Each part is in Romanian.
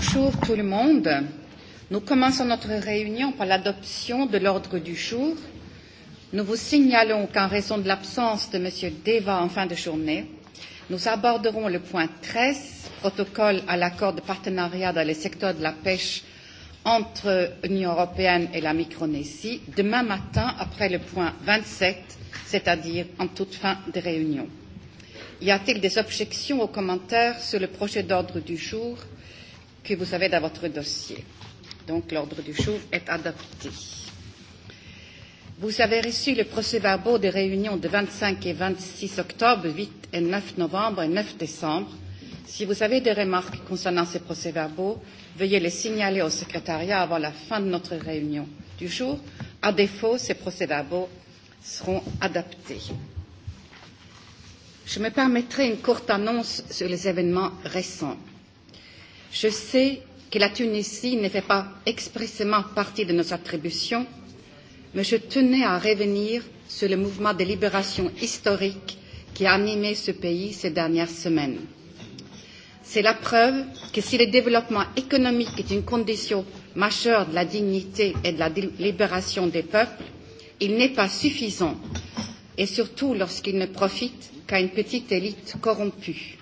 Bonjour tout le monde. Nous commençons notre réunion par l'adoption de l'ordre du jour. Nous vous signalons qu'en raison de l'absence de M. Deva en fin de journée, nous aborderons le point 13, protocole à l'accord de partenariat dans le secteur de la pêche entre l'Union européenne et la Micronésie, demain matin après le point 27, c'est-à-dire en toute fin de réunion. Y a-t-il des objections aux commentaires sur le projet d'ordre du jour que vous avez dans votre dossier. Donc l'ordre du jour est adopté. Vous avez reçu le procès-verbaux des réunions de 25 et 26 octobre, 8 et 9 novembre et 9 décembre. Si vous avez des remarques concernant ces procès-verbaux, veuillez les signaler au secrétariat avant la fin de notre réunion du jour. À défaut, ces procès-verbaux seront adaptés. Je me permettrai une courte annonce sur les événements récents. Je sais que la Tunisie ne fait pas expressément partie de nos attributions, mais je tenais à revenir sur le mouvement de libération historique qui a animé ce pays ces dernières semaines. C'est la preuve que si le développement économique est une condition majeure de la dignité et de la libération des peuples, il n'est pas suffisant, et surtout lorsqu'il ne profite qu'à une petite élite corrompue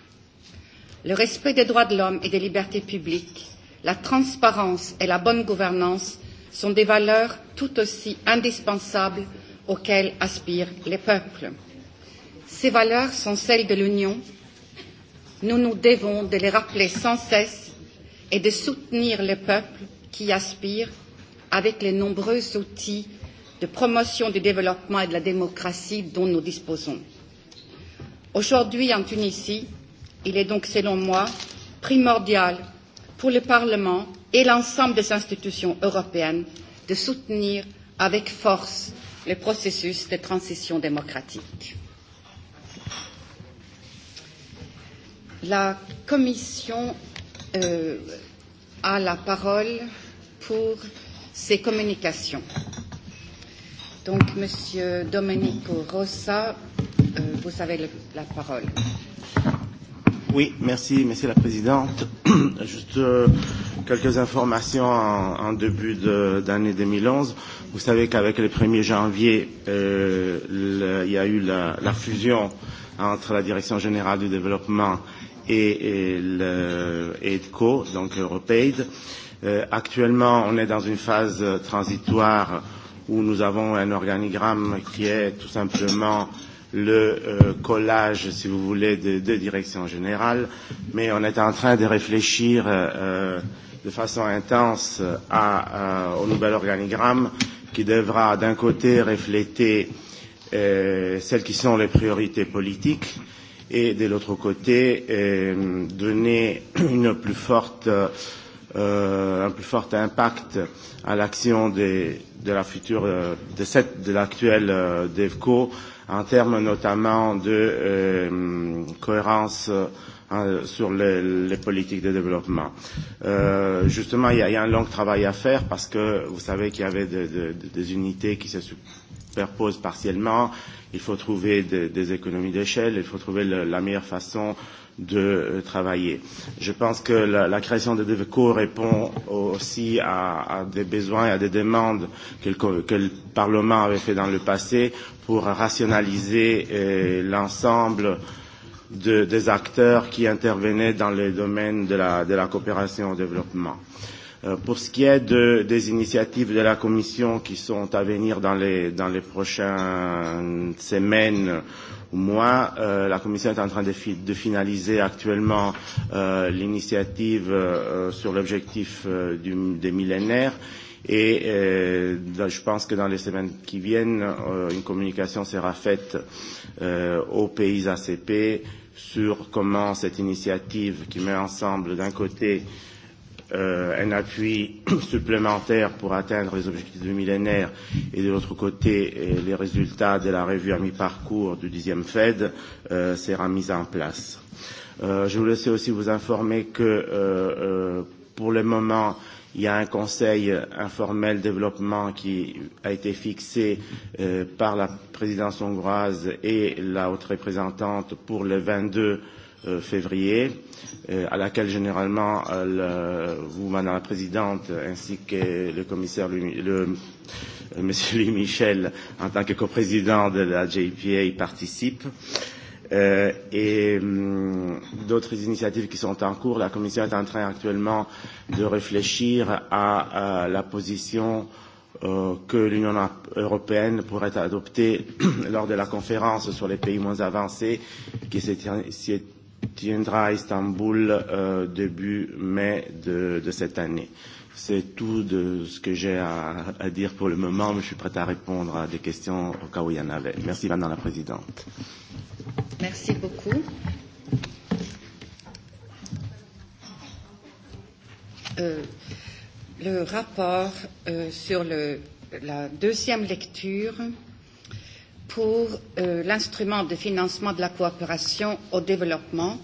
le respect des droits de l'homme et des libertés publiques, la transparence et la bonne gouvernance sont des valeurs tout aussi indispensables auxquelles aspirent les peuples. Ces valeurs sont celles de l'Union. Nous nous devons de les rappeler sans cesse et de soutenir les peuples qui y aspirent avec les nombreux outils de promotion du développement et de la démocratie dont nous disposons. Aujourd'hui, en Tunisie, Il est donc, selon moi, primordial pour le Parlement et l'ensemble des institutions européennes de soutenir avec force le processus de transition démocratique. La Commission euh, a la parole pour ses communications. Donc, Monsieur Domenico Rossa, euh, vous avez le, la parole. Oui, merci, Monsieur la présidente. Juste euh, quelques informations en, en début d'année 2011. Vous savez qu'avec le 1er janvier, euh, le, il y a eu la, la fusion entre la Direction générale du développement et, et le EDCO, donc EuroPaid. Euh, actuellement, on est dans une phase transitoire où nous avons un organigramme qui est tout simplement euh, le euh, collage, si vous voulez, des de directions générales, mais on est en train de réfléchir euh, euh de façon intense à, à, euh, au nouvel organigramme qui devra d'un côté refléter euh, celles qui sont les priorités politiques et de l'autre côté euh, donner une plus forte, euh, un plus fort impact à l'action de, de la future, euh, de cette, de l'actuelle euh, DEVCO euh, en termes notamment de euh, cohérence euh, sur les, les politiques de développement. Euh, justement, il y, a, il y a un long travail à faire parce que vous savez qu'il y avait de, de, de, des unités qui se superposent partiellement. Il faut trouver de, des économies d'échelle. Il faut trouver le, la meilleure façon euh, de euh, travailler. Je pense que la, la création de DEVECO répond aussi à, à des besoins et à des demandes que le, que le Parlement avait fait dans le passé pour rationaliser euh, l'ensemble de, des acteurs qui intervenaient dans le domaine de la, de la coopération au développement. Euh, pour ce qui est de, des initiatives de la Commission qui sont à venir dans les, dans les prochaines semaines, moi. Euh, la Commission est en train de, fi de finaliser actuellement euh, l'initiative euh, sur l'objectif euh, des millénaires. Et euh, je pense que dans les semaines qui viennent, euh, une communication sera faite euh, aux pays ACP sur comment cette initiative qui met ensemble d'un côté euh, euh, un appui supplémentaire pour atteindre les objectifs du millénaire et de l'autre côté euh, les résultats de la revue à mi-parcours du 10e Fed euh, sera mise en place. Euh, je voulais aussi vous informer que euh, euh, pour le moment, Il y a un conseil informel développement qui a été fixé euh, par la présidence hongroise et la haute représentante pour le 22 Euh, février, euh, à laquelle généralement euh, le, vous, Madame la Présidente, ainsi que le commissaire lui, le, euh, Monsieur Louis Michel, en tant que coprésident de la JPA, participe. Euh, et hum, d'autres initiatives qui sont en cours. La Commission est en train actuellement de réfléchir à, à la position euh, que l'Union européenne pourrait adopter lors de la conférence sur les pays moins avancés qui se tiendra à Istanbul euh, début mai de, de cette année. C'est tout de ce que j'ai à, à dire pour le moment, mais je suis prête à répondre à des questions au cas où il y en avait. Merci, Madame la Présidente. Merci beaucoup. Euh, le rapport euh, sur le, la deuxième lecture pour euh, l'instrument de financement de la coopération au développement.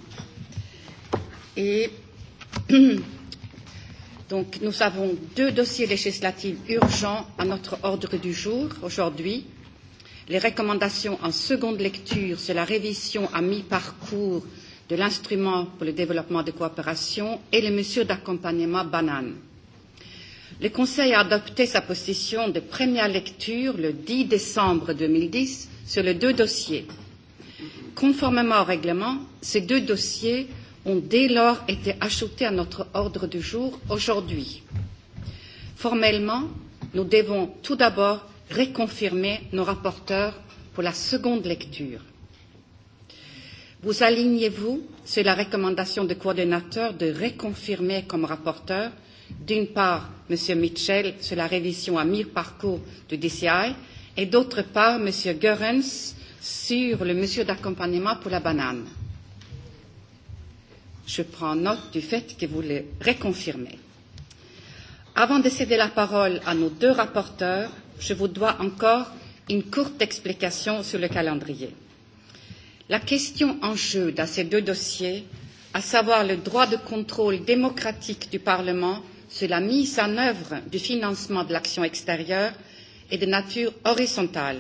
Et donc, nous avons deux dossiers législatifs urgents à notre ordre du jour aujourd'hui. Les recommandations en seconde lecture sur la révision à mi-parcours de l'instrument pour le développement de coopération et les mesures d'accompagnement bananes. Le Conseil a adopté sa position de première lecture le 10 décembre 2010 sur les deux dossiers. Conformément au règlement, ces deux dossiers ont dès lors été ajoutés à notre ordre du jour aujourd'hui. Formellement, nous devons tout d'abord réconfirmer nos rapporteurs pour la seconde lecture. Vous alignez-vous sur la recommandation du coordinateur de réconfirmer comme rapporteur d'une part, M. Mitchell sur la révision à mi-parcours du DCI et d'autre part, M. Goerens sur le mesure d'accompagnement pour la banane. Je prends note du fait que vous le reconfirmez. Avant de céder la parole à nos deux rapporteurs, je vous dois encore une courte explication sur le calendrier. La question en jeu dans ces deux dossiers, à savoir le droit de contrôle démocratique du Parlement sur la mise en œuvre du financement de l'action extérieure est de nature horizontale.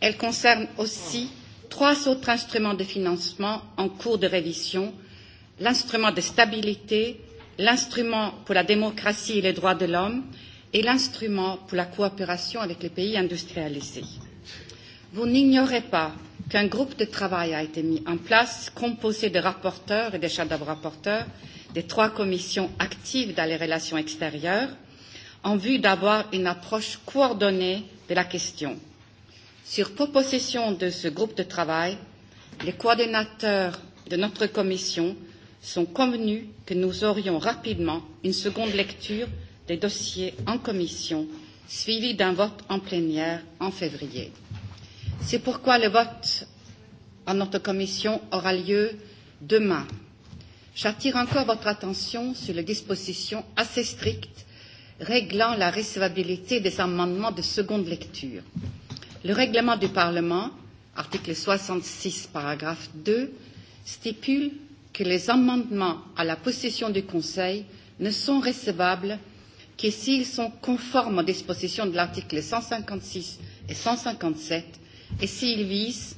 Elle concerne aussi trois autres instruments de financement en cours de révision l'instrument de stabilité, l'instrument pour la démocratie et les droits de l'homme et l'instrument pour la coopération avec les pays industrialisés. Vous n'ignorez pas qu'un groupe de travail a été mis en place, composé de rapporteurs et de shadow rapporteurs, des trois commissions actives dans les relations extérieures en vue d'avoir une approche coordonnée de la question. Sur proposition de ce groupe de travail, les coordinateurs de notre commission sont convenus que nous aurions rapidement une seconde lecture des dossiers en commission, suivi d'un vote en plénière en février. C'est pourquoi le vote en notre commission aura lieu demain, j'attire encore votre attention sur les dispositions assez strictes réglant la recevabilité des amendements de seconde lecture. Le règlement du Parlement, article 66, paragraphe 2, stipule que les amendements à la position du Conseil ne sont recevables que s'ils sont conformes aux dispositions de l'article 156 et 157 et s'ils visent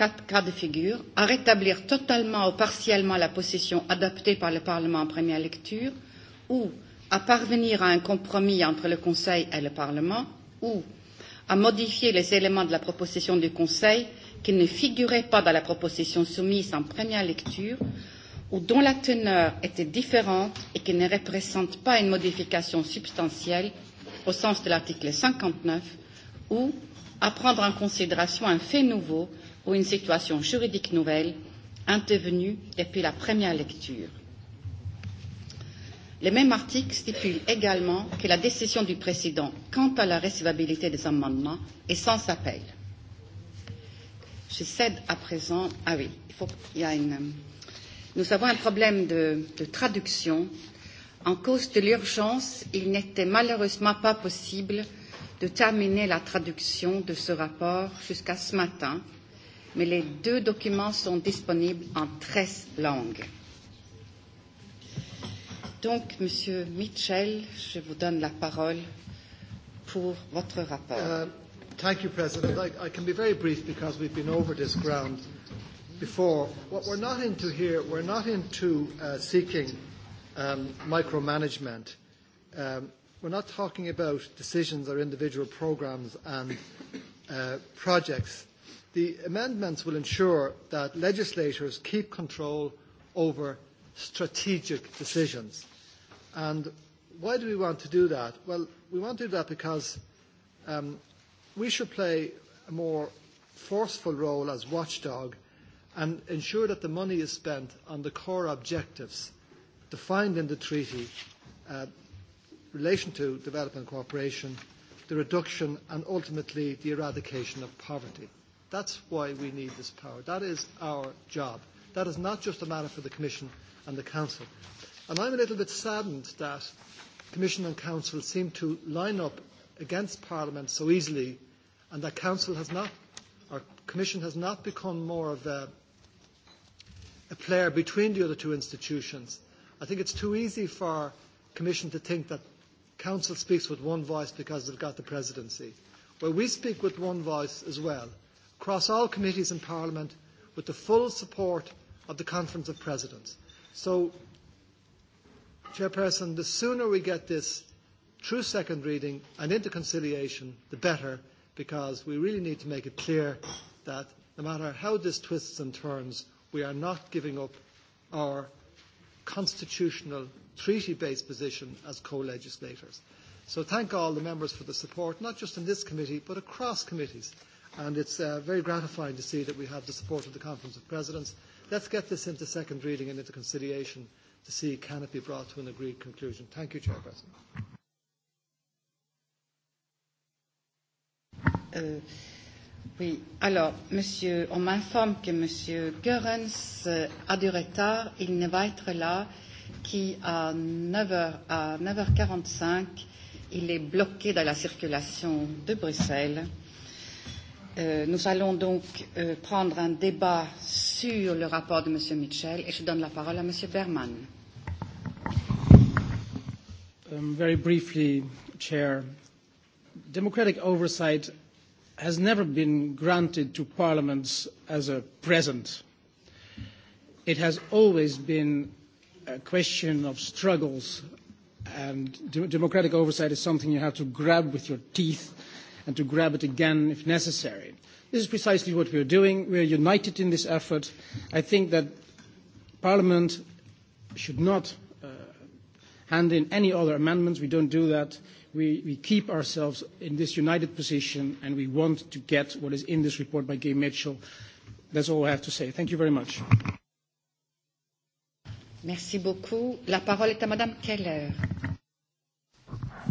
quatre cas de figure à rétablir totalement ou partiellement la position adoptée par le Parlement en première lecture ou à parvenir à un compromis entre le Conseil et le Parlement ou à modifier les éléments de la proposition du Conseil qui ne figuraient pas dans la proposition soumise en première lecture ou dont la teneur était différente et qui ne représente pas une modification substantielle au sens de l'article 59 ou à prendre en considération un fait nouveau ou une situation juridique nouvelle intervenue depuis la première lecture. Le même article stipule également que la décision du président quant à la recevabilité des amendements est sans appel. Je cède à présent. Ah oui, il faut, il y a une, euh, nous avons un problème de, de traduction. En cause de l'urgence, il n'était malheureusement pas possible de terminer la traduction de ce rapport jusqu'à ce matin mais les deux documents sont disponibles en 13 langues. Donc, Monsieur Mitchell, je vous donne la parole pour votre rapport. Uh, thank you, President. I, I can be very brief because we've been over this ground before. What we're not into here, we're not into uh, seeking um, micromanagement. Um, we're not talking about decisions or individual programs and uh, projects The amendments will ensure that legislators keep control over strategic decisions. And why do we want to do that? Well, we want to do that because um, we should play a more forceful role as watchdog and ensure that the money is spent on the core objectives defined in the treaty uh, relation to development cooperation, the reduction and ultimately the eradication of poverty. That's why we need this power. That is our job. That is not just a matter for the Commission and the Council. And I'm a little bit saddened that Commission and Council seem to line up against Parliament so easily and that Council has not, or Commission has not become more of a, a player between the other two institutions. I think it's too easy for Commission to think that Council speaks with one voice because they've got the presidency. Well, we speak with one voice as well across all committees in Parliament with the full support of the Conference of Presidents. So, Chairperson, the sooner we get this through second reading and into conciliation, the better, because we really need to make it clear that no matter how this twists and turns, we are not giving up our constitutional treaty-based position as co-legislators. So thank all the members for the support, not just in this committee, but across committees. And it's uh, very gratifying to see that we have the support of the Conference of Presidents. Let's get this into second reading and into conciliation to see can it be brought to an agreed conclusion. Thank you, Chairperson. Euh, oui, alors, monsieur, on m'informe que monsieur Goerens euh, a du retard. Il ne va être là qui à 9h, à 9h45, il est bloqué dans la circulation de Bruxelles Euh, nous allons donc euh, prendre un débat sur le rapport de M. Mitchell et je donne la parole à M. Berman. Um, very briefly, Chair, democratic oversight has never been granted to parliaments as a present. It has always been a question of struggles, and de democratic oversight is something you have to grab with your teeth and to grab it again if necessary. This is precisely what we are doing. We are united in this effort. I think that Parliament should not uh, hand in any other amendments. We don't do that. We, we, keep ourselves in this united position and we want to get what is in this report by Gay Mitchell. That's all I have to say. Thank you very much. Merci beaucoup. La parole est à Madame Keller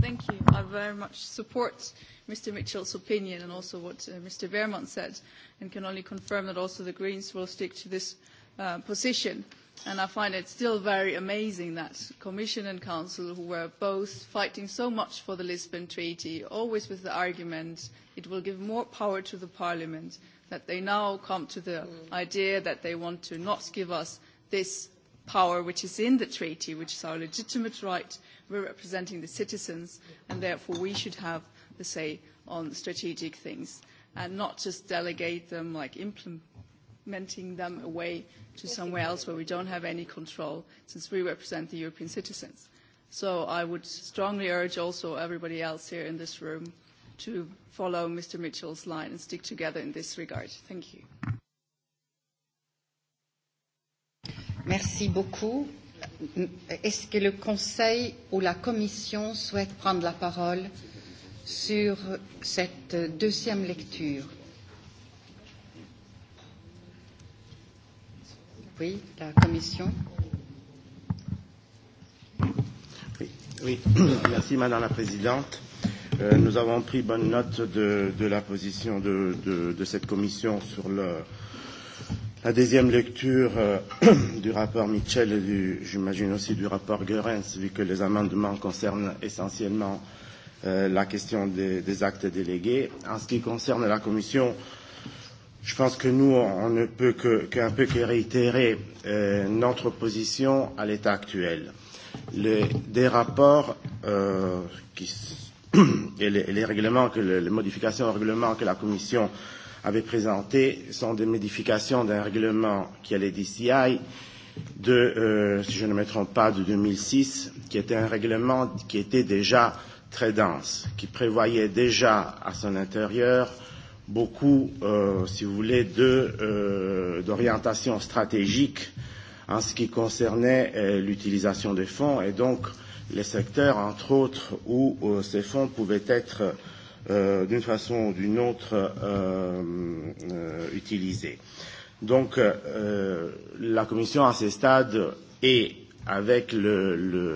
thank you. I very much support Mr. Mitchell's opinion and also what uh, Mr. Behrman said, and can only confirm that also the Greens will stick to this uh, position. And I find it still very amazing that Commission and Council, who were both fighting so much for the Lisbon Treaty, always with the argument it will give more power to the Parliament, that they now come to the mm. idea that they want to not give us this power which is in the treaty, which is our legitimate right We're representing the citizens, and therefore we should have the say on strategic things and not just delegate them, like implementing them away to somewhere else where we don't have any control, since we represent the European citizens. So I would strongly urge also everybody else here in this room to follow Mr. Mitchell's line and stick together in this regard. Thank you. Merci beaucoup. Est-ce que le Conseil ou la Commission souhaite prendre la parole sur cette deuxième lecture Oui, la Commission. Oui, oui. merci Madame la Présidente. Euh, nous avons pris bonne note de, de la position de, de, de cette Commission sur le, euh, la deuxième lecture euh, du rapport Mitchell et j'imagine aussi du rapport Goerens, vu que les amendements concernent essentiellement euh, la question des, des actes délégués. En ce qui concerne la Commission, je pense que nous, on ne peut qu'un qu peu que réitérer euh, notre position à l'état actuel. Les, des rapports euh, qui, et, les, les règlements, que le, les modifications au règlement que la Commission euh, avait présenté sont des modifications d'un règlement qui allait d'ici de, euh, si je ne me trompe pas, de 2006, qui était un règlement qui était déjà très dense, qui prévoyait déjà à son intérieur beaucoup, euh, si vous voulez, d'orientation euh, stratégique en ce qui concernait euh, l'utilisation des fonds et donc les secteurs, entre autres, où euh, ces fonds pouvaient être euh, Euh, d'une façon ou d'une autre euh, euh, utilisée. Donc euh, la Commission à ce stade et avec l'état le,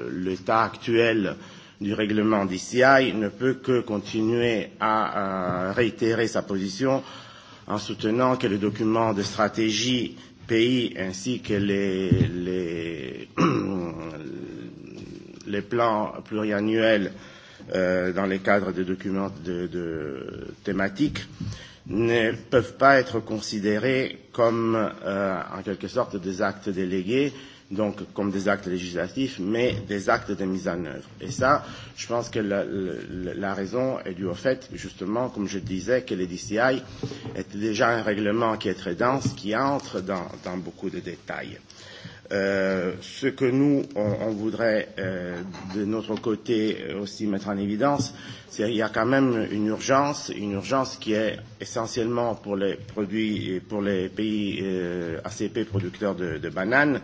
le, actuel du règlement d'ICI ne peut que continuer à, à réitérer sa position en soutenant que le document de stratégie pays ainsi que les, les, les plans pluriannuels euh, Euh, dans les cadres de documents de, de thématiques ne peuvent pas être considérés comme, euh, en quelque sorte, des actes délégués, donc comme des actes législatifs, mais des actes de mise en œuvre. Et ça, je pense que la, la, la raison est due au fait, justement, comme je disais, que les DCI est déjà un règlement qui est très dense, qui entre dans, dans beaucoup de détails. Euh, Euh, ce que nous, on, euh, on voudrait euh, de notre côté euh, aussi mettre en évidence, c'est qu'il y a quand même une urgence, une urgence qui est essentiellement pour les produits et pour les pays euh, ACP producteurs de, de bananes,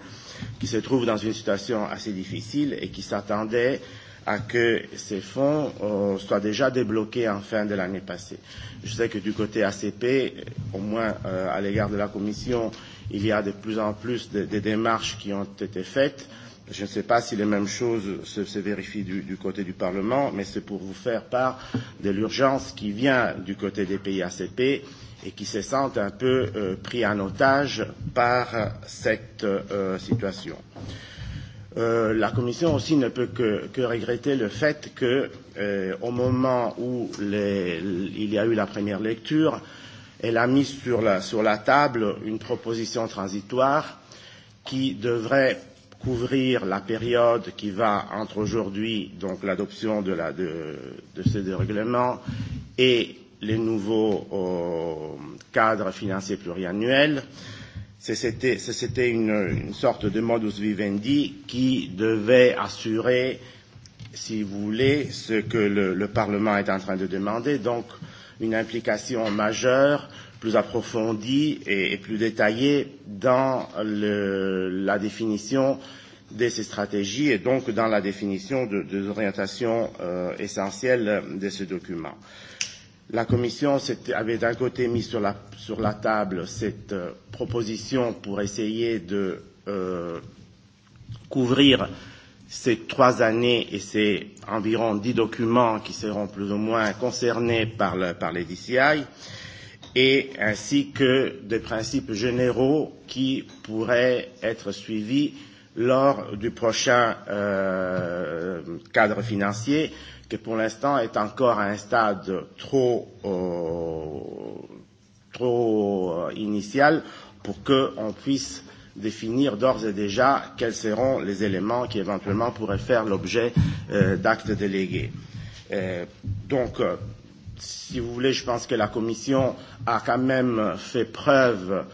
qui se trouvent dans une situation assez difficile et qui s'attendaient à que ces fonds euh, soient déjà débloqués en fin de l'année passée. Je sais que du côté ACP, au moins euh, à l'égard de la Commission, euh, Il y a de plus en plus de, de démarches qui ont été faites. Je ne sais pas si les mêmes choses se, se vérifient du, du côté du Parlement, mais c'est pour vous faire part de l'urgence qui vient du côté des pays ACP et qui se sentent un peu euh, pris en otage par cette euh, situation. Euh, la Commission aussi ne peut que, que regretter le fait que, euh, au moment où les, il y a eu la première lecture, euh, elle a mis sur la, sur la table une proposition transitoire qui devrait couvrir la période qui va entre aujourd'hui, donc l'adoption de, la, de, de ces deux règlements, et les nouveaux euh, cadres financiers pluriannuels. C'était une, une sorte de modus vivendi qui devait assurer, si vous voulez, ce que le, le Parlement est en train de demander. Donc, euh, une implication majeure, plus approfondie et, et plus détaillée dans le, la définition de ces stratégies et donc dans la définition de, des orientations euh, essentielles de ce document. La Commission avait d'un côté mis sur la, sur la table cette euh, proposition pour essayer de euh, couvrir euh, ces trois années et ces environ dix documents qui seront plus ou moins concernés par, le, par les DCI, et ainsi que des principes généraux qui pourraient être suivis lors du prochain euh, cadre financier, qui pour l'instant est encore à un stade trop, euh, trop initial pour qu'on puisse définir d'ores et déjà quels seront les éléments qui éventuellement pourraient faire l'objet euh, d'actes délégués. Euh, donc, euh, si vous voulez, je pense que la Commission a quand même fait preuve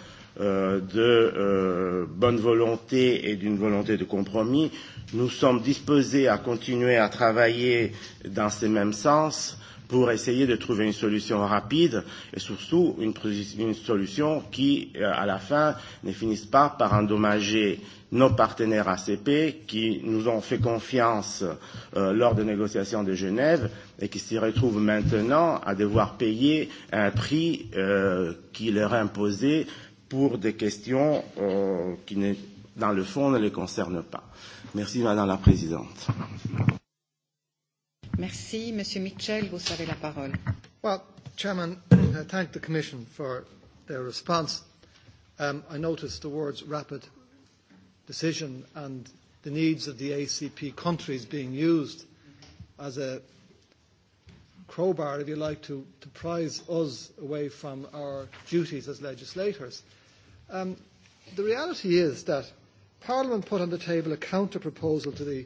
euh, de euh, bonne volonté et d'une volonté de compromis. Nous sommes disposés à continuer à travailler dans ce même sens Euh, pour essayer de trouver une solution rapide et surtout une, une solution qui, euh, à la fin, ne finisse pas par endommager nos partenaires ACP qui nous ont fait confiance euh, lors des négociations de Genève et qui s'y retrouvent maintenant à devoir payer un prix euh, qui leur est imposé pour des questions euh, qui, ne, dans le fond, ne les concernent pas. Merci, Madame la Présidente. Merci. Monsieur Mitchell, vous avez la parole. Well, Chairman, I thank the Commission for their response. Um, I noticed the words rapid decision and the needs of the ACP countries being used as a crowbar, if you like, to, to prize us away from our duties as legislators. Um, the reality is that Parliament put on the table a counter proposal to the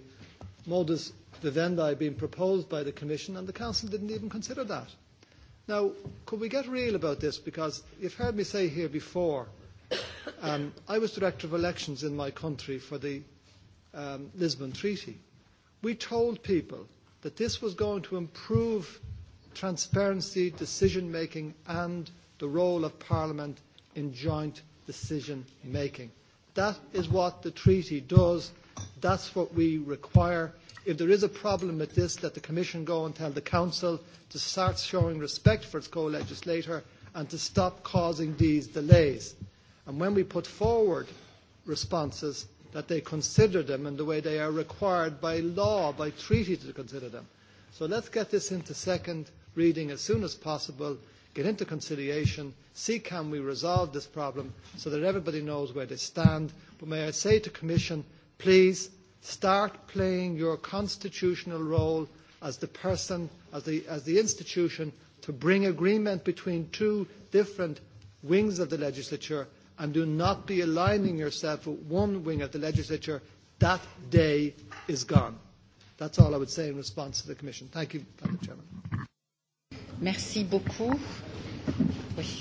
modus the Vendai being proposed by the Commission, and the Council didn't even consider that. Now, could we get real about this? Because you've heard me say here before, um, I was Director of Elections in my country for the um, Lisbon Treaty. We told people that this was going to improve transparency, decision making, and the role of Parliament in joint decision making. That is what the treaty does. That's what we require if there is a problem with this, that the Commission go and tell the Council to start showing respect for its co-legislator and to stop causing these delays. And when we put forward responses, that they consider them in the way they are required by law, by treaty to consider them. So let's get this into second reading as soon as possible, get into conciliation, see can we resolve this problem so that everybody knows where they stand. But may I say to Commission, please Start playing your constitutional role as the person, as the, as the institution, to bring agreement between two different wings of the legislature and do not be aligning yourself with one wing of the legislature. That day is gone. That's all I would say in response to the Commission. Thank you, Madam Chairman. Merci beaucoup. Oui.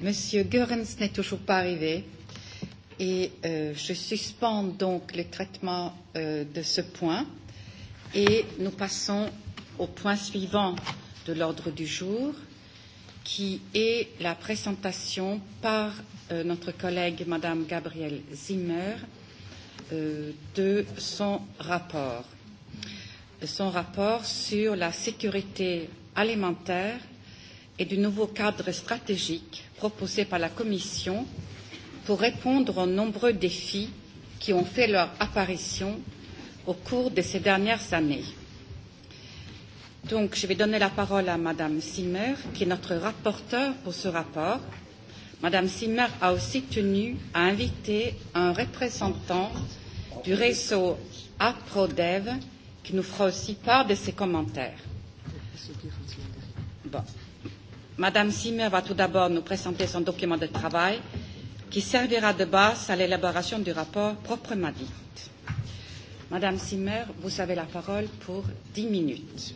Monsieur Goerens n'est toujours pas arrivé et euh, je suspends donc le traitement euh, de ce point et nous passons au point suivant de l'ordre du jour qui est la présentation par euh, notre collègue Madame Gabrielle Zimmer euh, de son rapport. Son rapport sur la sécurité alimentaire et du nouveau cadre stratégique proposé par la Commission euh, pour répondre aux nombreux défis qui ont fait leur apparition au cours de ces dernières années. Donc, je vais donner la parole à Madame Simmer, qui est notre rapporteure pour ce rapport. Madame Simmer a aussi tenu à inviter un représentant du réseau APRODEV qui nous fera aussi part de ses commentaires. Bon. Madame Simmer va tout d'abord nous présenter son document de travail qui servira de base à l'élaboration du rapport proprement dit. Madame Simmer, vous avez la parole pour dix minutes.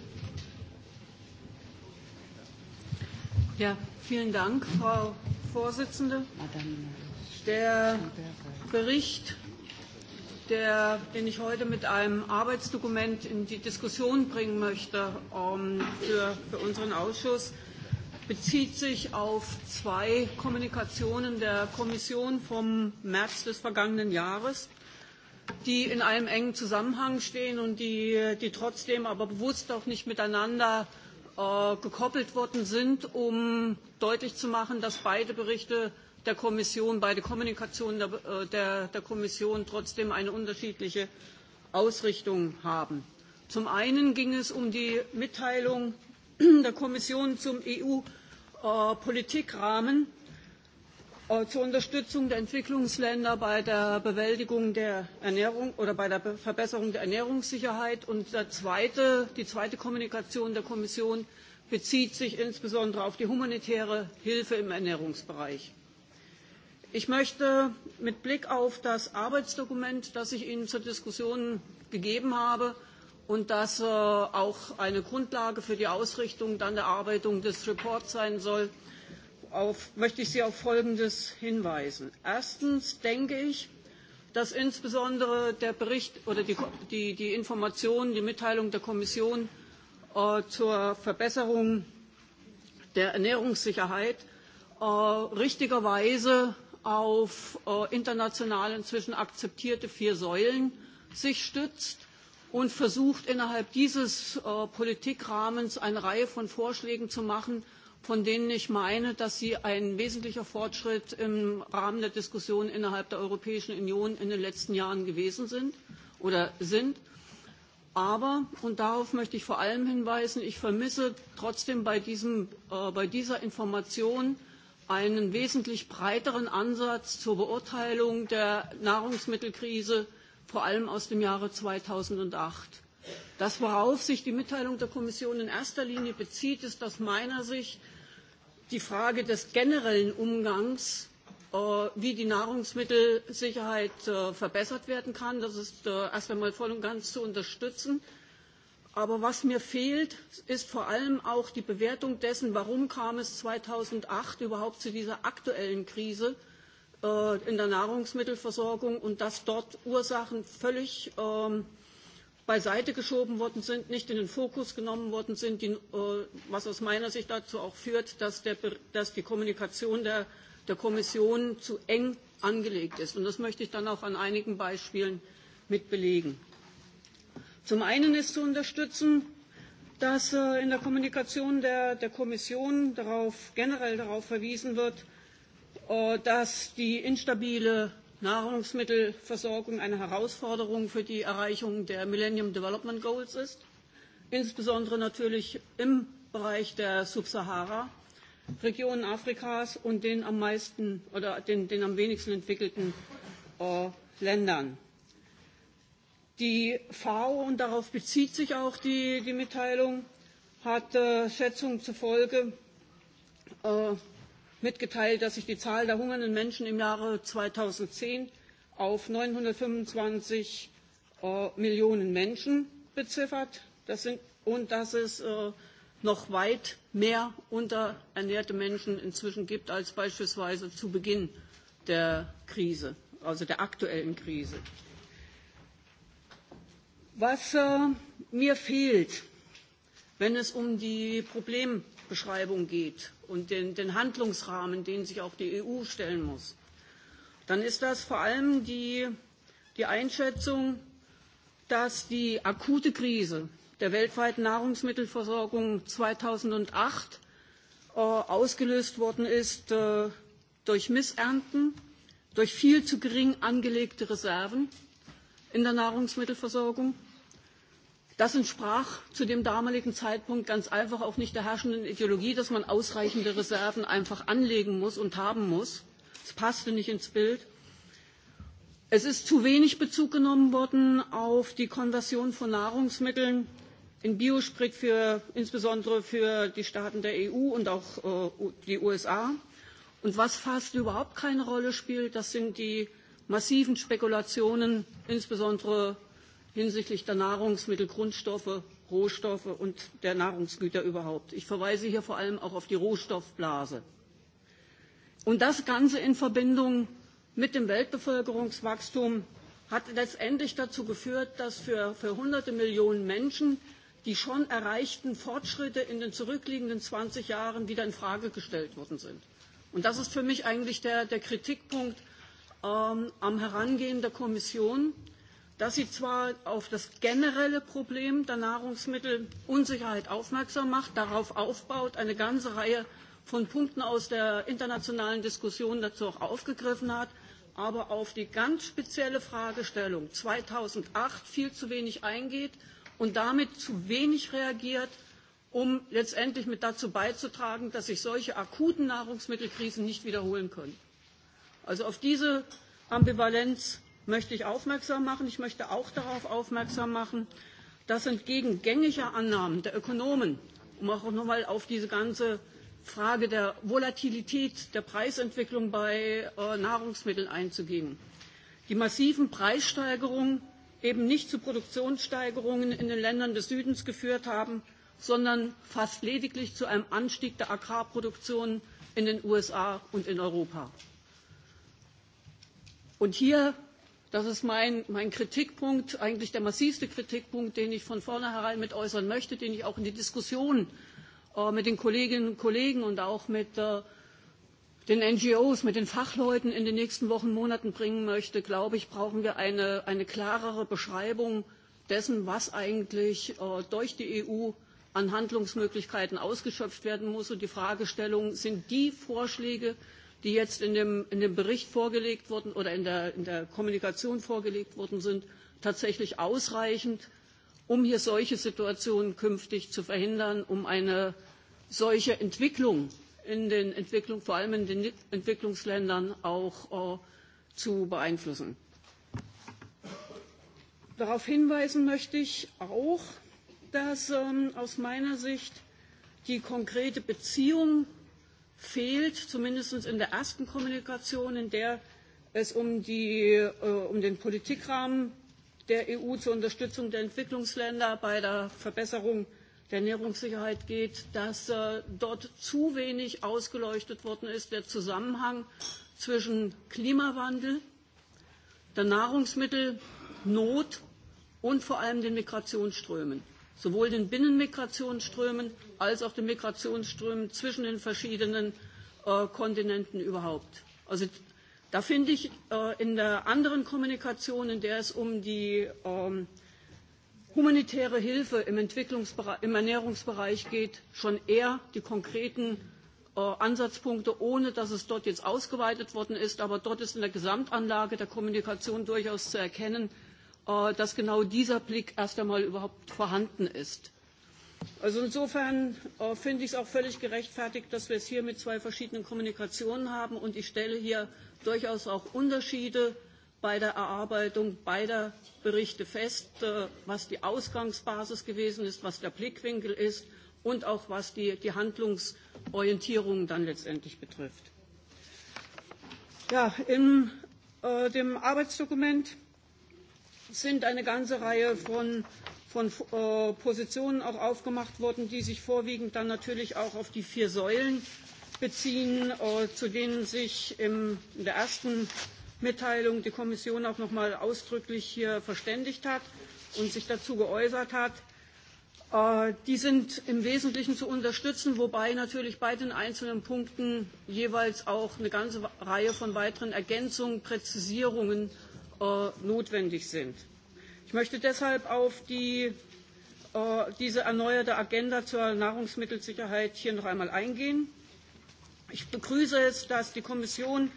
Ja, vielen Dank, Frau Vorsitzende. Der Bericht, der, den ich heute mit einem Arbeitsdokument in die Diskussion bringen möchte um, für, für unseren Ausschuss, bezieht sich auf zwei Kommunikationen der Kommission vom März des vergangenen Jahres, die in einem engen Zusammenhang stehen und die, die trotzdem aber bewusst auch nicht miteinander äh, gekoppelt worden sind, um deutlich zu machen, dass beide Berichte der Kommission, beide Kommunikationen der, äh, der, der Kommission trotzdem eine unterschiedliche Ausrichtung haben. Zum einen ging es um die Mitteilung der Kommission zum EU-Politikrahmen äh, äh, zur Unterstützung der Entwicklungsländer bei der Bewältigung der Ernährung oder bei der Verbesserung der Ernährungssicherheit. Und zweite, die zweite Kommunikation der Kommission bezieht sich insbesondere auf die humanitäre Hilfe im Ernährungsbereich. Ich möchte mit Blick auf das Arbeitsdokument, das ich Ihnen zur Diskussion gegeben habe, und dass äh, auch eine Grundlage für die Ausrichtung dann der Erarbeitung des Reports sein soll, auf, möchte ich Sie auf Folgendes hinweisen. Erstens denke ich, dass insbesondere der Bericht oder die, die, die Informationen, die Mitteilung der Kommission äh, zur Verbesserung der Ernährungssicherheit äh, richtigerweise auf äh, international inzwischen akzeptierte vier Säulen sich stützt und versucht innerhalb dieses äh, Politikrahmens eine Reihe von Vorschlägen zu machen, von denen ich meine, dass sie ein wesentlicher Fortschritt im Rahmen der Diskussion innerhalb der Europäischen Union in den letzten Jahren gewesen sind oder sind. Aber, und darauf möchte ich vor allem hinweisen, ich vermisse trotzdem bei, diesem, äh, bei dieser Information einen wesentlich breiteren Ansatz zur Beurteilung der Nahrungsmittelkrise, vor allem aus dem Jahre 2008. Das, worauf sich die Mitteilung der Kommission in erster Linie bezieht, ist aus meiner Sicht die Frage des generellen Umgangs, äh, wie die Nahrungsmittelsicherheit äh, verbessert werden kann. Das ist äh, erst einmal voll und ganz zu unterstützen. Aber was mir fehlt, ist vor allem auch die Bewertung dessen, warum kam es 2008 überhaupt zu dieser aktuellen Krise kam Äh, in der Nahrungsmittelversorgung und dass dort Ursachen völlig ähm, beiseite geschoben worden sind, nicht in den Fokus genommen worden sind, die, äh, was aus meiner Sicht dazu auch führt, dass, der, dass die Kommunikation der, der Kommission zu eng angelegt ist. Und das möchte ich dann auch an einigen Beispielen mit belegen. Zum einen ist zu unterstützen, dass äh, in der Kommunikation der, der Kommission darauf, generell darauf verwiesen wird, Äh, dass die instabile Nahrungsmittelversorgung eine Herausforderung für die Erreichung der Millennium Development Goals ist, insbesondere natürlich im Bereich der Subsahara, Regionen Afrikas und den am meisten oder den, den am wenigsten entwickelten äh, Ländern. Die FAO, und darauf bezieht sich auch die, die Mitteilung, hat äh, Schätzungen zufolge äh, mitgeteilt, dass sich die Zahl der hungernden Menschen im Jahre 2010 auf 925 äh, Millionen Menschen beziffert. Das sind, und dass es äh, noch weit mehr unterernährte Menschen inzwischen gibt als beispielsweise zu Beginn der Krise, also der aktuellen Krise. Was äh, mir fehlt, wenn es um die Probleme Beschreibung geht und den, den Handlungsrahmen, den sich auch die EU stellen muss, dann ist das vor allem die, die Einschätzung, dass die akute Krise der weltweiten Nahrungsmittelversorgung 2008 äh, ausgelöst worden ist äh, durch Missernten, durch viel zu gering angelegte Reserven in der Nahrungsmittelversorgung Das entsprach zu dem damaligen Zeitpunkt ganz einfach auch nicht der herrschenden Ideologie, dass man ausreichende Reserven einfach anlegen muss und haben muss. Es passte nicht ins Bild. Es ist zu wenig Bezug genommen worden auf die Konversion von Nahrungsmitteln in Biosprit für, insbesondere für die Staaten der EU und auch äh, die USA. Und was fast überhaupt keine Rolle spielt, das sind die massiven Spekulationen, insbesondere hinsichtlich der Nahrungsmittel, Grundstoffe, Rohstoffe und der Nahrungsgüter überhaupt. Ich verweise hier vor allem auch auf die Rohstoffblase. Und das Ganze in Verbindung mit dem Weltbevölkerungswachstum hat letztendlich dazu geführt, dass für, für hunderte Millionen Menschen die schon erreichten Fortschritte in den zurückliegenden 20 Jahren wieder in Frage gestellt worden sind. Und das ist für mich eigentlich der, der Kritikpunkt ähm, am Herangehen der Kommission, dass sie zwar auf das generelle Problem der Nahrungsmittelunsicherheit aufmerksam macht, darauf aufbaut, eine ganze Reihe von Punkten aus der internationalen Diskussion dazu auch aufgegriffen hat, aber auf die ganz spezielle Fragestellung 2008 viel zu wenig eingeht und damit zu wenig reagiert, um letztendlich mit dazu beizutragen, dass sich solche akuten Nahrungsmittelkrisen nicht wiederholen können. Also auf diese Ambivalenz möchte ich aufmerksam machen. Ich möchte auch darauf aufmerksam machen, dass entgegen gängiger Annahmen der Ökonomen, um auch nochmal auf diese ganze Frage der Volatilität der Preisentwicklung bei äh, Nahrungsmitteln einzugehen, die massiven Preissteigerungen eben nicht zu Produktionssteigerungen in den Ländern des Südens geführt haben, sondern fast lediglich zu einem Anstieg der Agrarproduktion in den USA und in Europa. Und hier Das ist mein, mein Kritikpunkt, eigentlich der massivste Kritikpunkt, den ich von vornherein mit äußern möchte, den ich auch in die Diskussion äh, mit den Kolleginnen und Kollegen und auch mit äh, den NGOs, mit den Fachleuten in den nächsten Wochen, Monaten bringen möchte, glaube ich, brauchen wir eine, eine klarere Beschreibung dessen, was eigentlich äh, durch die EU an Handlungsmöglichkeiten ausgeschöpft werden muss. Und die Fragestellung, sind die Vorschläge, die jetzt in dem, in dem Bericht vorgelegt wurden oder in der, in der Kommunikation vorgelegt worden sind, tatsächlich ausreichend, um hier solche Situationen künftig zu verhindern, um eine solche Entwicklung in den Entwicklung, vor allem in den Entwicklungsländern auch äh, zu beeinflussen. Darauf hinweisen möchte ich auch, dass ähm, aus meiner Sicht die konkrete Beziehung fehlt, zumindest in der ersten Kommunikation, in der es um, die, äh, um den Politikrahmen der EU zur Unterstützung der Entwicklungsländer bei der Verbesserung der Ernährungssicherheit geht, dass äh, dort zu wenig ausgeleuchtet worden ist der Zusammenhang zwischen Klimawandel, der Nahrungsmittelnot und vor allem den Migrationsströmen, sowohl den Binnenmigrationsströmen als auch den Migrationsströmen zwischen den verschiedenen äh, Kontinenten überhaupt. Also da finde ich äh, in der anderen Kommunikation, in der es um die ähm, humanitäre Hilfe im, Entwicklungsbereich, im Ernährungsbereich geht, schon eher die konkreten äh, Ansatzpunkte, ohne dass es dort jetzt ausgeweitet worden ist. Aber dort ist in der Gesamtanlage der Kommunikation durchaus zu erkennen, äh, dass genau dieser Blick erst einmal überhaupt vorhanden ist. Also insofern äh, finde ich es auch völlig gerechtfertigt, dass wir es hier mit zwei verschiedenen Kommunikationen haben. Und ich stelle hier durchaus auch Unterschiede bei der Erarbeitung beider Berichte fest, äh, was die Ausgangsbasis gewesen ist, was der Blickwinkel ist und auch was die, die Handlungsorientierung dann letztendlich betrifft. Ja, in äh, dem Arbeitsdokument sind eine ganze Reihe von von äh, Positionen auch aufgemacht wurden, die sich vorwiegend dann natürlich auch auf die vier Säulen beziehen, äh, zu denen sich im, in der ersten Mitteilung die Kommission auch noch mal ausdrücklich hier verständigt hat und sich dazu geäußert hat. Äh, die sind im Wesentlichen zu unterstützen, wobei natürlich bei den einzelnen Punkten jeweils auch eine ganze Reihe von weiteren Ergänzungen, Präzisierungen äh, notwendig sind möchte deshalb auf die, äh, diese erneuerte Agenda zur Nahrungsmittelsicherheit hier noch einmal eingehen. Ich begrüße es, dass die Kommission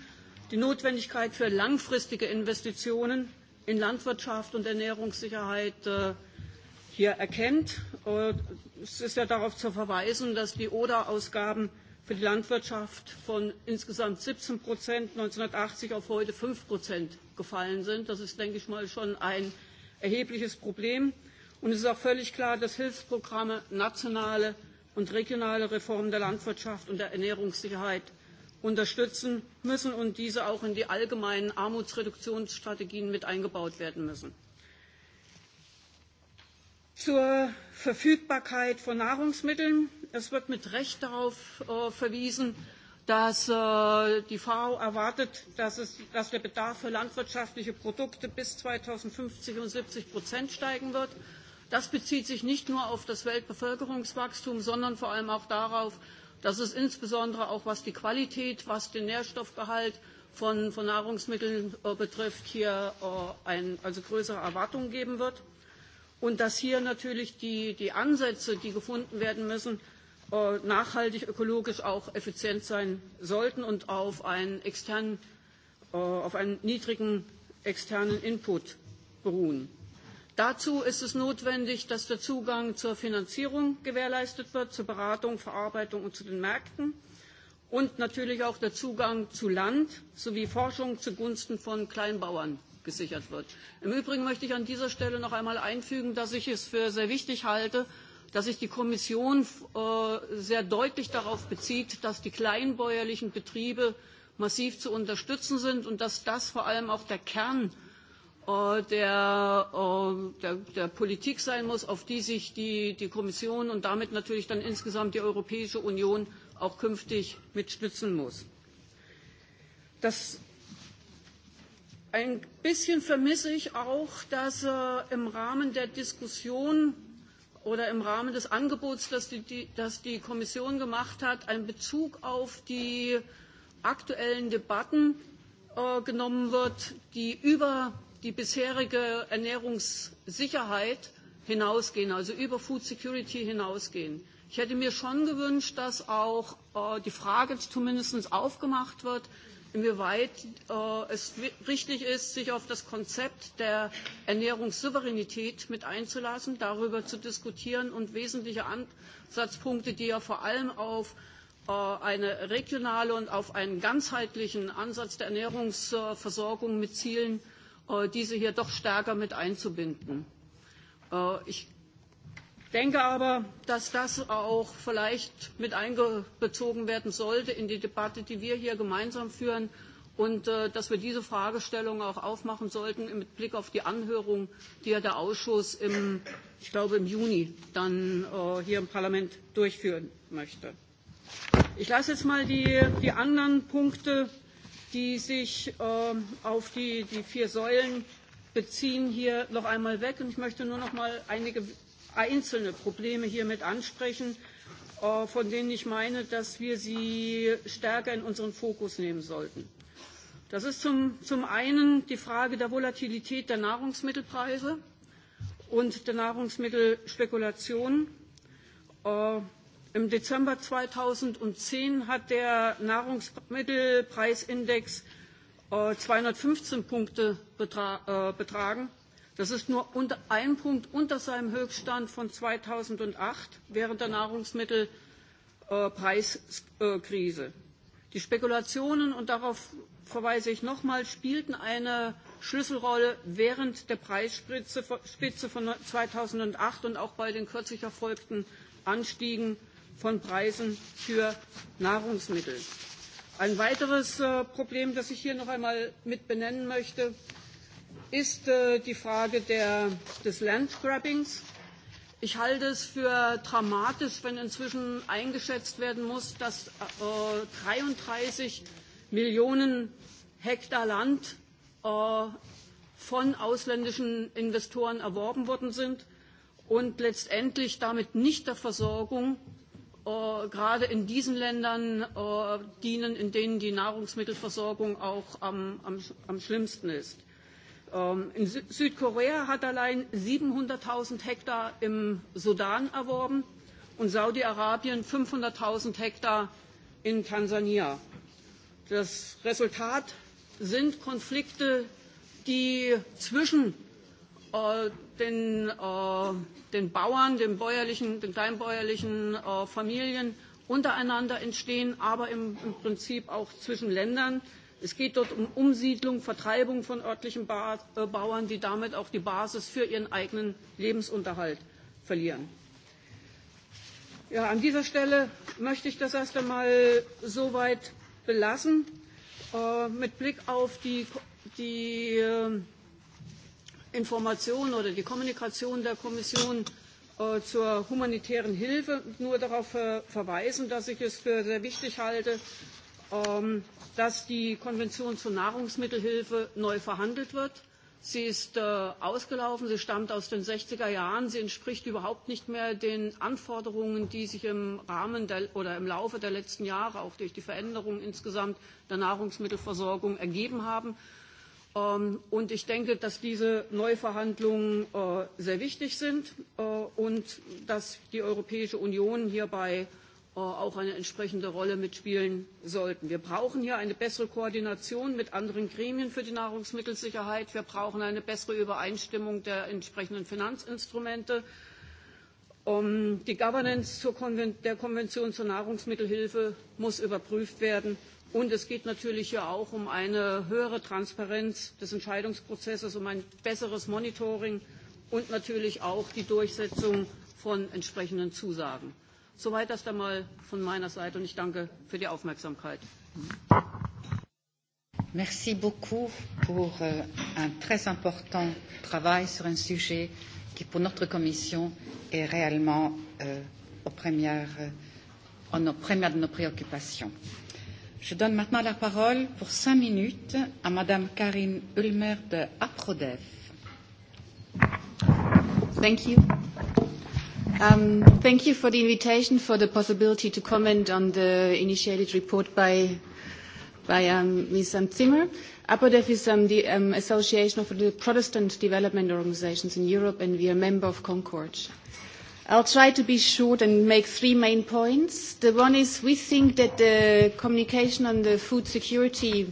die Notwendigkeit für langfristige Investitionen in Landwirtschaft und Ernährungssicherheit äh, hier erkennt. Äh, es ist ja darauf zu verweisen, dass die ODA-Ausgaben für die Landwirtschaft von insgesamt 17 Prozent 1980 auf heute 5 Prozent gefallen sind. Das ist, denke ich mal, schon ein erhebliches Problem. Und es ist auch völlig klar, dass Hilfsprogramme nationale und regionale Reformen der Landwirtschaft und der Ernährungssicherheit unterstützen müssen und diese auch in die allgemeinen Armutsreduktionsstrategien mit eingebaut werden müssen. Zur Verfügbarkeit von Nahrungsmitteln. Es wird mit Recht darauf äh, verwiesen, dass äh, die FAO erwartet, dass, es, dass der Bedarf für landwirtschaftliche Produkte bis 2050 um 70 Prozent steigen wird. Das bezieht sich nicht nur auf das Weltbevölkerungswachstum, sondern vor allem auch darauf, dass es insbesondere auch was die Qualität, was den Nährstoffgehalt von, von Nahrungsmitteln äh, betrifft, hier äh, ein, also größere Erwartungen geben wird. Und dass hier natürlich die, die Ansätze, die gefunden werden müssen, Äh, nachhaltig ökologisch auch effizient sein sollten und auf einen, externen, äh, auf einen niedrigen externen Input beruhen. Dazu ist es notwendig, dass der Zugang zur Finanzierung gewährleistet wird, zur Beratung, Verarbeitung und zu den Märkten und natürlich auch der Zugang zu Land sowie Forschung zugunsten von Kleinbauern gesichert wird. Im Übrigen möchte ich an dieser Stelle noch einmal einfügen, dass ich es für sehr wichtig halte, dass sich die Kommission äh, sehr deutlich darauf bezieht, dass die kleinbäuerlichen Betriebe massiv zu unterstützen sind und dass das vor allem auch der Kern äh, der, äh, der, der Politik sein muss, auf die sich die, die Kommission und damit natürlich dann insgesamt die Europäische Union auch künftig mitstützen muss. Das ein bisschen vermisse ich auch, dass äh, im Rahmen der Diskussion oder im Rahmen des Angebots, das die, das die Kommission gemacht hat, ein Bezug auf die aktuellen Debatten äh, genommen wird, die über die bisherige Ernährungssicherheit hinausgehen, also über Food Security hinausgehen. Ich hätte mir schon gewünscht, dass auch äh, die Frage zumindest aufgemacht wird, inwieweit äh, es richtig ist, sich auf das Konzept der Ernährungssouveränität mit einzulassen, darüber zu diskutieren und wesentliche Ansatzpunkte, die ja vor allem auf äh, eine regionale und auf einen ganzheitlichen Ansatz der Ernährungsversorgung mit Zielen, äh, diese hier doch stärker mit einzubinden. Äh, ich Ich denke aber, dass das auch vielleicht mit einbezogen werden sollte in die Debatte, die wir hier gemeinsam führen und äh, dass wir diese Fragestellung auch aufmachen sollten mit Blick auf die Anhörung, die ja der Ausschuss im, ich glaube im Juni dann äh, hier im Parlament durchführen möchte. Ich lasse jetzt mal die, die anderen Punkte, die sich äh, auf die, die vier Säulen beziehen, hier noch einmal weg und ich möchte nur noch mal einige einzelne Probleme hier mit ansprechen, äh, von denen ich meine, dass wir sie stärker in unseren Fokus nehmen sollten. Das ist zum, zum einen die Frage der Volatilität der Nahrungsmittelpreise und der Nahrungsmittelspekulation. Äh, Im Dezember 2010 hat der Nahrungsmittelpreisindex äh, 215 Punkte äh, betragen Das ist nur unter, ein Punkt unter seinem Höchststand von 2008 während der Nahrungsmittelpreiskrise. Die Spekulationen, und darauf verweise ich nochmals, spielten eine Schlüsselrolle während der Preisspitze von 2008 und auch bei den kürzlich erfolgten Anstiegen von Preisen für Nahrungsmittel. Ein weiteres äh, Problem, das ich hier noch einmal mit benennen möchte, ist äh, die Frage der, des Landgrabbings. Ich halte es für dramatisch, wenn inzwischen eingeschätzt werden muss, dass äh, 33 Millionen Hektar Land äh, von ausländischen Investoren erworben worden sind und letztendlich damit nicht der Versorgung äh, gerade in diesen Ländern äh, dienen, in denen die Nahrungsmittelversorgung auch am, am, am schlimmsten ist. Ähm, in Südkorea hat allein 700.000 Hektar im Sudan erworben und Saudi-Arabien 500.000 Hektar in Tansania. Das Resultat sind Konflikte, die zwischen äh, den, äh, den Bauern, den, bäuerlichen, den kleinbäuerlichen äh, Familien untereinander entstehen, aber im, im Prinzip auch zwischen Ländern. Es geht dort um Umsiedlung, Vertreibung von örtlichen ba äh, Bauern, die damit auch die Basis für ihren eigenen Lebensunterhalt verlieren. Ja, an dieser Stelle möchte ich das erst einmal soweit belassen. Äh, mit Blick auf die, die äh, Information oder die Kommunikation der Kommission äh, zur humanitären Hilfe nur darauf äh, verweisen, dass ich es für sehr wichtig halte, Ähm, dass die Konvention zur Nahrungsmittelhilfe neu verhandelt wird. Sie ist äh, ausgelaufen, sie stammt aus den 60er Jahren, sie entspricht überhaupt nicht mehr den Anforderungen, die sich im Rahmen der, oder im Laufe der letzten Jahre auch durch die Veränderungen insgesamt der Nahrungsmittelversorgung ergeben haben. Ähm, und ich denke, dass diese Neuverhandlungen äh, sehr wichtig sind äh, und dass die Europäische Union hierbei Äh, auch eine entsprechende Rolle mitspielen sollten. Wir brauchen hier eine bessere Koordination mit anderen Gremien für die Nahrungsmittelsicherheit. Wir brauchen eine bessere Übereinstimmung der entsprechenden Finanzinstrumente. Um, die Governance zur Konven der Konvention zur Nahrungsmittelhilfe muss überprüft werden. Und es geht natürlich hier auch um eine höhere Transparenz des Entscheidungsprozesses, um ein besseres Monitoring und natürlich auch die Durchsetzung von entsprechenden Zusagen. Soweit erst einmal von meiner Seite und ich danke für die Aufmerksamkeit. Merci beaucoup pour euh, un très important travail sur un sujet qui, pour notre commission, est réellement euh, aux premières, euh, en aux premières de nos préoccupations. Je donne maintenant la parole pour cinq minutes à Madame Karine Ulmer de APRODEV. Thank you. Um, thank you for the invitation, for the possibility to comment on the initiated report by, by um, Ms. Zimmer. APODEF is um, the um, Association of the Protestant Development Organizations in Europe, and we are a member of Concord. I'll try to be short and make three main points. The one is we think that the communication on the food security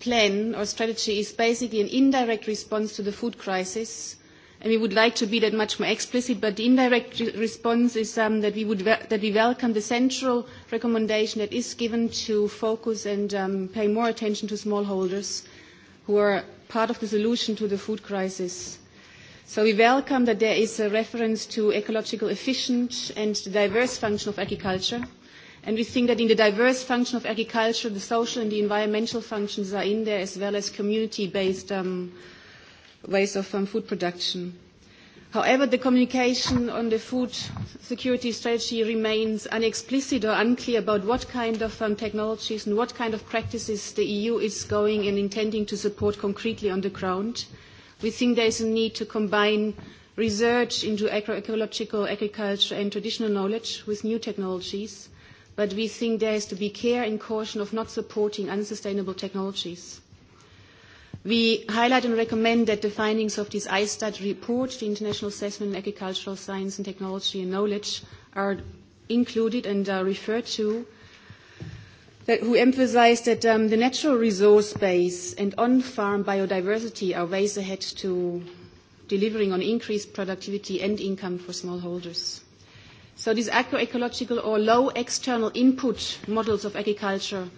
plan or strategy is basically an indirect response to the food crisis and we would like to be that much more explicit, but the indirect re response is um, that, we would that we welcome the central recommendation that is given to focus and um, pay more attention to smallholders who are part of the solution to the food crisis. So we welcome that there is a reference to ecological efficient and diverse function of agriculture. And we think that in the diverse function of agriculture, the social and the environmental functions are in there as well as community-based um, uh, ways of um, food production. However, the communication on the food security strategy remains unexplicit or unclear about what kind of um, technologies and what kind of practices the EU is going and intending to support concretely on the ground. We think there is a need to combine research into agroecological agriculture and traditional knowledge with new technologies, but we think there has to be care and caution of not supporting unsustainable technologies. We highlight and recommend that the findings of this ISTAT report, the International Assessment in Agricultural Science and Technology and Knowledge, are included and are referred to, that, who emphasize that um, the natural resource base and on-farm biodiversity are ways ahead to delivering on increased productivity and income for smallholders. So these agroecological or low external input models of agriculture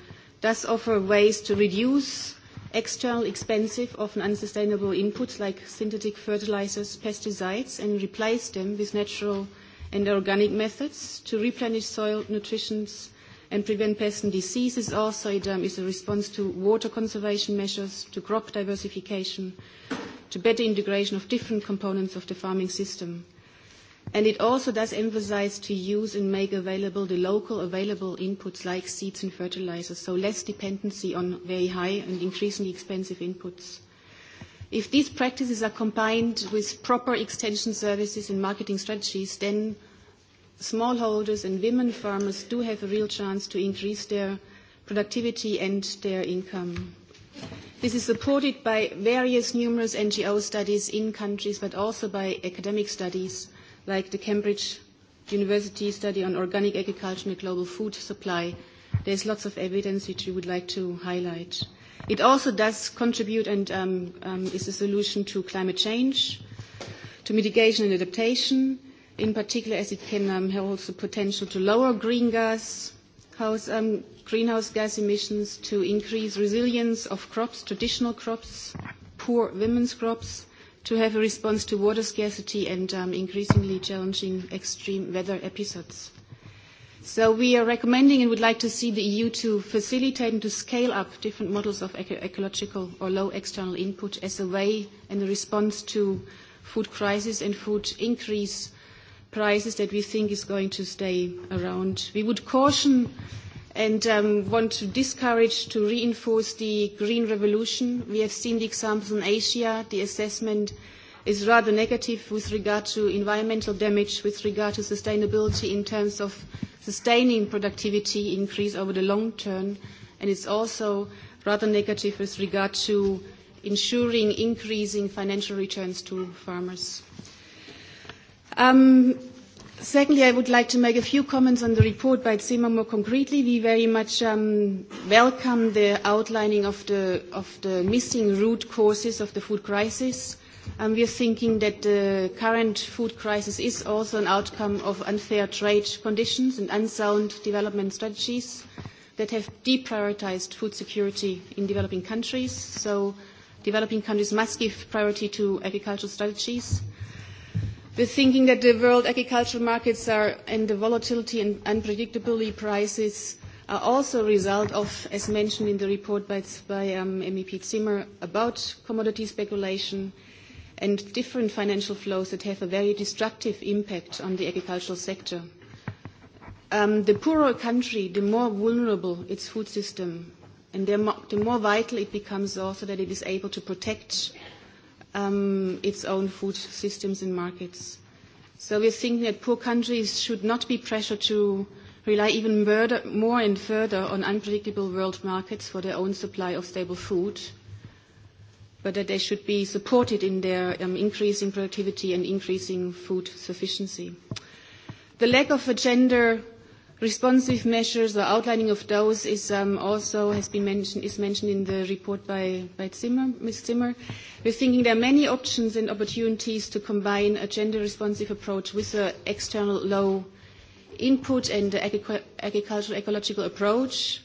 does offer ways to reduce external expensive, often unsustainable inputs like synthetic fertilizers, pesticides, and replace them with natural and organic methods to replenish soil nutrition and prevent pests and diseases. Also, it um, is a response to water conservation measures, to crop diversification, to better integration of different components of the farming system. And it also does emphasize to use and make available the local available inputs like seeds and fertilizers, so less dependency on very high and increasingly expensive inputs. If these practices are combined with proper extension services and marketing strategies, then smallholders and women farmers do have a real chance to increase their productivity and their income. This is supported by various numerous NGO studies in countries, but also by academic studies like the Cambridge University study on organic agriculture and global food supply, there's lots of evidence which we would like to highlight. It also does contribute and um, um, is a solution to climate change, to mitigation and adaptation, in particular as it can um, have also potential to lower green gas, house, um, greenhouse gas emissions, to increase resilience of crops, traditional crops, poor women's crops, to have a response to water scarcity and um, increasingly challenging extreme weather episodes. So we are recommending and would like to see the EU to facilitate and to scale up different models of eco ecological or low external input as a way and a response to food crisis and food increase prices that we think is going to stay around. We would caution and um, want to discourage to reinforce the green revolution. We have seen the examples in Asia. The assessment is rather negative with regard to environmental damage, with regard to sustainability in terms of sustaining productivity increase over the long term, and it's also rather negative with regard to ensuring increasing financial returns to farmers. Um, Secondly, I would like to make a few comments on the report by Zimmer more concretely. We very much um, welcome the outlining of the, of the missing root causes of the food crisis. And we are thinking that the current food crisis is also an outcome of unfair trade conditions and unsound development strategies that have deprioritized food security in developing countries. So developing countries must give priority to agricultural strategies the thinking that the world agricultural markets are and the volatility and unpredictability prices are also a result of, as mentioned in the report by, by um, MEP Zimmer, about commodity speculation and different financial flows that have a very destructive impact on the agricultural sector. Um, the poorer a country, the more vulnerable its food system, and the more, the more vital it becomes also that it is able to protect um, its own food systems and markets. So we think that poor countries should not be pressured to rely even murder, more and further on unpredictable world markets for their own supply of stable food, but that they should be supported in their um, increasing productivity and increasing food sufficiency. The lack of a gender Responsive measures or outlining of those is um, also has been mentioned is mentioned in the report by, by Zimmer, Ms. Zimmer. We're thinking there are many options and opportunities to combine a gender-responsive approach with an external low input and agric agricultural ecological approach.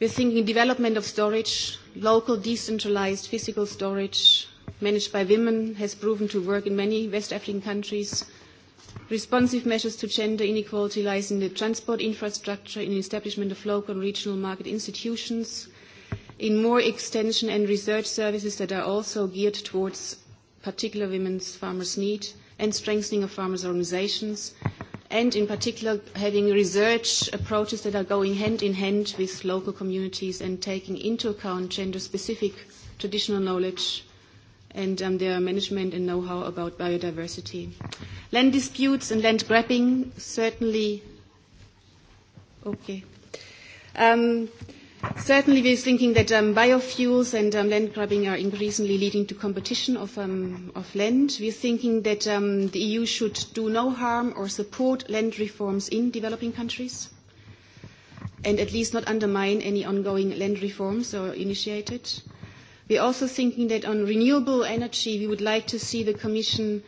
We're thinking development of storage, local decentralized physical storage managed by women has proven to work in many West African countries Responsive measures to gender inequality lies in the transport infrastructure, in the establishment of local and regional market institutions, in more extension and research services that are also geared towards particular women's farmers' need and strengthening of farmers' organisations, and in particular having research approaches that are going hand in hand with local communities and taking into account gender-specific traditional knowledge and um, their management and know-how about biodiversity. Land disputes and land grabbing certainly. Okay. Um, certainly, we're thinking that um, biofuels and um, land grabbing are increasingly leading to competition of, um, of land. We're thinking that um, the EU should do no harm or support land reforms in developing countries and at least not undermine any ongoing land reforms or initiated. We are also thinking that on renewable energy, we would like to see the Commission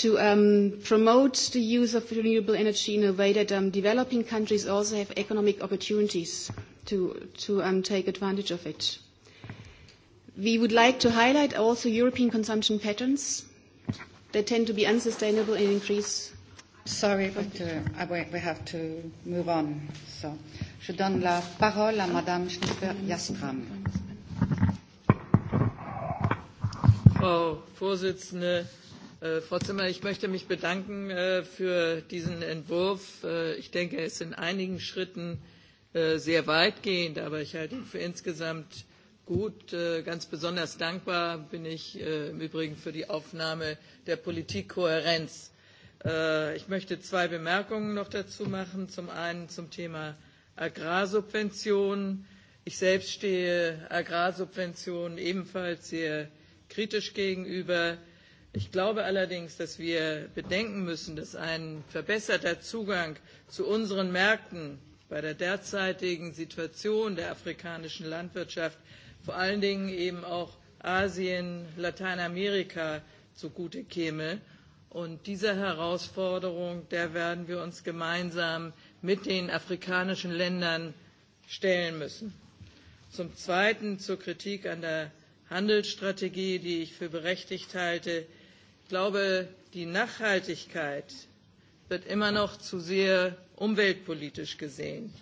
to um, promote the use of renewable energy in a way that um, developing countries also have economic opportunities to, to um, take advantage of it. We would like to highlight also European consumption patterns that tend to be unsustainable and increase. Sorry, but uh, we have to move on. So, je donne la parole à Madame Schnitzberg-Jastram. Frau Vorsitzende. Äh, Frau Zimmer, ich möchte mich bedanken äh, für diesen Entwurf. Äh, ich denke, er ist in einigen Schritten äh, sehr weitgehend, aber ich halte ihn für insgesamt gut. Äh, ganz besonders dankbar bin ich äh, im Übrigen für die Aufnahme der Politikkohärenz. Ich möchte zwei Bemerkungen noch dazu machen. Zum einen zum Thema Agrarsubventionen. Ich selbst stehe Agrarsubventionen ebenfalls sehr kritisch gegenüber. Ich glaube allerdings, dass wir bedenken müssen, dass ein verbesserter Zugang zu unseren Märkten bei der derzeitigen Situation der afrikanischen Landwirtschaft vor allen Dingen eben auch Asien, Lateinamerika zugute käme. Und dieser Herausforderung, der werden wir uns gemeinsam mit den afrikanischen Ländern stellen müssen. Zum Zweiten zur Kritik an der Handelsstrategie, die ich für berechtigt halte. Ich glaube, die Nachhaltigkeit wird immer noch zu sehr umweltpolitisch gesehen,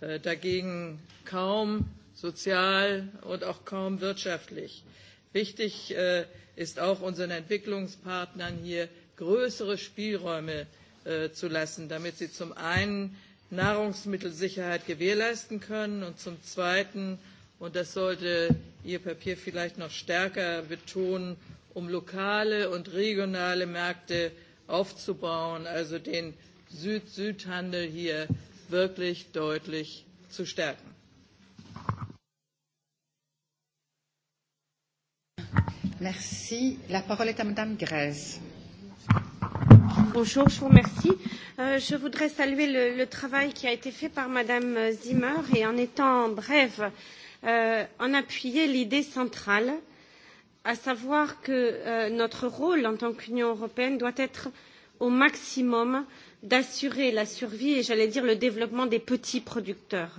äh, dagegen kaum sozial und auch kaum wirtschaftlich. Wichtig äh, ist auch unseren Entwicklungspartnern hier größere Spielräume äh, zu lassen, damit sie zum einen Nahrungsmittelsicherheit gewährleisten können und zum zweiten Und das sollte Ihr Papier vielleicht noch stärker betonen, um lokale und regionale Märkte aufzubauen, also den Süd-Süd-Handel hier wirklich deutlich zu stärken. Merci. La parole est à Madame Grèze. Bonjour, je vous remercie. Euh, je voudrais saluer le, le travail qui a été fait par Madame Zimmer et en étant brève, euh, euh, en appuyait l'idée centrale, à savoir que euh, notre rôle en tant qu'Union européenne doit être au maximum d'assurer la survie et, j'allais dire, le développement des petits producteurs,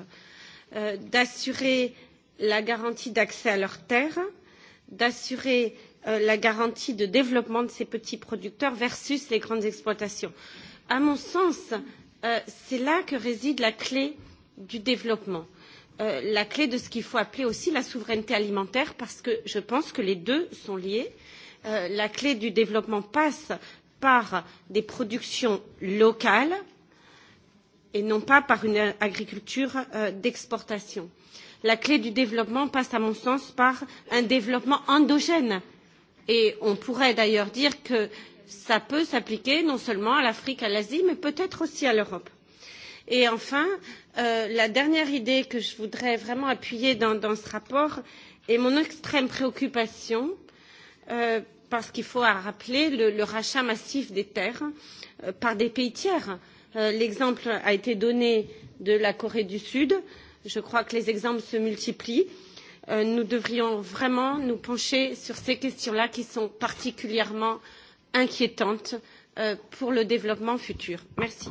euh, d'assurer la garantie d'accès à leurs terres, d'assurer euh, la garantie de développement de ces petits producteurs versus les grandes exploitations. À mon sens, euh, c'est là que réside la clé du développement Euh, la clé de ce qu'il faut appeler aussi la souveraineté alimentaire, parce que je pense que les deux sont liés. Euh, la clé du développement passe par des productions locales et non pas par une agriculture euh, d'exportation. La clé du développement passe, à mon sens, par un développement endogène. Et on pourrait d'ailleurs dire que ça peut s'appliquer non seulement à l'Afrique, à l'Asie, mais peut-être aussi à l'Europe. Et enfin, euh, la dernière idée que je voudrais vraiment appuyer dans, dans ce rapport est mon extrême préoccupation, euh, parce qu'il faut rappeler le, le rachat massif des terres euh, par des pays tiers. Euh, L'exemple a été donné de la Corée du Sud. Je crois que les exemples se multiplient. Euh, nous devrions vraiment nous pencher sur ces questions-là qui sont particulièrement inquiétantes euh, pour le développement futur. Merci.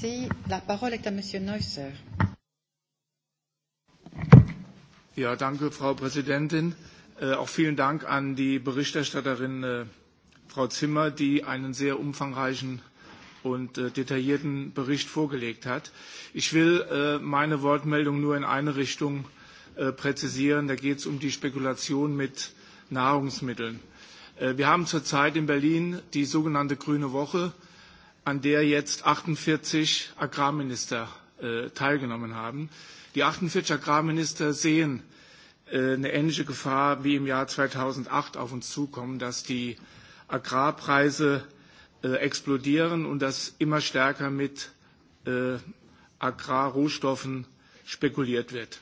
Si, la parole est à Monsieur Neusser. Ja, danke, Frau Präsidentin. Äh, auch vielen Dank an die Berichterstatterin äh, Frau Zimmer, die einen sehr umfangreichen und äh, detaillierten Bericht vorgelegt hat. Ich will äh, meine Wortmeldung nur in eine Richtung äh, präzisieren. Da geht es um die Spekulation mit Nahrungsmitteln. Äh, wir haben zurzeit in Berlin die sogenannte Grüne Woche an der jetzt 48 Agrarminister äh, teilgenommen haben. Die 48 Agrarminister sehen äh, eine ähnliche Gefahr wie im Jahr 2008 auf uns zukommen, dass die Agrarpreise äh, explodieren und dass immer stärker mit äh, Agrarrohstoffen spekuliert wird.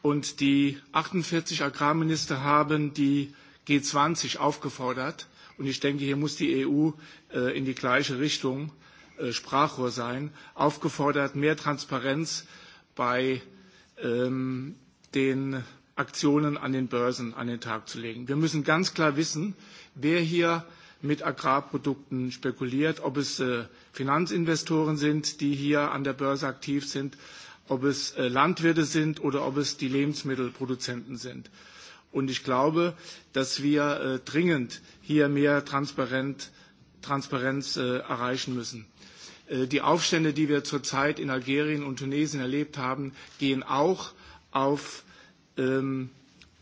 Und die 48 Agrarminister haben die G20 aufgefordert. Und ich denke, hier muss die EU äh, in die gleiche Richtung Äh, Sprachrohr sein, aufgefordert, mehr Transparenz bei ähm, den Aktionen an den Börsen an den Tag zu legen. Wir müssen ganz klar wissen, wer hier mit Agrarprodukten spekuliert, ob es äh, Finanzinvestoren sind, die hier an der Börse aktiv sind, ob es äh, Landwirte sind oder ob es die Lebensmittelproduzenten sind. Und ich glaube, dass wir äh, dringend hier mehr Transparenz äh, erreichen müssen. Äh, die Aufstände, die wir zurzeit in Algerien und Tunesien erlebt haben, gehen auch auf ähm,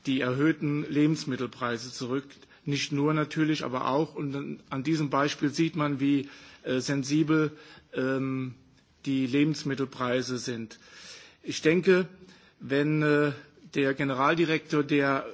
die erhöhten Lebensmittelpreise zurück. Nicht nur natürlich, aber auch. Und an diesem Beispiel sieht man, wie äh, sensibel ähm, die Lebensmittelpreise sind. Ich denke, wenn äh, der Generaldirektor der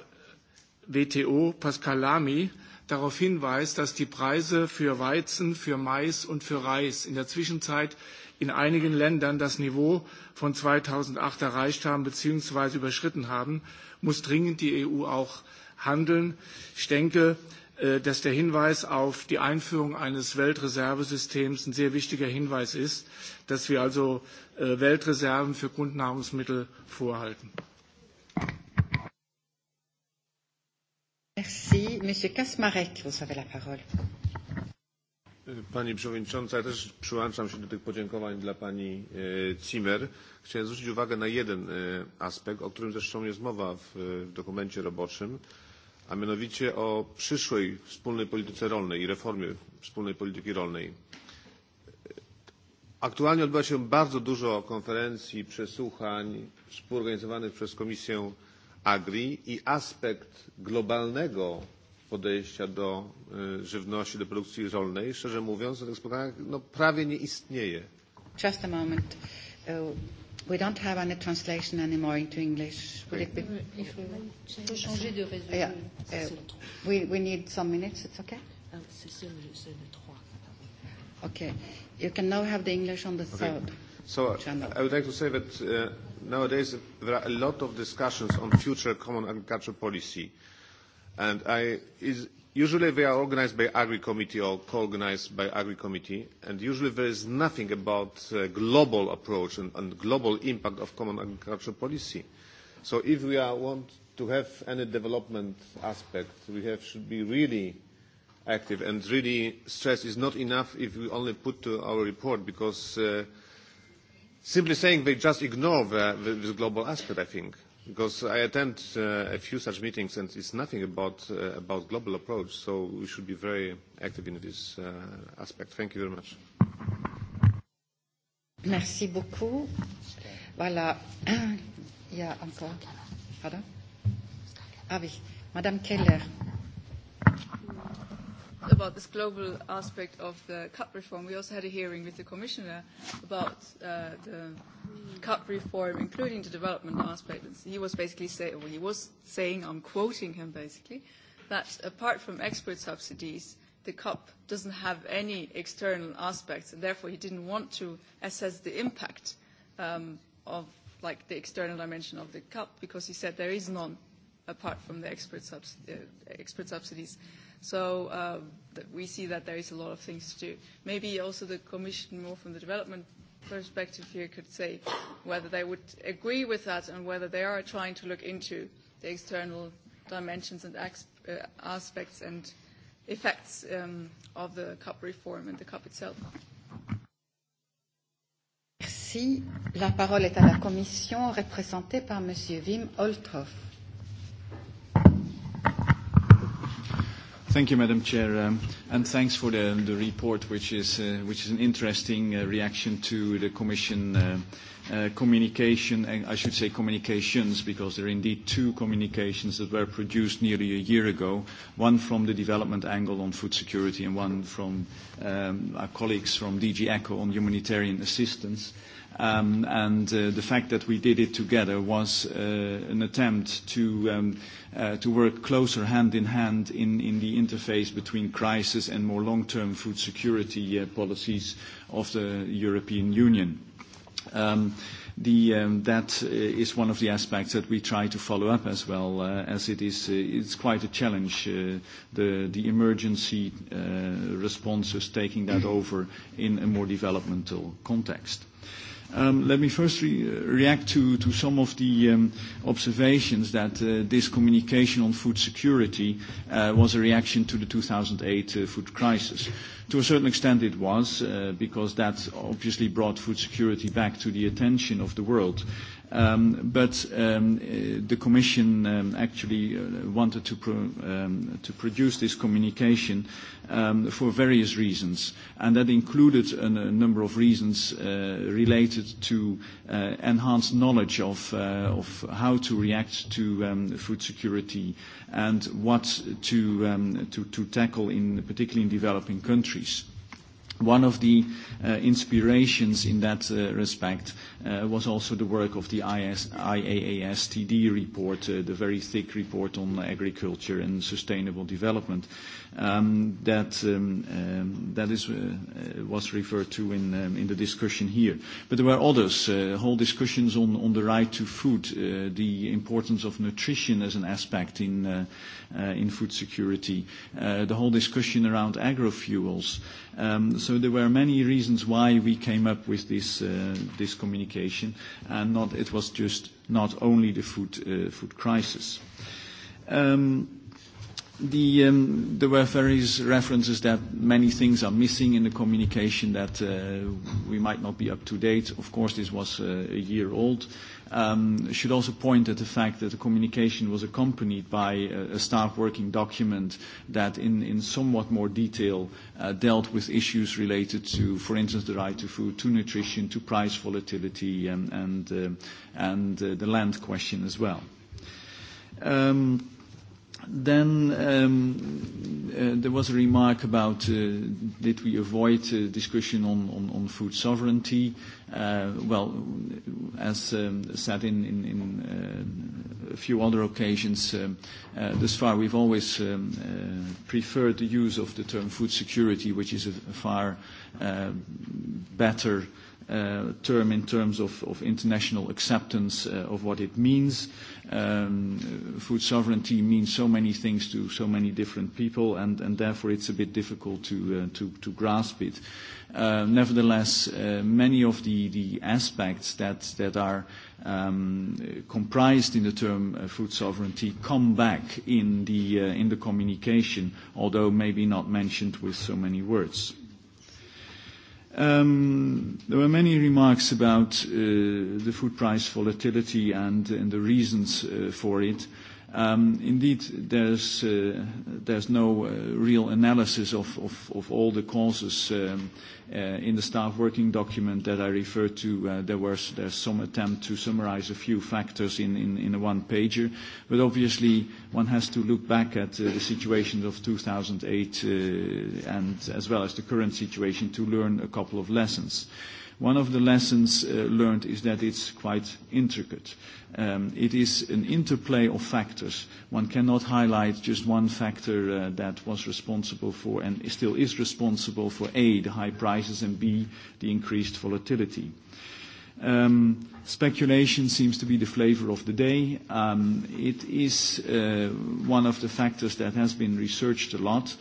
WTO, Pascal Lamy, darauf hinweist, dass die Preise für Weizen, für Mais und für Reis in der Zwischenzeit in einigen Ländern das Niveau von 2008 erreicht haben bzw. überschritten haben, muss dringend die EU auch handeln. Ich denke, äh, dass der Hinweis auf die Einführung eines Weltreservesystems ein sehr wichtiger Hinweis ist, dass wir also äh, Weltreserven für Grundnahrungsmittel vorhalten. Merci. Monsieur Kasmarek, vous avez la parole. Pani Przewodnicząca, ja też przyłączam się do tych podziękowań dla Pani Zimmer. Chciałem zwrócić uwagę na jeden aspekt, o którym zresztą jest mowa w dokumencie roboczym, a mianowicie o przyszłej wspólnej polityce rolnej i reformie wspólnej polityki rolnej. Aktualnie odbywa się bardzo dużo konferencji, przesłuchań, współorganizowanych przez Komisję agri i aspekt globalnego podejścia do żywności, do produkcji rolnej, szczerze mówiąc, w tych spotkaniach no, prawie nie istnieje. Just a moment. Uh, we don't have any translation anymore into English. Would it be... Il faut change the resolution? Yeah. Uh, we, we need some minutes, it's okay? Ah, okay. You can now have the English on the okay. third. So channel. I would like to say that uh, nowadays there are a lot of discussions on future common agricultural policy, and I, is, usually they are organised by Agri Committee or co-organised by Agri Committee, and usually there is nothing about uh, global approach and, and global impact of common agricultural policy. So if we are, want to have any development aspect, we have, should be really active and really stress is not enough if we only put to our report because uh, simply saying they just ignore the, the, global aspect, I think, because I attend uh, a few such meetings and it's nothing about, uh, about global approach, so we should be very active in this uh, aspect. Thank you very much. Merci beaucoup. Voilà. Il y a encore. Pardon? Ah oui, Madame Keller about this global aspect of the CAP reform, we also had a hearing with the Commissioner about uh, the CAP reform, including the development aspect. He was basically saying, well, he was saying, I'm quoting him basically, that apart from export subsidies, the CAP doesn't have any external aspects, and therefore he didn't want to assess the impact um, of like the external dimension of the CAP because he said there is none apart from the export, subs uh, export subsidies. So uh, we see that there is a lot of things to do. Maybe also the Commission, more from the development perspective here, could say whether they would agree with that and whether they are trying to look into the external dimensions and uh, aspects and effects um, of the COP reform and the COP itself. Merci. La parole est à la Commission, représentée par Monsieur Wim Olthoff. Thank you, Madam Chair, um, and thanks for the, the report, which is, uh, which is an interesting uh, reaction to the Commission uh, uh, communication, and I should say communications, because there are indeed two communications that were produced nearly a year ago, one from the development angle on food security and one from um, our colleagues from DG ECHO on humanitarian assistance. Uh, Um, and uh, the fact that we did it together was uh, an attempt um, uh, to, work closer hand in hand in, the interface between crisis and more long-term food security policies of the European Union. Um, that is one of the aspects that we try to follow up as well, as it is it's quite a challenge, the emergency responses taking that mm-hmm. over in a more developmental context. Um, let me first uh, react to, to some of the um, observations that uh, this communication on food security uh, was a reaction to the 2008 uh, food crisis. To a certain extent it was, uh, because that obviously brought food security back to the attention of the world. Uh, Um, but um, uh, the Commission um, actually uh, wanted to, pro um, to, produce this communication um, for various reasons, and that included a number of reasons uh, related to uh, enhanced knowledge of, of, how to react to um, food security and what to, to, to tackle, in, particularly in developing countries. One of the uh, inspirations in that uh, respect uh, was also the work of the IS, IAASTD report, uh, the very thick report on agriculture and sustainable development um, that, um, um, that is, uh, uh, was referred to in, um, in the discussion here. But there were others, uh, whole discussions on, on the right to food, uh, the importance of nutrition as an aspect in, uh, uh, in food security, uh, the whole discussion around agrofuels. Um, so there were many reasons why we came up with this, uh, this communication communication, and not, it was just not only the food, uh, food crisis. Um, um, there were various references that many things are missing in the communication that uh, we might not be up to date. Of course, this was uh, a year old. Um, should also point at the fact that the communication was accompanied by a, a staff working document that in, in somewhat more detail uh, dealt with issues related to, for instance, the right to food, to nutrition, to price volatility, and, and, uh, and uh, the land question as well. Um, Then um, uh, there was a remark about uh, did we avoid uh, discussion on, on, on food sovereignty? Uh, well, as um, said in, in, in uh, a few other occasions, um, uh, thus far we've always um, uh, preferred the use of the term food security, which is a, a far uh, better Uh, term in terms of, of international acceptance uh, of what it means. Um, food sovereignty means so many things to so many different people, and, and therefore it's a bit difficult to, uh, to, to grasp it. Uh, nevertheless, uh, many of the, the aspects that, that are um, comprised in the term food sovereignty come back in the, in the communication, although maybe not mentioned with so many words. Um, there were many remarks about uh, the food price volatility and, and the reasons uh, for it. Um, indeed, there's, uh, there's no uh, real analysis of, of, all the causes um, uh, in the staff working document that I referred to. There was, there's some attempt to summarize a few factors in, in, a one-pager. But obviously, one has to look back at the situation of 2008 and as well as the current situation to learn a couple of lessons. One of the lessons uh, learned is that it's quite intricate. Um, it is an interplay of factors. One cannot highlight just one factor uh, that was responsible for and still is responsible for A, the high prices, and B, the increased volatility. Um, speculation seems to be the flavor of the day. Um, it is uh, one of the factors that has been researched a lot. Uh,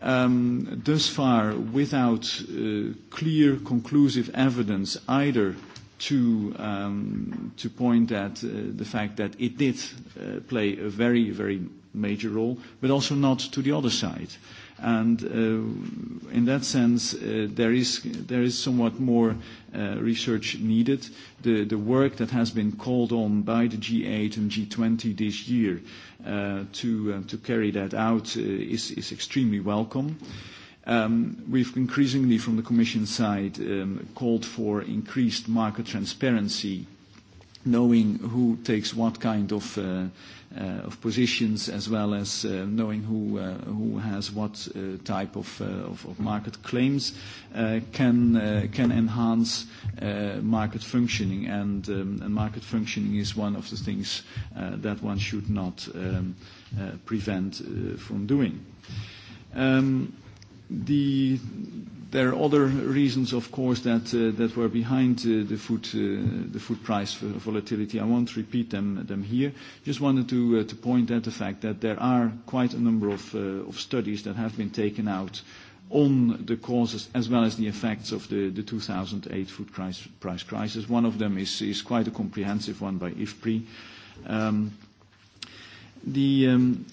Um, thus far, without uh, clear, conclusive evidence either to, um, to point at uh, the fact that it did uh, play a very, very major role, but also not to the other side. Uh, And uh, in that sense, uh, there, is, there is somewhat more uh, research needed. The, the work that has been called on by the G8 and G20 this year uh, to, uh, to carry that out uh, is, is extremely welcome. Um, we've increasingly, from the Commission side, um, called for increased market transparency knowing who takes what kind of, uh, uh, of positions as well as uh, knowing who, uh, who has what uh, type of, uh, of, of market claims uh, can, uh, can enhance uh, market functioning and, um, and market functioning is one of the things uh, that one should not um, uh, prevent uh, from doing. Um, the There are other reasons, of course, that, uh, were behind uh, uh, the, food, price volatility. I won't repeat them, here. Just wanted to, point out the fact that there are quite a number of, studies that have been taken out on the causes as well as the effects of the, 2008 food price, crisis. One of them is, quite a comprehensive one by IFPRI. Um, the, um,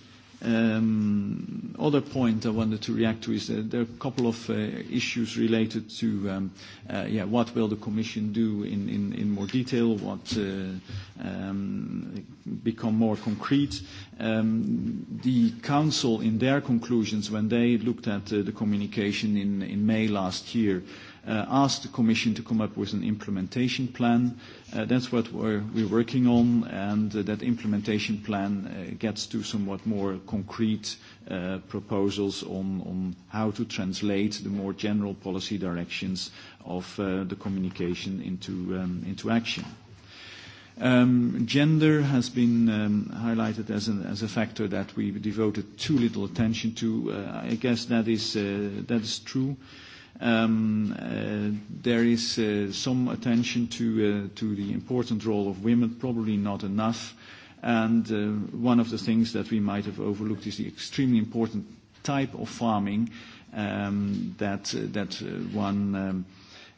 Um, other point I wanted to react to is that there are a couple of uh, issues related to um, uh, yeah, what will the Commission do in, in, in more detail, what uh, um, become more concrete. The Council, in their conclusions, when they looked at the communication in, in May last year, uh, asked the Commission to come up with an implementation plan. Uh, that's what we're, we're working on, and uh, that implementation plan uh, gets to somewhat more concrete uh, proposals on, on how to translate the more general policy directions of uh, the communication into, um, into action. Um, gender has been um, highlighted as, an, as a factor that we devoted too little attention to. Uh, I guess that is, uh, that is true. Um, uh, there is uh, some attention to, uh, to the important role of women, probably not enough. And uh, one of the things that we might have overlooked is the extremely important type of farming um, that, uh, that uh, one, um,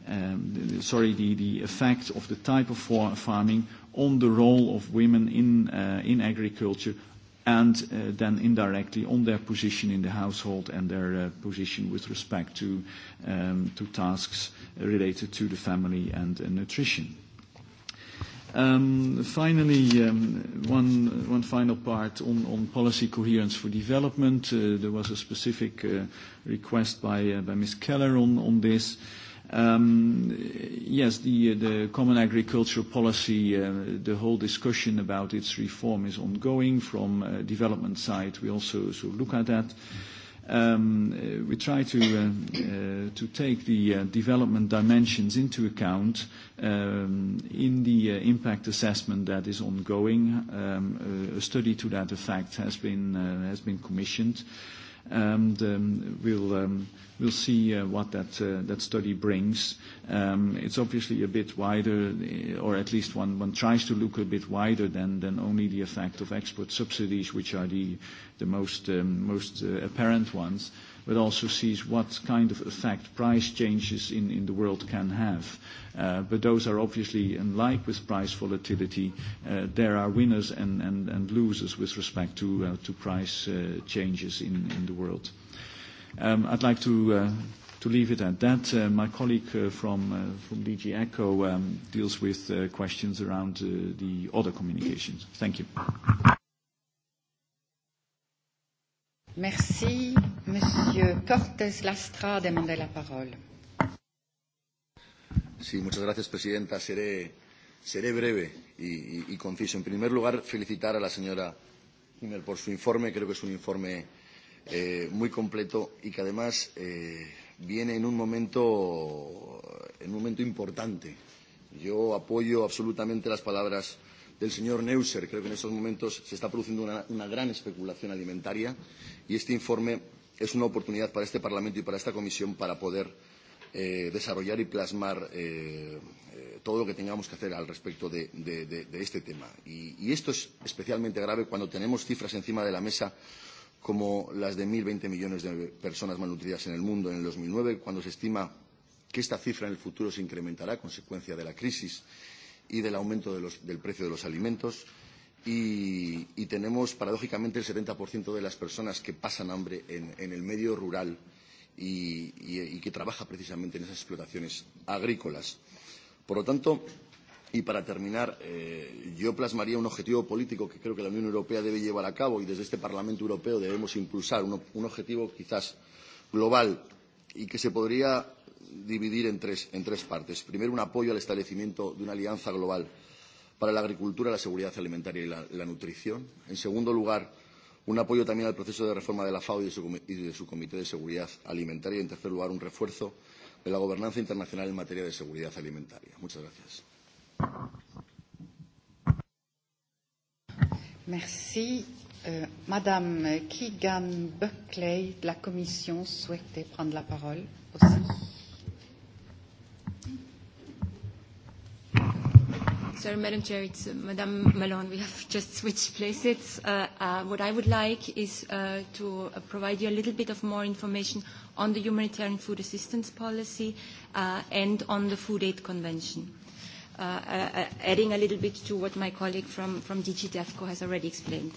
um, sorry, the, the effect of the type of farming on the role of women in, uh, in agriculture and uh, then indirectly on their position in the household and their uh, position with respect to, um, to tasks related to the family and uh, nutrition. Um, finally, um, one, one final part on, on policy coherence for development. There was a specific request by, by Ms. Keller on, on this. Um, yes, the, uh, the common agricultural policy, uh, the whole discussion about its reform is ongoing. From uh, development side, we also sort of look at that. Um, uh, we try to, uh, uh to take the development dimensions into account um, in the impact assessment that is ongoing. Um, a study to that effect has been, has been commissioned, and um, we'll um, We'll see uh, what that, uh, that study brings. Um, it's obviously a bit wider, eh, or at least one, one tries to look a bit wider than, than only the effect of export subsidies, which are the, the most, um, most uh, apparent ones, but also sees what kind of effect price changes in, in the world can have. Uh, but those are obviously, and like with price volatility, uh, there are winners and, and, and losers with respect to, uh, to price uh, changes in, in the world. Um, I'd like to, uh, to leave it at that. Uh, my colleague uh, from, uh, from DG ECHO um, deals with uh, questions around uh, the other communications. Thank you. Merci. Monsieur Cortés Lastra a demandé la parole. Sí, muchas gracias, presidenta. Seré, seré breve y, y, y conciso. En primer lugar, felicitar a la señora Himmel por su informe. Creo que es un informe eh, muy completo y que además eh, viene en un momento, en un momento importante. Yo apoyo absolutamente las palabras del señor Neusser. Creo que en estos momentos se está produciendo una, una gran especulación alimentaria y este informe es una oportunidad para este Parlamento y para esta Comisión para poder eh, desarrollar y plasmar eh, eh, todo lo que tengamos que hacer al respecto de, de, de, de este tema. Y, y esto es especialmente grave cuando tenemos cifras encima de la mesa como las de 1.020 millones de personas malnutridas en el mundo en el 2009, cuando se estima que esta cifra en el futuro se incrementará a consecuencia de la crisis y del aumento de los, del precio de los alimentos. Y, y tenemos, paradójicamente, el 70% de las personas que pasan hambre en, en el medio rural y, y, y que trabaja precisamente en esas explotaciones agrícolas. Por lo tanto, Y para terminar, eh, yo plasmaría un objetivo político que creo que la Unión Europea debe llevar a cabo y desde este Parlamento Europeo debemos impulsar un, un objetivo quizás global y que se podría dividir en tres, en tres partes. Primero, un apoyo al establecimiento de una alianza global para la agricultura, la seguridad alimentaria y la, la nutrición. En segundo lugar, un apoyo también al proceso de reforma de la FAO y de, su, y de su Comité de Seguridad Alimentaria. Y, en tercer lugar, un refuerzo de la gobernanza internacional en materia de seguridad alimentaria. Muchas gracias. Merci. Euh, Madame Keegan Buckley de la Commission souhaitait prendre la parole aussi. Sorry, Madam Chair, it's uh, Madame Malone. We have just switched places. Uh, uh, what I would like is uh, to uh, provide you a little bit of more information on the humanitarian food assistance policy uh, and on the Food Aid Convention. Uh, uh, uh, adding a little bit to what my colleague from, from DG DEFCO has already explained.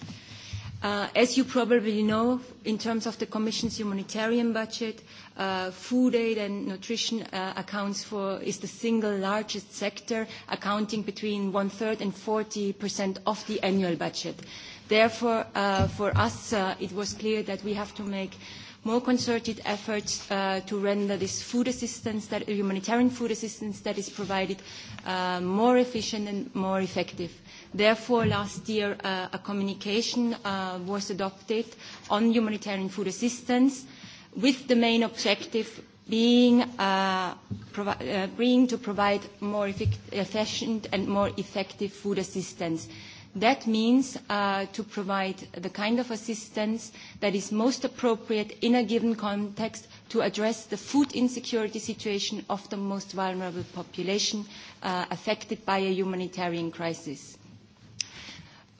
Uh, as you probably know, in terms of the Commission's humanitarian budget, uh, food aid and nutrition uh, accounts for is the single largest sector, accounting between one third and 40% of the annual budget. Therefore, for us, it was clear that we have to make more concerted efforts uh, to render this food assistance, that, humanitarian food assistance that is provided, uh, more efficient and more effective. Therefore, last year uh, a communication uh, was adopted on humanitarian food assistance with the main objective being, uh, provi- uh, being to provide more efficient and more effective food assistance. That means uh, to provide the kind of assistance that is most appropriate in a given context to address the food insecurity situation of the most vulnerable population uh, affected by a humanitarian crisis.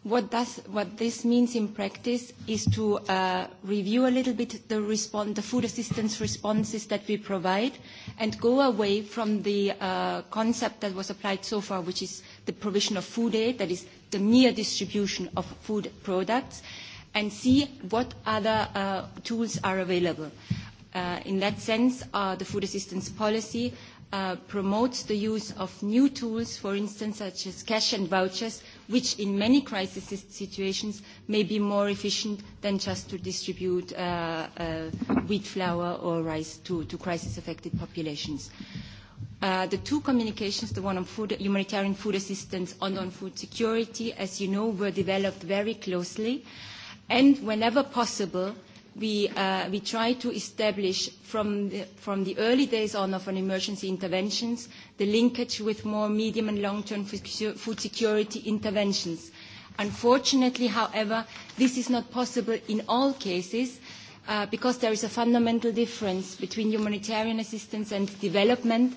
What, does, what this means in practice is to uh, review a little bit the, respond, the food assistance responses that we provide and go away from the uh, concept that was applied so far, which is the provision of food aid, that is the mere distribution of food products and see what other uh, tools are available. Uh, in that sense, uh, the food assistance policy uh, promotes the use of new tools, for instance, such as cash and vouchers, which in many crisis situations may be more efficient than just to distribute uh, uh, wheat flour or rice to, to crisis-affected populations. Uh, Uh, the two communications, the one on food, humanitarian food assistance and on food security, as you know, were developed very closely. And whenever possible, we, uh, we try to establish from the, from the early days on of an emergency interventions the linkage with more medium and long-term food security interventions. Unfortunately, however, this is not possible in all cases Uh, because there is a fundamental difference between humanitarian assistance and development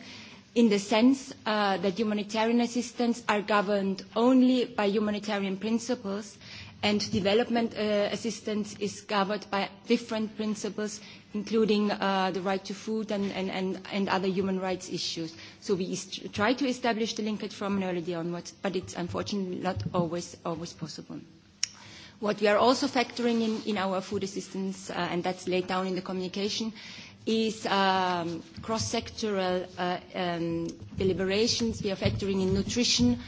in the sense uh, that humanitarian assistance are governed only by humanitarian principles and development uh, assistance is governed by different principles including uh, the right to food and, and, and, and other human rights issues. So we try to establish the linkage from an early day onwards, but it's unfortunately not always, always possible. What we are also factoring in, in our food assistance, uh, and that's laid down in the communication, is um, cross-sectoral uh, um, deliberations. We are factoring in nutrition,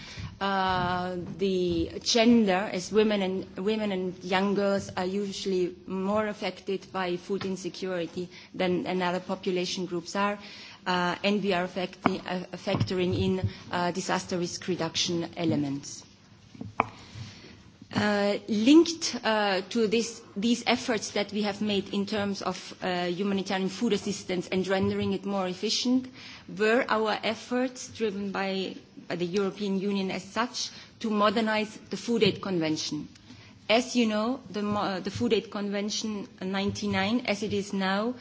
uh, the gender, as women and, women and young girls are usually more affected by food insecurity than, other population groups are. Uh, and we are uh, factoring in uh, disaster risk reduction elements. Uh, linked uh, to this, these efforts that we have made in terms of uh, humanitarian food assistance and rendering it more efficient were our efforts driven by, by the European Union as such to modernize the Food Aid Convention. As you know, the, uh, the Food Aid Convention 99, uh, as it is now,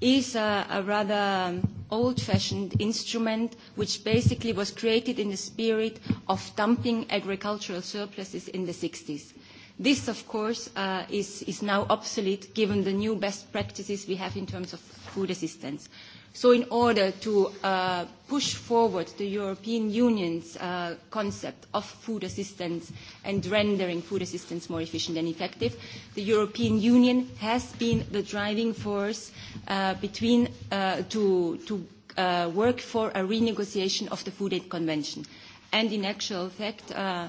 is a, a rather um, old-fashioned instrument which basically was created in the spirit of dumping agricultural surpluses in the 60s. This, of course, uh, is, is now obsolete given the new best practices we have in terms of food assistance. So in order to uh, push forward the European Union's uh, concept of food assistance and rendering food assistance more efficient and effective, the European Union has been the driving force uh, between, uh, to, to uh, work for a renegotiation of the Food Aid Convention. And in actual fact, uh,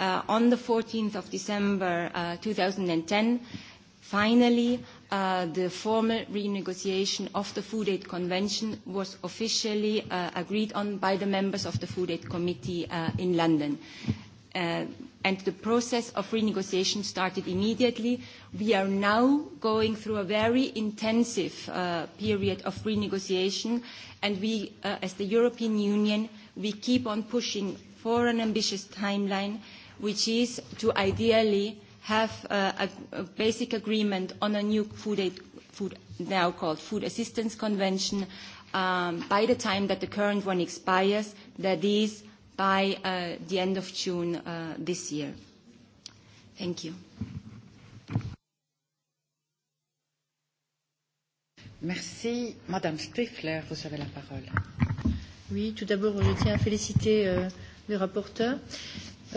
uh, on the 14th of December uh, 2010, finally, uh, the formal renegotiation of the Food Aid Convention was officially uh, agreed on by the members of the Food Aid Committee uh, in London. Uh, and the process of renegotiation started immediately. We are now going through a very intensive uh, period of renegotiation, and we, uh, as the European Union, we keep on pushing for an ambitious timeline, which is to ideally have a, a, a basic agreement on a new food aid, food, now called Food Assistance Convention, um, by the time that the current one expires, that is by uh, the end of June uh, this year. Thank you. Merci. Madame Stifler, vous avez la parole. Oui, tout d'abord, je tiens à féliciter euh, le rapporteur.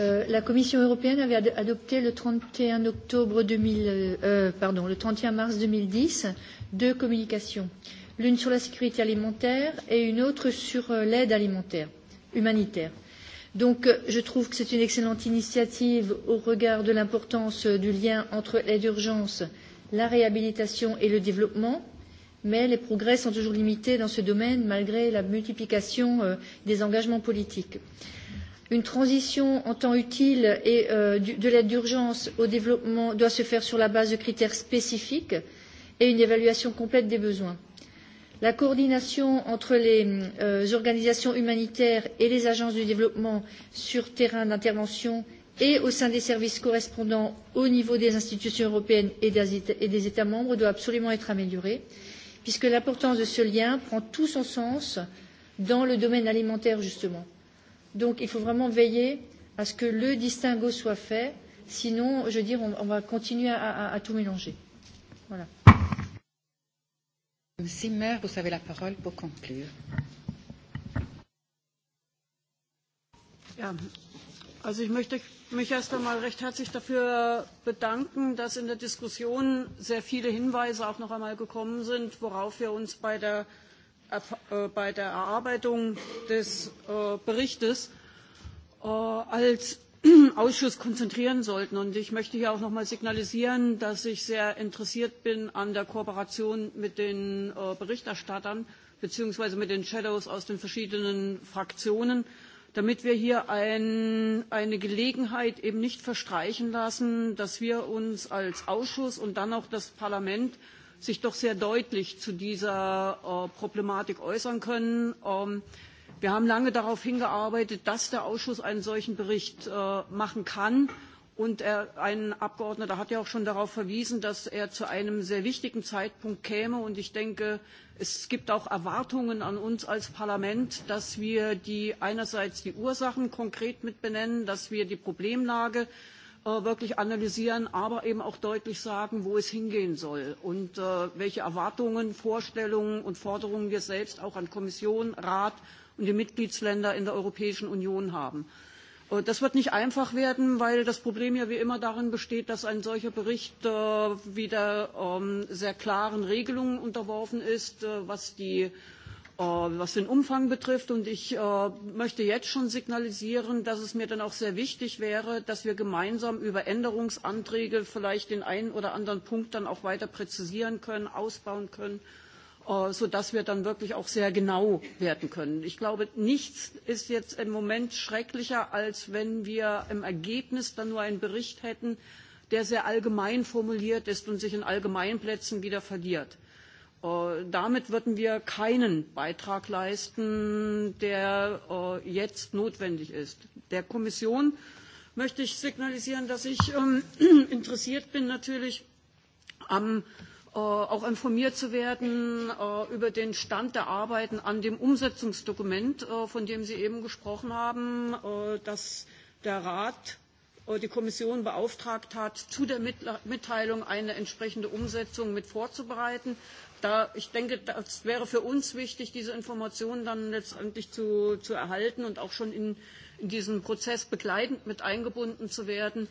Euh, la Commission européenne avait ad adopté le 31 octobre 2000, euh, pardon, le 31 mars 2010 deux communications, l'une sur la sécurité alimentaire et une autre sur euh, l'aide alimentaire humanitaire. Donc, euh, je trouve que c'est une excellente initiative au regard de l'importance euh, du lien entre l'aide d'urgence, la réhabilitation et le développement, mais les progrès sont toujours limités dans ce domaine malgré la multiplication des engagements politiques. Euh, Une transition en temps utile et euh, du, de l'aide d'urgence au développement doit se faire sur la base de critères spécifiques et une évaluation complète des besoins. La coordination entre les euh, organisations humanitaires et les agences du développement sur terrain d'intervention et au sein des services correspondants au niveau des institutions européennes et des États membres doit absolument être améliorée, puisque l'importance de ce lien prend tout son sens dans le domaine alimentaire, justement. Donc il faut vraiment veiller à ce que le distinguo soit fait, sinon, je veux dire, on, on va continuer à, à, à tout mélanger. Voilà. Zimmer, vous avez la parole pour conclure. Ja, also ich möchte mich erst einmal recht herzlich dafür äh, bedanken, dass in der Diskussion sehr viele Hinweise auch noch einmal gekommen sind, worauf wir uns bei der Äh, bei der Erarbeitung des äh, Berichtes äh, als Ausschuss konzentrieren sollten. Und ich möchte hier auch noch einmal signalisieren, dass ich sehr interessiert bin an der Kooperation mit den Berichterstattern bzw. mit den Shadows aus den verschiedenen Fraktionen, damit wir hier ein, eine Gelegenheit eben nicht verstreichen lassen, dass wir uns als Ausschuss und dann auch das Parlament sich doch sehr deutlich zu dieser äh, Problematik äußern können. Ähm, wir haben lange darauf hingearbeitet, dass der Ausschuss einen solchen Bericht äh, machen kann. Und er, ein Abgeordneter hat ja auch schon darauf verwiesen, dass er zu einem sehr wichtigen Zeitpunkt käme. Und ich denke, es gibt auch Erwartungen an uns als Parlament, dass wir die einerseits die Ursachen konkret mit benennen, dass wir die Problemlage Äh, wirklich analysieren, aber eben auch deutlich sagen, wo es hingehen soll und äh, welche Erwartungen, Vorstellungen und Forderungen wir selbst auch an Kommission, Rat und die Mitgliedsländer in der Europäischen Union haben. Äh, das wird nicht einfach werden, weil das Problem ja wie immer darin besteht, dass ein solcher Bericht äh, wieder ähm, sehr klaren Regelungen unterworfen ist, äh, was die Äh, was den Umfang betrifft. Und ich äh, möchte jetzt schon signalisieren, dass es mir dann auch sehr wichtig wäre, dass wir gemeinsam über Änderungsanträge vielleicht den einen oder anderen Punkt dann auch weiter präzisieren können, ausbauen können, äh, sodass wir dann wirklich auch sehr genau werden können. Ich glaube, nichts ist jetzt im Moment schrecklicher, als wenn wir im Ergebnis dann nur einen Bericht hätten, der sehr allgemein formuliert ist und sich in Allgemeinplätzen wieder verliert. Äh, damit würden wir keinen Beitrag leisten, der äh, jetzt notwendig ist. Der Kommission möchte ich signalisieren, dass ich ähm, interessiert bin, natürlich am, ähm, äh, auch informiert zu werden über den Stand der Arbeiten an dem Umsetzungsdokument, von dem Sie eben gesprochen haben, das der Rat Äh, die Kommission beauftragt hat, zu der Mitteilung eine entsprechende Umsetzung mit vorzubereiten. Da, ich denke, das wäre für uns wichtig, diese Informationen dann letztendlich zu, zu erhalten und auch schon in, in diesen Prozess begleitend mit eingebunden zu werden,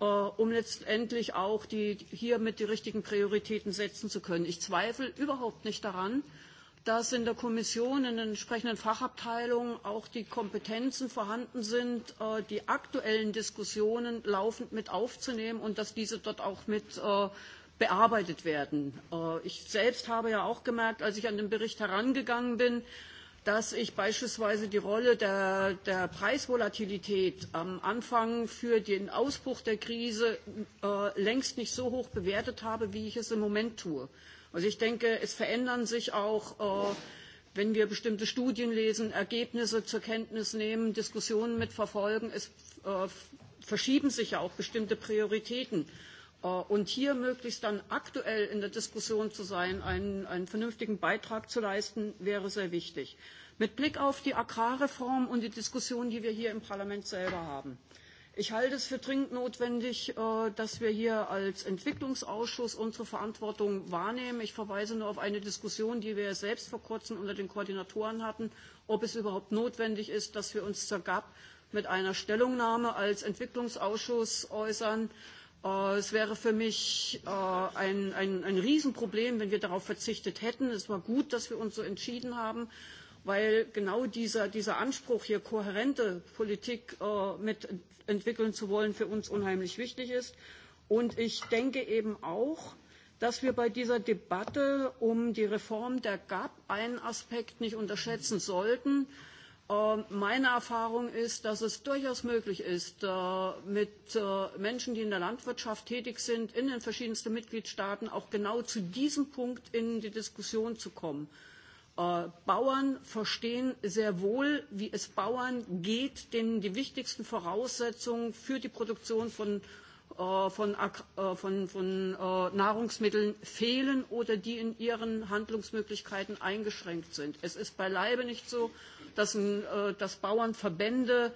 äh, um letztendlich auch die, hiermit die richtigen Prioritäten setzen zu können. Ich zweifle überhaupt nicht daran, dass in der Kommission in den entsprechenden Fachabteilungen auch die Kompetenzen vorhanden sind, äh, die aktuellen Diskussionen laufend mit aufzunehmen und dass diese dort auch mit äh, bearbeitet werden. Äh, ich selbst habe ja auch gemerkt, als ich an den Bericht herangegangen bin, dass ich beispielsweise die Rolle der, der Preisvolatilität am Anfang für den Ausbruch der Krise äh, längst nicht so hoch bewertet habe, wie ich es im Moment tue. Also ich denke, es verändern sich auch, äh, wenn wir bestimmte Studien lesen, Ergebnisse zur Kenntnis nehmen, Diskussionen mitverfolgen. Es äh, verschieben sich ja auch bestimmte Prioritäten. Äh, und hier möglichst dann aktuell in der Diskussion zu sein, einen, einen vernünftigen Beitrag zu leisten, wäre sehr wichtig. Mit Blick auf die Agrarreform und die Diskussion, die wir hier im Parlament selber haben. Ich halte es für dringend notwendig, äh, dass wir hier als Entwicklungsausschuss unsere Verantwortung wahrnehmen. Ich verweise nur auf eine Diskussion, die wir selbst vor kurzem unter den Koordinatoren hatten, ob es überhaupt notwendig ist, dass wir uns zur GAP mit einer Stellungnahme als Entwicklungsausschuss äußern. Äh, es wäre für mich äh, ein, ein, ein Riesenproblem, wenn wir darauf verzichtet hätten. Es war gut, dass wir uns so entschieden haben weil genau dieser, dieser Anspruch, hier kohärente Politik äh, mit entwickeln zu wollen, für uns unheimlich wichtig ist. Und ich denke eben auch, dass wir bei dieser Debatte um die Reform der GAP einen Aspekt nicht unterschätzen sollten. Äh, meine Erfahrung ist, dass es durchaus möglich ist, äh, mit äh, Menschen, die in der Landwirtschaft tätig sind, in den verschiedensten Mitgliedstaaten auch genau zu diesem Punkt in die Diskussion zu kommen. Äh, Bauern verstehen sehr wohl, wie es Bauern geht, denen die wichtigsten Voraussetzungen für die Produktion von, äh, äh, von, von, von Nahrungsmitteln fehlen oder die in ihren Handlungsmöglichkeiten eingeschränkt sind. Es ist beileibe nicht so, dass, ein, dass Bauernverbände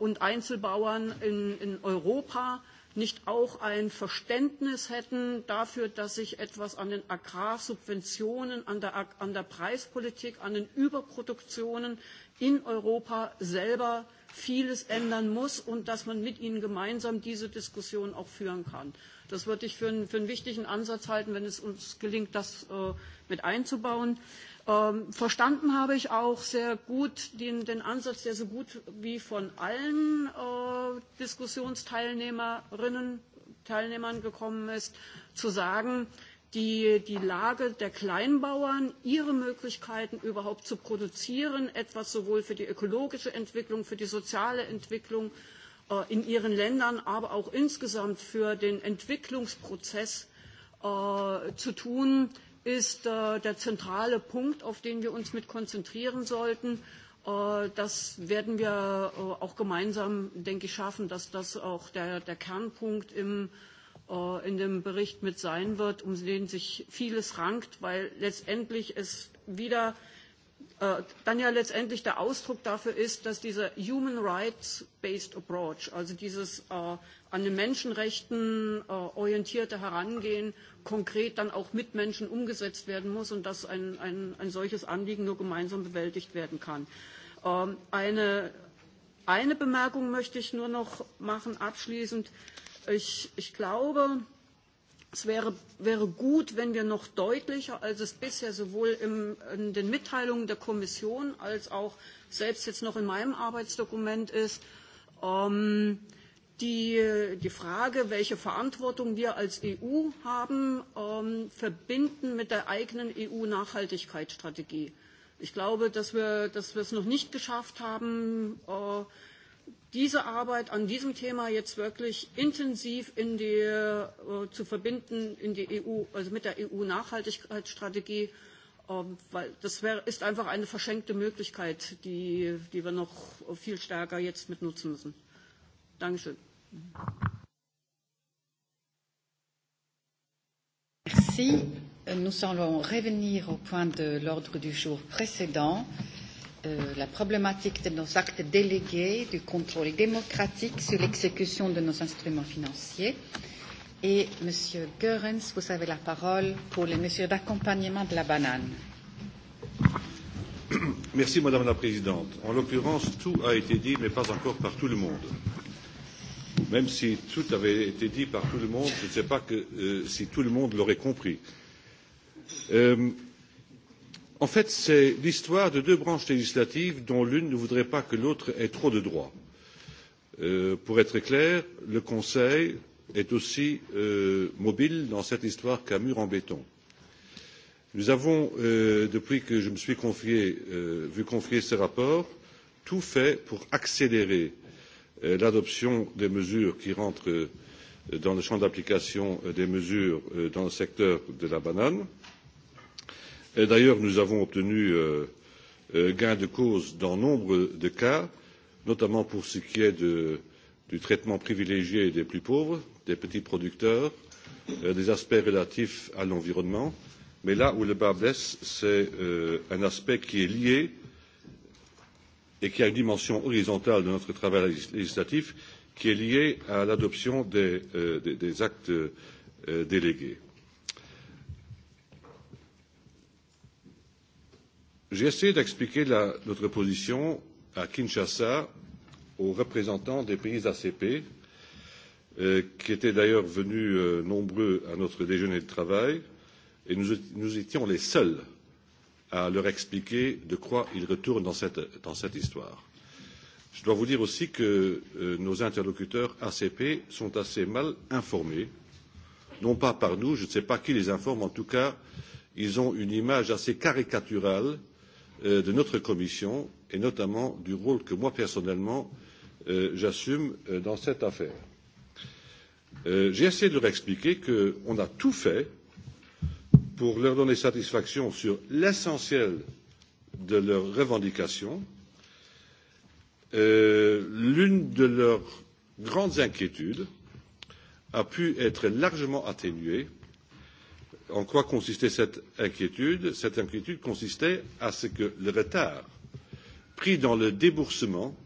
und Einzelbauern in, in Europa nicht auch ein Verständnis hätten dafür, dass sich etwas an den Agrarsubventionen, an der, an der Preispolitik, an den Überproduktionen in Europa selber vieles ändern muss und dass man mit ihnen gemeinsam diese Diskussion auch führen kann. Das würde ich für einen, für einen wichtigen Ansatz halten, wenn es uns gelingt, das äh, mit einzubauen. Ähm, verstanden habe ich auch sehr gut den, den Ansatz, der so gut wie von allen äh, Diskussionsteilnehmerinnen Teilnehmern gekommen ist, zu sagen, die, die Lage der Kleinbauern, ihre Möglichkeiten überhaupt zu produzieren, etwas sowohl für die ökologische Entwicklung, für die soziale Entwicklung äh, in ihren Ländern, aber auch insgesamt für den Entwicklungsprozess äh, zu tun, äh, ist äh, der zentrale Punkt, auf den wir uns mit konzentrieren sollten. Äh, das werden wir äh, auch gemeinsam, denke ich, schaffen, dass das auch der, der Kernpunkt im, äh, in dem Bericht mit sein wird, um den sich vieles rankt, weil letztendlich es wieder dann ja letztendlich der Ausdruck dafür ist, dass dieser Human Rights Based Approach, also dieses an den Menschenrechten äh, orientierte Herangehen konkret dann auch mit Menschen umgesetzt werden muss und dass ein, ein, ein solches Anliegen nur gemeinsam bewältigt werden kann. Ähm, eine, eine Bemerkung möchte ich nur noch machen abschließend. Ich, ich glaube, es wäre, wäre gut, wenn wir noch deutlicher, als es bisher sowohl im, in den Mitteilungen der Kommission als auch selbst jetzt noch in meinem Arbeitsdokument ist, ähm, die, äh, die Frage, welche Verantwortung wir als EU haben, ähm, verbinden mit der eigenen EU-Nachhaltigkeitsstrategie. Ich glaube, dass wir, dass wir es noch nicht geschafft haben, äh, diese Arbeit an diesem Thema jetzt wirklich intensiv in die, äh, zu verbinden in die EU, also mit der EU-Nachhaltigkeitsstrategie, äh, weil das wär, ist einfach eine verschenkte Möglichkeit, die, die wir noch viel stärker jetzt mit nutzen müssen. Dankeschön. Merci. Nous allons revenir au point de l'ordre du jour précédent, euh, la problématique de nos actes délégués, du contrôle démocratique sur l'exécution de nos instruments financiers. Et Monsieur Goerens, vous avez la parole pour les mesures d'accompagnement de la banane. Merci Madame la Présidente. En l'occurrence, tout a été dit, mais pas encore par tout le monde même si tout avait été dit par tout le monde, je ne sais pas que, euh, si tout le monde l'aurait compris. Euh, en fait, c'est l'histoire de deux branches législatives dont l'une ne voudrait pas que l'autre ait trop de droits. Euh, pour être clair, le Conseil est aussi euh, mobile dans cette histoire qu'un mur en béton. Nous avons, euh, depuis que je me suis confié, euh, vu confier ce rapport, tout fait pour accélérer euh, Euh, l'adoption des mesures qui rentrent euh, dans le champ d'application euh, des mesures dans le secteur de la banane. D'ailleurs, nous avons obtenu gain de cause dans nombre de cas, notamment pour ce qui est de, du traitement privilégié des plus pauvres, des petits producteurs, des aspects relatifs à l'environnement. Mais là où le bas blesse, c'est un aspect qui est lié euh, et qui a une dimension horizontale de notre travail législatif qui est liée à l'adoption des, euh, des, des actes euh, délégués. J'ai essayé d'expliquer la, notre position à Kinshasa aux représentants des pays ACP, euh, qui étaient d'ailleurs venus euh, nombreux à notre déjeuner de travail, et nous, nous étions les seuls à leur expliquer de quoi ils retournent dans cette, dans cette histoire. Je dois vous dire aussi que euh, nos interlocuteurs ACP sont assez mal informés, non pas par nous, je ne sais pas qui les informe, en tout cas, ils ont une image assez caricaturale euh, de notre commission et notamment du rôle que moi personnellement euh, j'assume euh, dans cette affaire. Euh, J'ai essayé de leur expliquer qu'on a tout fait euh, pour leur donner satisfaction sur l'essentiel de leurs revendications. Euh, L'une de leurs grandes inquiétudes a pu être largement atténuée. En quoi consistait cette inquiétude Cette inquiétude consistait à ce que le retard pris dans le déboursement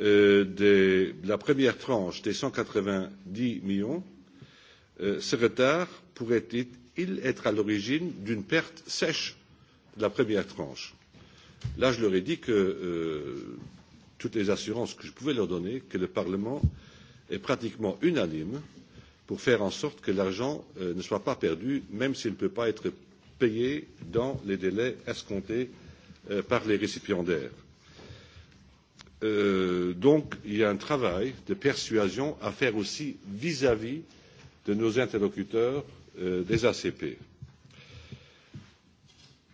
euh, des, de la première tranche des 190 millions, euh, ce retard pourrait être il être à l'origine d'une perte sèche de la première tranche. Là, je leur ai dit que euh, toutes les assurances que je pouvais leur donner, que le Parlement est pratiquement unanime pour faire en sorte que l'argent euh, ne soit pas perdu, même s'il ne peut pas être payé dans les délais escomptés euh, par les récipiendaires. Euh, donc, il y a un travail de persuasion à faire aussi vis-à-vis -vis de nos interlocuteurs Euh, des ACP.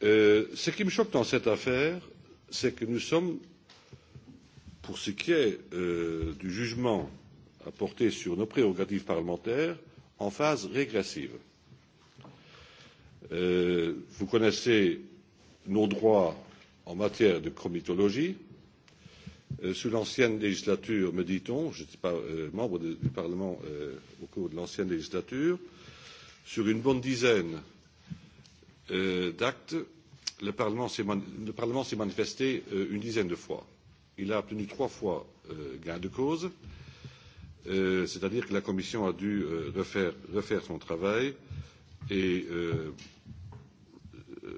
Euh, ce qui me choque dans cette affaire, c'est que nous sommes, pour ce qui est euh, du jugement à porter sur nos prérogatives parlementaires, en phase régressive. Euh, vous connaissez nos droits en matière de comitologie. Euh, sous l'ancienne législature, me dit-on, je n'étais pas euh, membre de, du Parlement euh, au cours de l'ancienne législature, sur une bonne dizaine euh, d'actes, le Parlement s'est manifesté euh, une dizaine de fois. Il a obtenu trois fois euh, gain de cause, euh, c'est-à-dire que la Commission a dû euh, refaire, refaire son travail et euh, euh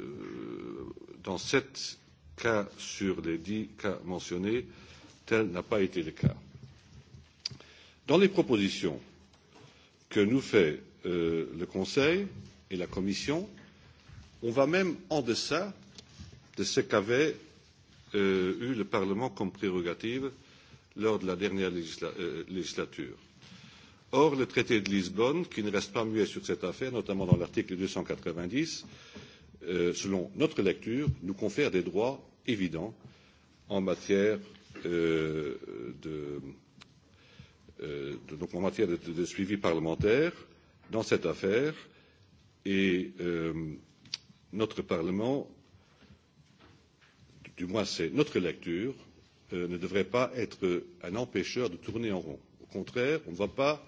dans sept cas sur les dix cas mentionnés, tel n'a pas été le cas. Dans les propositions que nous fait Euh, le Conseil et la Commission. On va même en deçà de ce qu'avait euh, eu le Parlement comme prérogative lors de la dernière législa euh, législature. Or, le traité de Lisbonne, qui ne reste pas muet sur cette affaire, notamment dans l'article 290, euh, selon notre lecture, nous confère des droits évidents en matière euh, de, euh, de, donc en matière de, de, de suivi parlementaire. Euh, dans cette affaire et euh, notre Parlement, du moins c'est notre lecture, euh, ne devrait pas être un empêcheur de tourner en rond. Au contraire, on ne va pas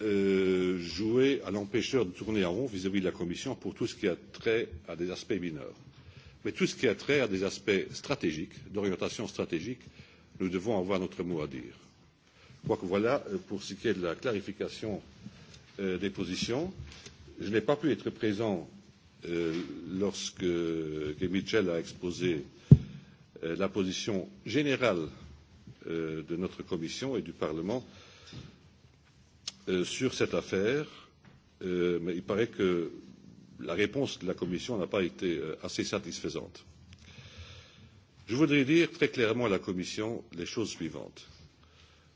euh, jouer à l'empêcheur de tourner en rond vis-à-vis -vis de la Commission pour tout ce qui a trait à des aspects mineurs. Mais tout ce qui a trait à des aspects stratégiques, d'orientation stratégique, nous devons avoir notre mot à dire. Je crois que voilà euh, pour ce qui est de la clarification euh, euh, des positions. Je n'ai pas pu être présent euh, lorsque que Mitchell a exposé euh, la position générale euh, de notre commission et du Parlement euh, sur cette affaire, euh, mais il paraît que la réponse de la Commission n'a pas été euh, assez satisfaisante. Je voudrais dire très clairement à la Commission les choses suivantes.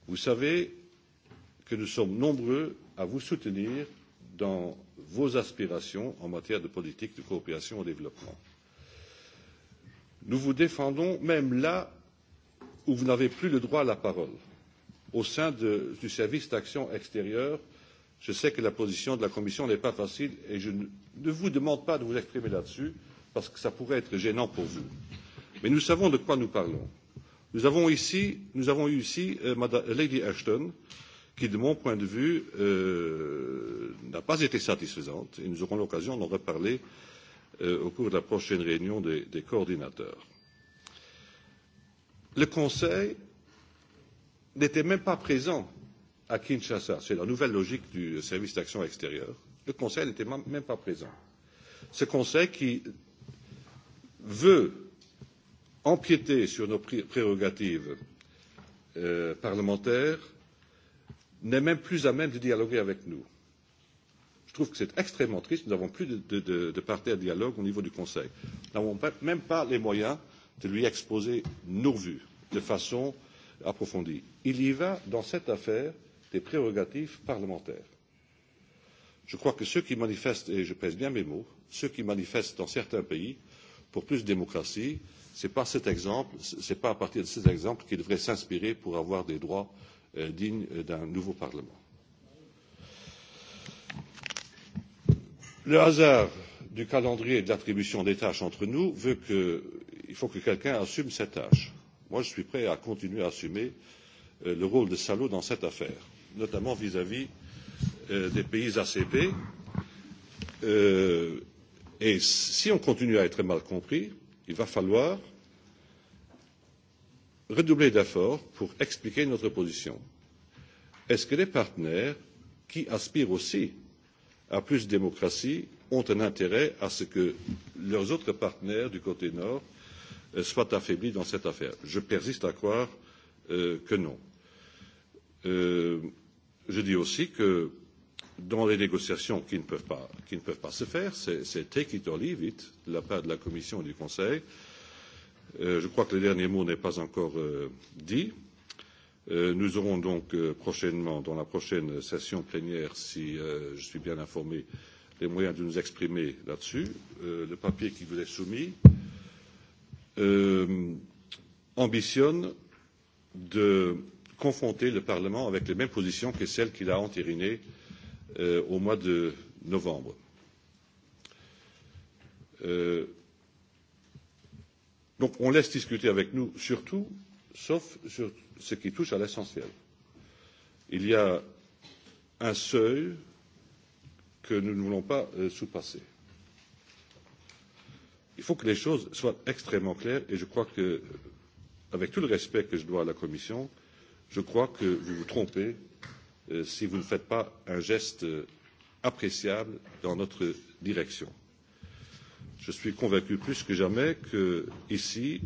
Vous savez que nous sommes nombreux à vous soutenir dans vos aspirations en matière de politique de coopération au développement. Nous vous défendons même là où vous n'avez plus le droit à la parole. Au sein de, du service d'action extérieure, je sais que la position de la Commission n'est pas facile et je ne, vous demande pas de vous exprimer là-dessus parce que ça pourrait être gênant pour vous. Mais nous savons de quoi nous parlons. Nous avons, ici, nous avons eu ici euh, Lady Ashton, qui, de mon point de vue, euh, n'a pas été satisfaisante et nous aurons l'occasion d'en reparler euh, au cours de la prochaine réunion des, des coordinateurs. Le Conseil n'était même pas présent à Kinshasa. C'est la nouvelle logique du service d'action extérieure. Le Conseil n'était même pas présent. Ce Conseil qui veut empiéter sur nos prérogatives euh, parlementaires n'est même plus à même de dialoguer avec nous. Je trouve que c'est extrêmement triste. Nous n'avons plus de, de, de, de partenaires dialogue au niveau du Conseil. Nous n'avons même pas les moyens de lui exposer nos vues de façon approfondie. Il y va dans cette affaire des prérogatives parlementaires. Je crois que ceux qui manifestent, et je pèse bien mes mots, ceux qui manifestent dans certains pays pour plus de démocratie, ce n'est pas, pas à partir de cet exemple qu'ils devraient s'inspirer pour avoir des droits Euh, digne d'un nouveau Parlement. Le hasard du calendrier et de l'attribution des tâches entre nous veut qu'il faut que quelqu'un assume cette tâche. Moi, je suis prêt à continuer à assumer euh, le rôle de salaud dans cette affaire, notamment vis-à-vis euh, des pays ACP. et si on continue à être mal compris, il va falloir redoubler d'efforts pour expliquer notre position. Est ce que les partenaires qui aspirent aussi à plus de démocratie ont un intérêt à ce que leurs autres partenaires du côté nord euh, soient affaiblis dans cette affaire? Je persiste à croire euh, que non. Euh, je dis aussi que dans les négociations qui ne peuvent pas, qui ne peuvent pas se faire, c'est take it or leave it de la part de la Commission et du Conseil, euh, Euh, je crois que le dernier mot n'est pas encore euh, dit. Euh, nous aurons donc prochainement, dans la prochaine session plénière, si je suis bien informé, les moyens de nous exprimer là-dessus. Le papier qui vous est soumis ambitionne de confronter le Parlement avec les mêmes positions que celles qu'il a entérinées euh, au mois de novembre. Euh, Donc on laisse discuter avec nous surtout, sauf sur ce qui touche à l'essentiel. Il y a un seuil que nous ne voulons pas euh, sous-passer. Il faut que les choses soient extrêmement claires et je crois que, avec tout le respect que je dois à la Commission, je crois que vous vous trompez euh, si vous ne faites pas un geste euh, appréciable dans notre direction je suis convaincu plus que jamais que ici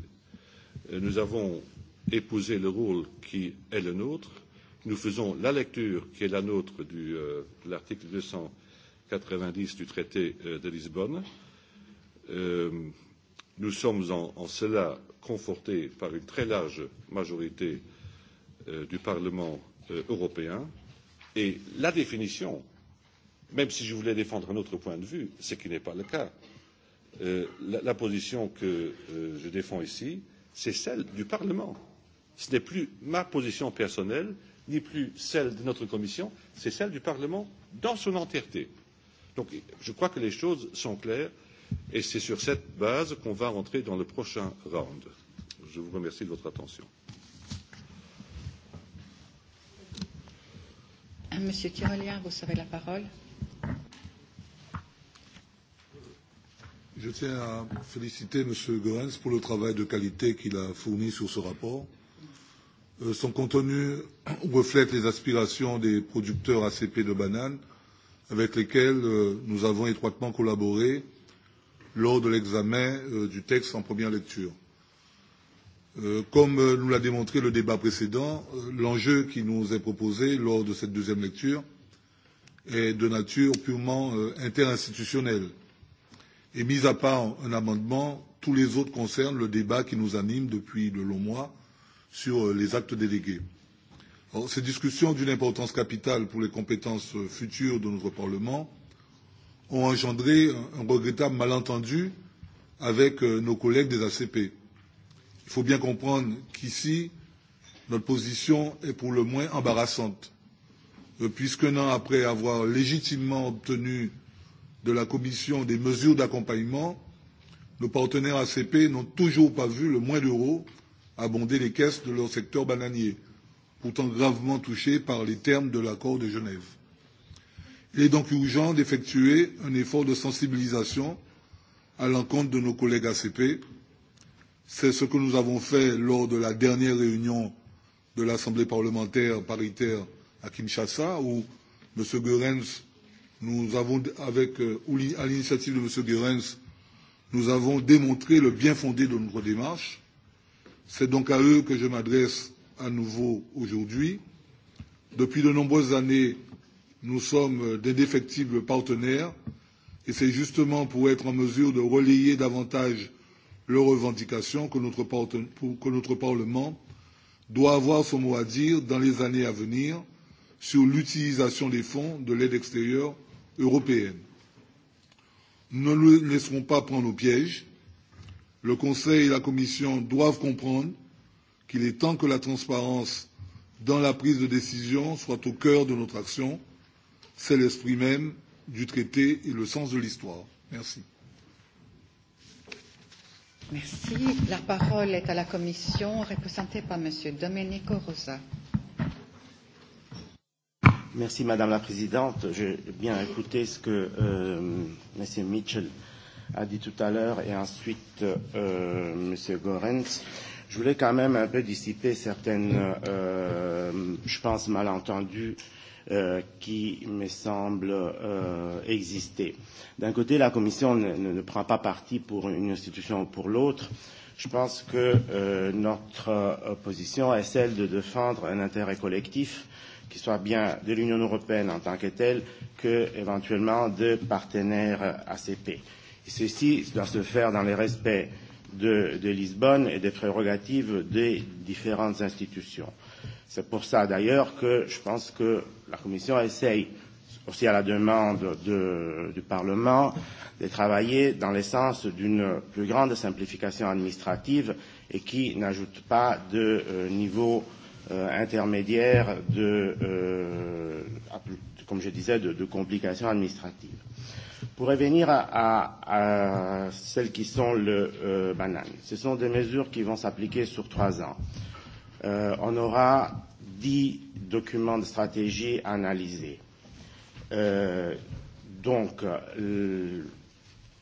nous avons épousé le rôle qui est le nôtre nous faisons la lecture qui est la nôtre euh, de l'article deux cent quatre vingt dix du traité euh, de lisbonne euh, nous sommes en, en cela confortés par une très large majorité euh, du parlement euh, européen et la définition même si je voulais défendre un autre point de vue ce qui n'est pas le cas Euh, la, position que euh, je défends ici, c'est celle du Parlement. Ce n'est plus ma position personnelle, ni plus celle de notre commission, c'est celle du Parlement dans son entièreté. Donc je crois que les choses sont claires et c'est sur cette base qu'on va rentrer dans le prochain round. Je vous remercie de votre attention. Monsieur Tirolière, vous avez la parole. Je tiens à féliciter M. Goens pour le travail de qualité qu'il a fourni sur ce rapport. Euh, son contenu reflète les aspirations des producteurs ACP de bananes avec lesquels euh, nous avons étroitement collaboré lors de l'examen euh, du texte en première lecture. Euh, comme euh, nous l'a démontré le débat précédent, euh, l'enjeu qui nous est proposé lors de cette deuxième lecture est de nature purement euh, interinstitutionnelle. Et mis à part un amendement, tous les autres concernent le débat qui nous anime depuis de longs mois sur euh, les actes délégués. Alors, ces discussions d'une importance capitale pour les compétences euh, futures de notre Parlement ont engendré un regrettable malentendu avec euh, nos collègues des ACP. Il faut bien comprendre qu'ici, notre position est pour le moins embarrassante, puisqu'un an après avoir légitimement obtenu de la Commission des mesures d'accompagnement, nos partenaires ACP n'ont toujours pas vu le moins d'euros abonder les caisses de leur secteur bananier, pourtant gravement touché par les termes de l'accord de Genève. Il est donc urgent d'effectuer un effort de sensibilisation à l'encontre de nos collègues ACP. C'est ce que nous avons fait lors de la dernière réunion de l'Assemblée parlementaire paritaire à Kinshasa, où M. Goerens Nous avons, avec, euh, à l'initiative de M. Goerens, nous avons démontré le bien fondé de notre démarche. C'est donc à eux que je m'adresse à nouveau aujourd'hui. Depuis de nombreuses années, nous sommes d'indéfectibles partenaires et c'est justement pour être en mesure de relayer davantage leurs revendications que notre, pour, que notre Parlement doit avoir son mot à dire dans les années à venir sur l'utilisation des fonds de l'aide extérieure européenne. Ne nous laisserons pas prendre au piège. Le Conseil et la Commission doivent comprendre qu'il est temps que la transparence dans la prise de décision soit au cœur de notre action. C'est l'esprit même du traité et le sens de l'histoire. Merci. Merci. La parole est à la Commission, représentée par M. Domenico Rosa. Merci Madame la Présidente. J'ai bien écouté ce que euh, Monsieur Mitchell a dit tout à l'heure et ensuite euh, Monsieur Gorenz. Je voulais quand même un peu dissiper certaines, euh, je pense, malentendus euh, qui me semblent euh, exister. D'un côté, la Commission ne, ne, ne prend pas parti pour une institution ou pour l'autre. Je pense que euh, notre position est celle de défendre un intérêt collectif euh, qui soit bien de l'Union européenne en tant que telle que éventuellement de partenaires ACP. Et ceci doit se faire dans le respect de, de Lisbonne et des prérogatives des différentes institutions. C'est pour ça d'ailleurs que je pense que la Commission essaye aussi à la demande de, du Parlement, de travailler dans le sens d'une plus grande simplification administrative et qui n'ajoute pas de euh, niveau euh, euh, intermédiaire de, euh, comme je disais, de, de complications administratives. Pour revenir à, à, à celles qui sont le euh, banane, ce sont des mesures qui vont s'appliquer sur trois ans. Euh, on aura dix documents de stratégie analysés. Euh, donc, le, euh,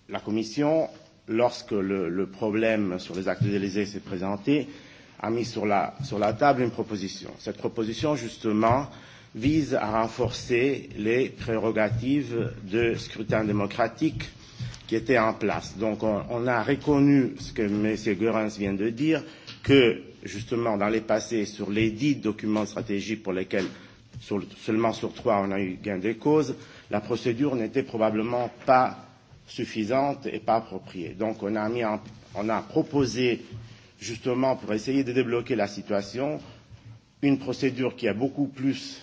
la Commission, lorsque le, le problème sur les actes délaisés s'est présenté, euh, a mis sur la, sur la table une proposition. Cette proposition, justement, vise à renforcer les prérogatives de scrutin démocratique qui étaient en place. Donc on, on a reconnu ce que M. Goerens vient de dire, que justement dans les passés, sur les dix documents stratégiques pour lesquels sur, seulement sur trois on a eu gain de cause, la procédure n'était probablement pas suffisante et pas appropriée. Donc on a, mis en, on a proposé justement pour essayer de débloquer la situation, une procédure qui, a beaucoup plus,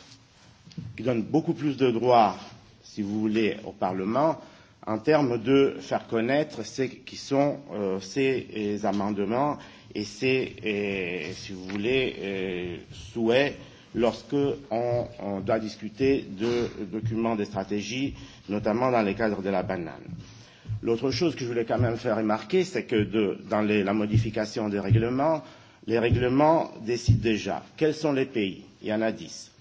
qui donne beaucoup plus de droits, si vous voulez, au Parlement en termes de faire connaître ce qui sont euh, ces euh, amendements et ces, et, euh, si vous voulez, euh, souhaits lorsque on, on doit discuter de documents de stratégie, notamment dans le cadre de la banane. Euh, L'autre chose que je voulais quand même faire remarquer, c'est que de, dans les, la modification des règlements, les règlements décident déjà quels sont les pays, il y en a dix,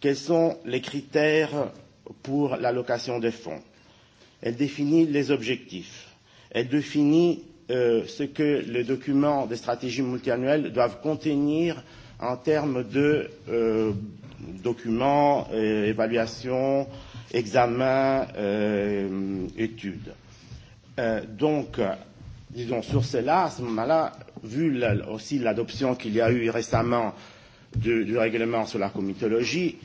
quels sont les critères pour l'allocation des fonds. Elle définit les objectifs, elle définit euh, ce que les documents des stratégies multiannuelles doivent contenir en termes de euh, documents, euh, évaluations, examens, euh, études. Euh, donc, disons, sur cela, à ce moment-là, vu la, aussi l'adoption qu'il y a eu récemment du, du règlement sur la comitologie,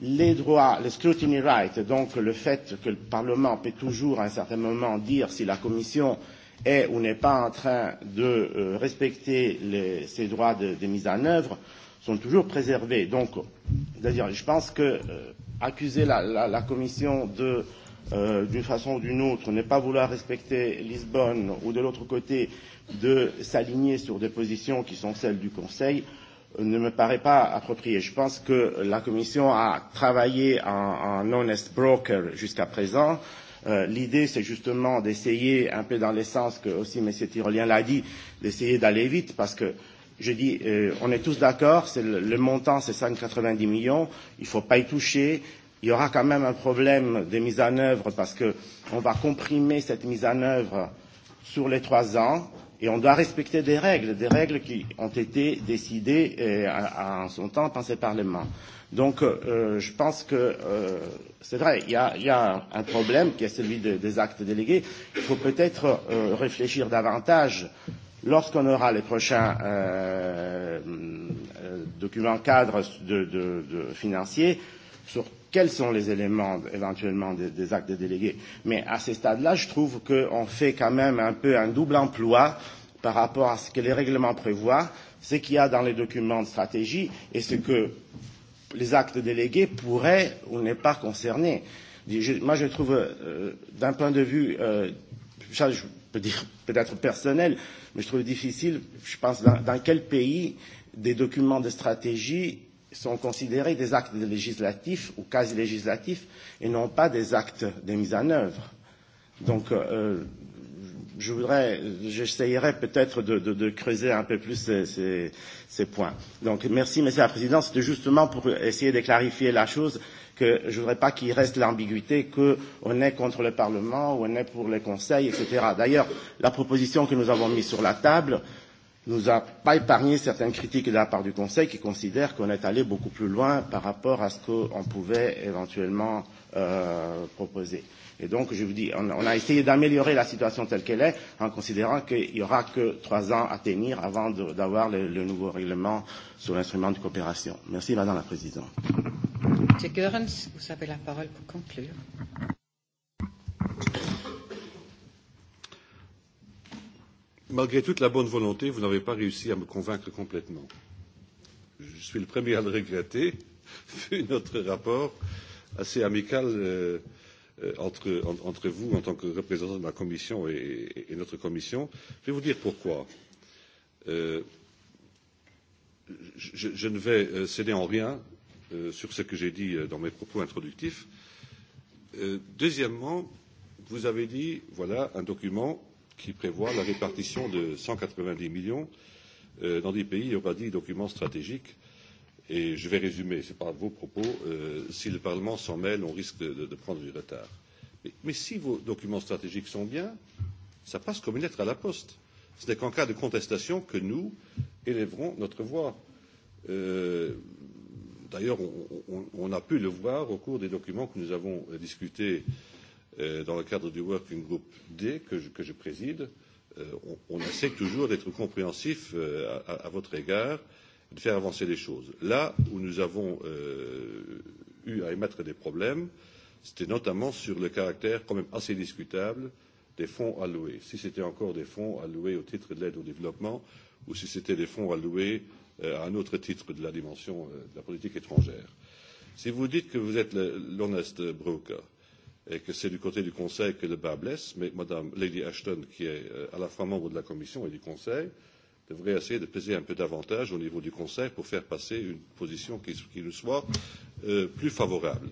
les droits, le scrutiny right, donc le fait que le Parlement peut toujours à un certain moment dire si la Commission est ou n'est pas en train de euh, respecter les, ses droits de, de mise en œuvre, sont toujours préservés. Donc, c'est-à-dire, je pense que euh, accuser la, la, la Commission de euh, Euh, d'une façon ou d'une autre, ne pas vouloir respecter Lisbonne ou de l'autre côté de s'aligner sur des positions qui sont celles du Conseil euh, ne me paraît pas approprié. Je pense que la Commission a travaillé en, en honest broker jusqu'à présent. Euh, L'idée, c'est justement d'essayer, un peu dans l'essence que aussi M. Tyrolien l'a dit, d'essayer d'aller vite parce que je dis, euh, on est tous d'accord, le, le montant c'est 190 millions, il ne faut pas y toucher, il y aura quand même un problème de mise en œuvre parce qu'on va comprimer cette mise en œuvre sur les trois ans et on doit respecter des règles, des règles qui ont été décidées euh, en son temps par ces parlements. Donc euh, je pense que euh, c'est vrai, il y a, il y a un problème qui est celui de, des actes délégués. Il faut peut-être euh, réfléchir davantage lorsqu'on aura les prochains euh, euh documents cadres de, de, de financiers sur quels sont les éléments éventuellement des, des actes de délégués. Mais à ce stade-là, je trouve qu'on fait quand même un peu un double emploi par rapport à ce que les règlements prévoient, ce qu'il y a dans les documents de stratégie et ce que les actes délégués pourraient ou n'est pas concernés. Je, moi, je trouve, euh, d'un point de vue, euh, ça je peux dire peut-être personnel, mais je trouve difficile, je pense, dans, dans quel pays des documents de stratégie sont considérés des actes législatifs ou quasi législatifs et non pas des actes de mise en œuvre. Donc, euh, je voudrais, j'essayerai peut-être de, de, de creuser un peu plus ces, ces, ces points. Donc, merci, Monsieur la Présidente. C'était justement pour essayer de clarifier la chose que je ne voudrais pas qu'il reste l'ambiguïté qu'on est contre le Parlement, ou on est pour les conseils, etc. D'ailleurs, la proposition que nous avons mise sur la table, euh, nous a pas épargné certaines critiques de la part du Conseil qui considère qu'on est allé beaucoup plus loin par rapport à ce qu'on pouvait éventuellement euh, proposer. Et donc, je vous dis, on, on a essayé d'améliorer la situation telle qu'elle est en considérant qu'il n'y aura que trois ans à tenir avant d'avoir le, le nouveau règlement sur l'instrument de coopération. Merci, Madame la Présidente. Monsieur Goerens, vous avez la parole pour conclure. malgré toute la bonne volonté, vous n'avez pas réussi à me convaincre complètement. Je suis le premier à le regretter, vu notre rapport assez amical euh, euh, entre, en, entre vous en tant que représentant de la Commission et, et, notre Commission. Je vais vous dire pourquoi. Euh, je, je ne vais euh, céder en rien euh, sur ce que j'ai dit euh, dans mes propos introductifs. Euh, deuxièmement, vous avez dit voilà un document qui prévoit la répartition de 190 millions euh, dans des pays, on va dire, documents stratégiques. Et je vais résumer, ce n'est pas vos propos. Euh, si le Parlement s'en mêle, on risque de, de, de prendre du retard. Mais, mais si vos documents stratégiques sont bien, ça passe comme une lettre à la poste. Ce n'est qu'en cas de contestation que nous élèverons notre voix. Euh, D'ailleurs, on, on, on a pu le voir au cours des documents que nous avons discutés euh, Euh, dans le cadre du Working Group D que je, que je préside, euh, on, on essaie toujours d'être compréhensif euh, à, à votre égard, de faire avancer les choses. Là où nous avons euh, eu à émettre des problèmes, c'était notamment sur le caractère quand même assez discutable des fonds alloués. Si c'était encore des fonds alloués au titre de l'aide au développement ou si c'était des fonds alloués euh, à un autre titre de la dimension euh, de la politique étrangère. Si vous dites que vous êtes l'honnête broker, euh, et que c'est du côté du Conseil que le bas blesse, mais Madame Lady Ashton, qui est euh, à la fois membre de la Commission et du Conseil, devrait essayer de peser un peu davantage au niveau du Conseil pour faire passer une position qui, qui nous soit euh, plus favorable.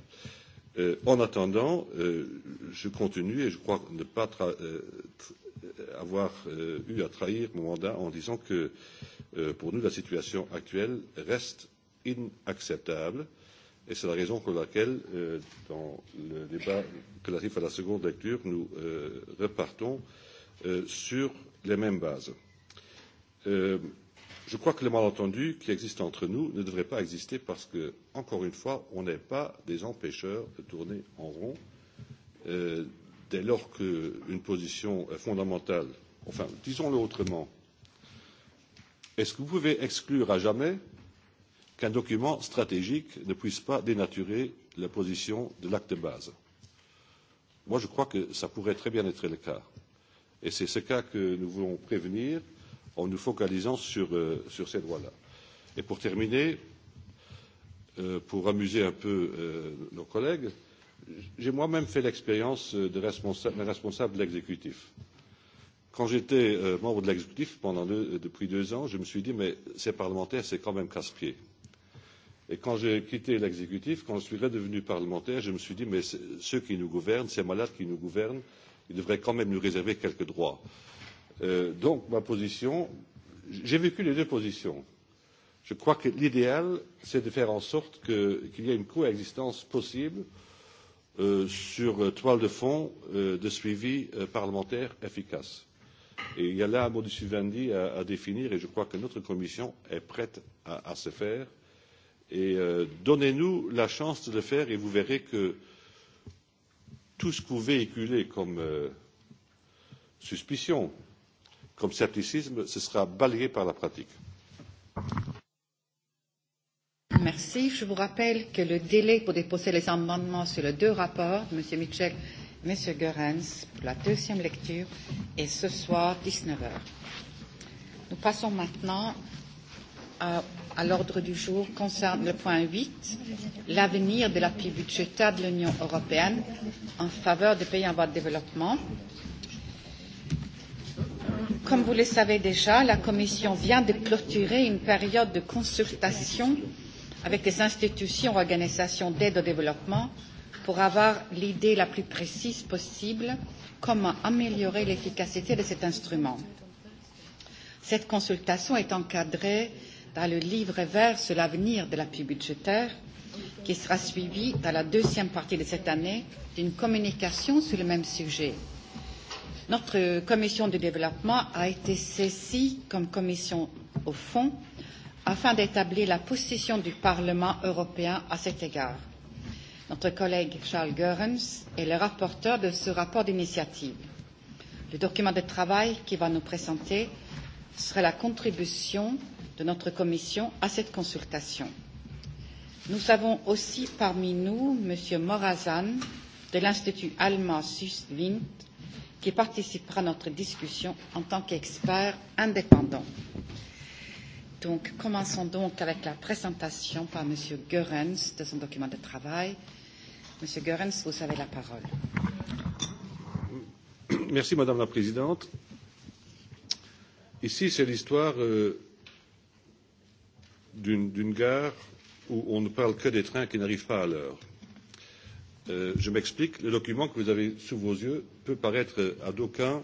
Euh, en attendant, euh, je continue et je crois ne pas tra- euh, avoir euh, eu à trahir mon mandat en disant que euh, pour nous la situation actuelle reste inacceptable euh, Et c'est la raison pour laquelle, euh, dans le débat relatif à la seconde lecture, nous euh, repartons euh, sur les mêmes bases. je crois que le malentendu qui existe entre nous ne devrait pas exister parce que, encore une fois, on n'est pas des empêcheurs de tourner en rond. dès lors qu'une position fondamentale, enfin, disons-le autrement, est-ce que vous pouvez exclure à jamais qu'un document stratégique ne puisse pas dénaturer la position de l'acte de base. Moi, je crois que ça pourrait très bien être le cas. Et c'est ce cas que nous voulons prévenir en nous focalisant sur, euh, sur ces droits-là. Et pour terminer, euh, pour amuser un peu euh, nos collègues, j'ai moi-même fait l'expérience de responsable, responsable de l'exécutif. Quand j'étais euh, membre de l'exécutif depuis deux ans, je me suis dit mais ces parlementaires, c'est quand même casse-pieds Et quand j'ai quitté l'exécutif, quand je suis redevenu parlementaire, je me suis dit, mais ceux qui nous gouvernent, ces malades qui nous gouvernent, ils devraient quand même nous réserver quelques droits. Euh, donc, ma position, j'ai vécu les deux positions. Je crois que l'idéal, c'est de faire en sorte qu'il qu y ait une coexistence possible euh, sur euh, toile de fond euh, de suivi euh, parlementaire efficace. Et il y a là un modus vivendi à, à définir et je crois que notre commission est prête à, à se faire et euh, donnez nous la chance de le faire et vous verrez que tout ce que vous véhiculez comme euh, suspicion comme scepticisme ce sera balayé par la pratique. Merci. Je vous rappelle que le délai pour déposer les amendements sur les deux rapports, M. Mitchell et M. Goerens, pour la deuxième lecture, est ce soir 19h. Nous passons maintenant à à l'ordre du jour concerne le point 8, l'avenir de l'appui budgétaire de l'Union européenne en faveur des pays en voie de développement. Comme vous le savez déjà, la Commission vient de clôturer une période de consultation avec les institutions et organisations d'aide au développement pour avoir l'idée la plus précise possible comment améliorer l'efficacité de cet instrument. Cette consultation est encadrée euh, dans le livre vert sur l'avenir de l'appui budgétaire qui sera suivi dans la deuxième partie de cette année d'une communication sur le même sujet. Notre commission du développement a été saisie comme commission au fond afin d'établir la position du Parlement européen à cet égard. Notre collègue Charles Goerens est le rapporteur de ce rapport d'initiative. Le document de travail qu'il va nous présenter sera la contribution de notre commission à cette consultation. Nous avons aussi parmi nous M. Morazan de l'Institut allemand Suisse-Wind qui participera à notre discussion en tant qu'expert indépendant. Donc, commençons donc avec la présentation par M. Goerens de son document de travail. M. Goerens, vous avez la parole. Merci Madame la Présidente. Ici, c'est l'histoire euh, d'une gare où on ne parle que des trains qui n'arrivent pas à l'heure. Euh, je m'explique, le document que vous avez sous vos yeux peut paraître à d'aucuns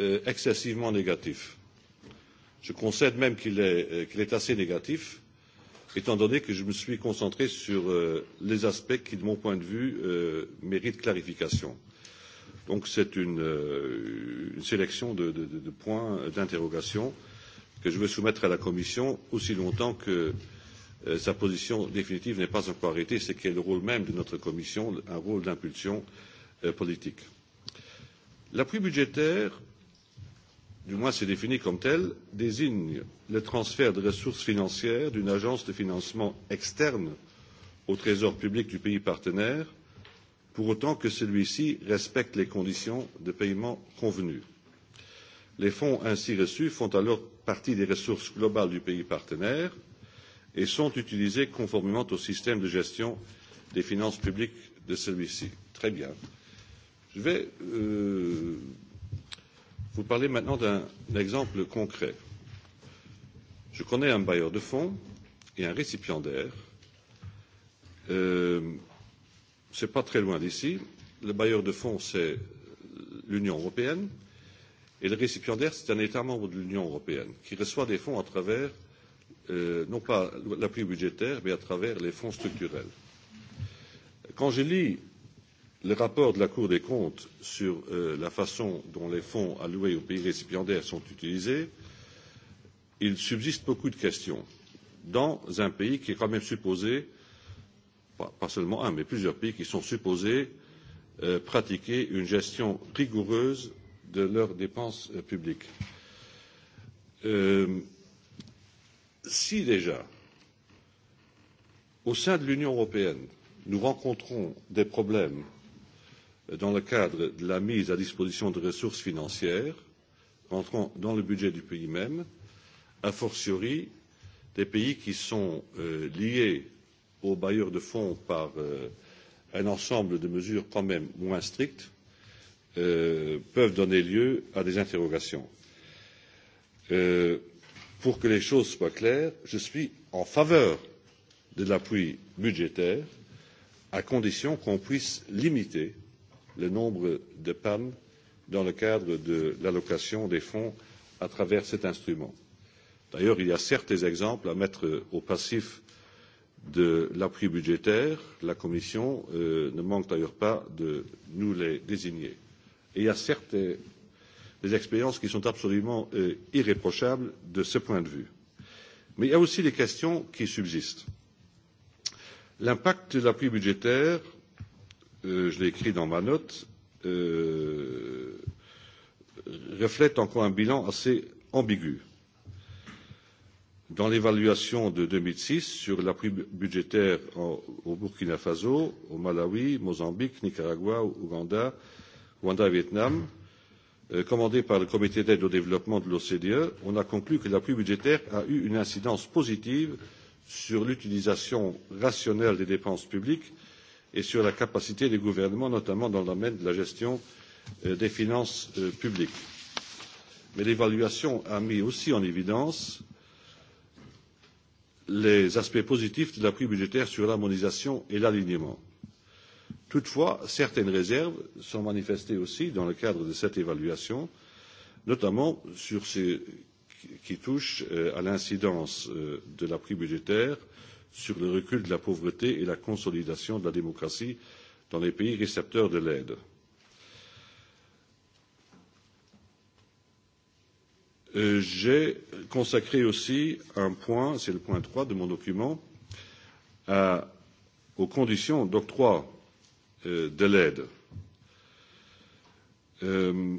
euh, excessivement négatif. Je concède même qu'il est, euh, qu est assez négatif, étant donné que je me suis concentré sur euh, les aspects qui, de mon point de vue, euh, méritent clarification. Donc c'est une, euh, une sélection de, de, de, de points d'interrogation euh, que je veux soumettre à la Commission aussi longtemps que euh, sa position définitive n'est pas encore arrêtée, ce qui est le rôle même de notre Commission, un rôle d'impulsion euh, politique. L'appui budgétaire, du moins c'est défini comme tel, désigne le transfert de ressources financières d'une agence de financement externe au trésor public du pays partenaire, pour autant que celui-ci respecte les conditions de paiement convenues. Les fonds ainsi reçus font alors partie des ressources globales du pays partenaire et sont utilisées conformément au système de gestion des finances publiques de celui ci. Très bien. Je vais euh, vous parler maintenant d'un exemple concret. Je connais un bailleur de fonds et un récipiendaire. Euh, Ce n'est pas très loin d'ici. Le bailleur de fonds, c'est l'Union européenne. Euh, Et le récipiendaire, c'est un État membre de l'Union européenne qui reçoit des fonds à travers, euh, non pas l'appui budgétaire, mais à travers les fonds structurels. Quand je lis le rapport de la Cour des comptes sur euh, la façon dont les fonds alloués aux pays récipiendaires sont utilisés, il subsiste beaucoup de questions dans un pays qui est quand même supposé, pas, pas seulement un, mais plusieurs pays qui sont supposés euh, pratiquer une gestion rigoureuse de leurs dépenses euh, publiques. Euh, si déjà, au sein de l'Union européenne, nous rencontrons des problèmes dans le cadre de la mise à disposition de ressources financières rentrant dans le budget du pays même, a fortiori des pays qui sont euh, liés aux bailleurs de fonds par euh, un ensemble de mesures quand même moins strictes, Euh, peuvent donner lieu à des interrogations. Euh, pour que les choses soient claires, je suis en faveur de l'appui budgétaire, à condition qu'on puisse limiter le nombre de pannes dans le cadre de l'allocation des fonds à travers cet instrument. D'ailleurs, il y a certes des exemples à mettre au passif de l'appui budgétaire. La Commission euh, ne manque d'ailleurs pas de nous les désigner. Et il y a certes euh, des expériences qui sont absolument euh, irréprochables de ce point de vue. Mais il y a aussi des questions qui subsistent. L'impact de l'appui budgétaire, euh, je l'ai écrit dans ma note, euh, reflète encore un bilan assez ambigu. Dans l'évaluation de 2006 sur l'appui budgétaire en, au Burkina Faso, au Malawi, Mozambique, Nicaragua, Ouganda, Rwanda et Vietnam, euh, commandé par le Comité d'aide au développement de l'OCDE, on a conclu que l'appui budgétaire a eu une incidence positive sur l'utilisation rationnelle des dépenses publiques et sur la capacité des gouvernements, notamment dans le domaine de la gestion euh, des finances euh, publiques. Mais l'évaluation a mis aussi en évidence les aspects positifs de l'appui budgétaire sur l'harmonisation et l'alignement. Toutefois, certaines réserves sont manifestées aussi dans le cadre de cette évaluation, notamment sur ce qui touche euh, à l'incidence euh, de l'appui budgétaire sur le recul de la pauvreté et la consolidation de la démocratie dans les pays récepteurs de l'aide. Euh, j'ai consacré aussi un point, c'est le point 3 de mon document, à, aux conditions d'octroi Eh, de l'aide. Ehm,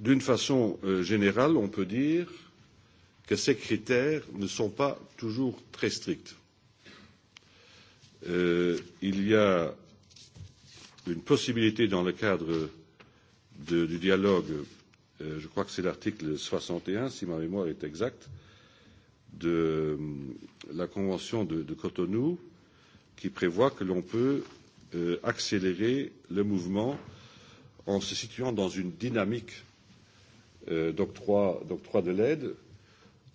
d'une façon euh, générale, on peut dire que ces critères ne sont pas toujours très stricts. Euh, il y a une possibilité dans le cadre de, du dialogue, euh, je crois que c'est l'article 61, si ma mémoire est exacte, de euh, la Convention de, de Cotonou, euh, qui prévoit que l'on peut euh, accélérer le mouvement en se situant dans une dynamique euh, d'octroi, de l'aide,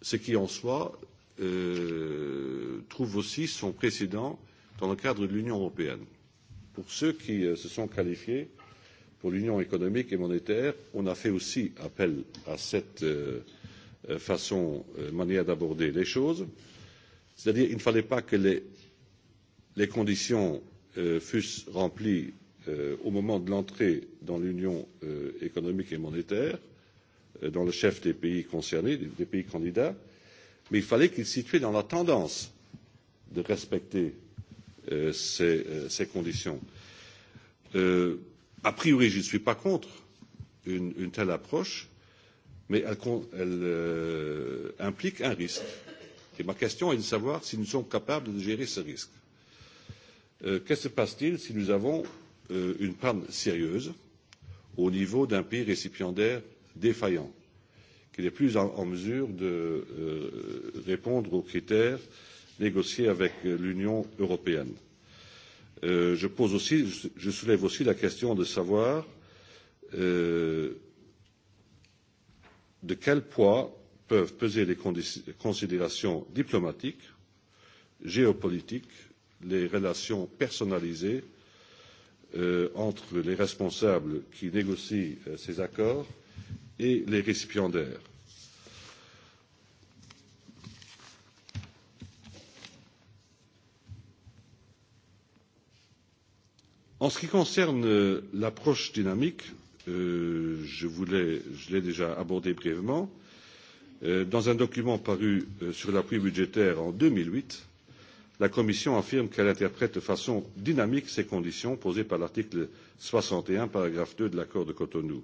ce qui en soi euh, trouve aussi son précédent dans le cadre de l'Union européenne. Pour ceux qui euh, se sont qualifiés pour l'Union économique et monétaire, on a fait aussi appel à cette euh, euh façon, euh, manière d'aborder les choses. C'est-à-dire qu'il ne fallait pas que les les conditions euh, fussent remplies euh, au moment de l'entrée dans l'union euh, économique et monétaire, euh, dans le chef des pays concernés, des, des pays candidats, mais il fallait qu'ils situaient dans la tendance de respecter euh, ces, euh, ces conditions. Euh, a priori, je ne suis pas contre une, une telle approche, mais elle, elle euh, implique un risque. Et ma question est de savoir si nous sommes capables de gérer ce risque. Euh, que se passe-t-il si nous avons euh, une panne sérieuse au niveau d'un pays récipiendaire défaillant, qui n'est plus en, en mesure de euh, répondre aux critères négociés avec l'Union européenne euh, je, pose aussi, je soulève aussi la question de savoir euh, de quel poids peuvent peser les considérations diplomatiques, géopolitiques les relations personnalisées euh, entre les responsables qui négocient euh, ces accords et les récipiendaires. En ce qui concerne euh, l'approche dynamique, euh, je, je l'ai déjà abordé brièvement. Euh, dans un document paru euh, sur l'appui budgétaire en 2008, la Commission affirme qu'elle interprète de façon dynamique ces conditions posées par l'article soixante et un paragraphe deux de l'accord de Cotonou.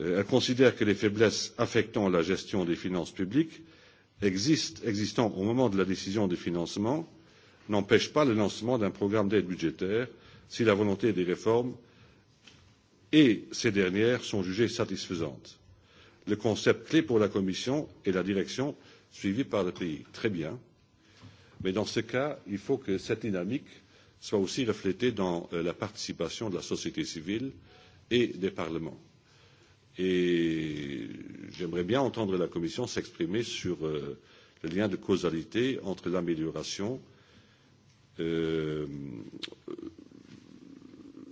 Euh, elle considère que les faiblesses affectant la gestion des finances publiques existent, existant au moment de la décision de financement n'empêchent pas le lancement d'un programme d'aide budgétaire si la volonté des réformes et ces dernières sont jugées satisfaisantes. Le concept clé pour la Commission est la direction suivie par le pays. Très bien. Mais dans ce cas, il faut que cette dynamique soit aussi reflétée dans euh, la participation de la société civile et des parlements. Et j'aimerais bien entendre la Commission s'exprimer sur euh, le lien de causalité entre l'amélioration euh,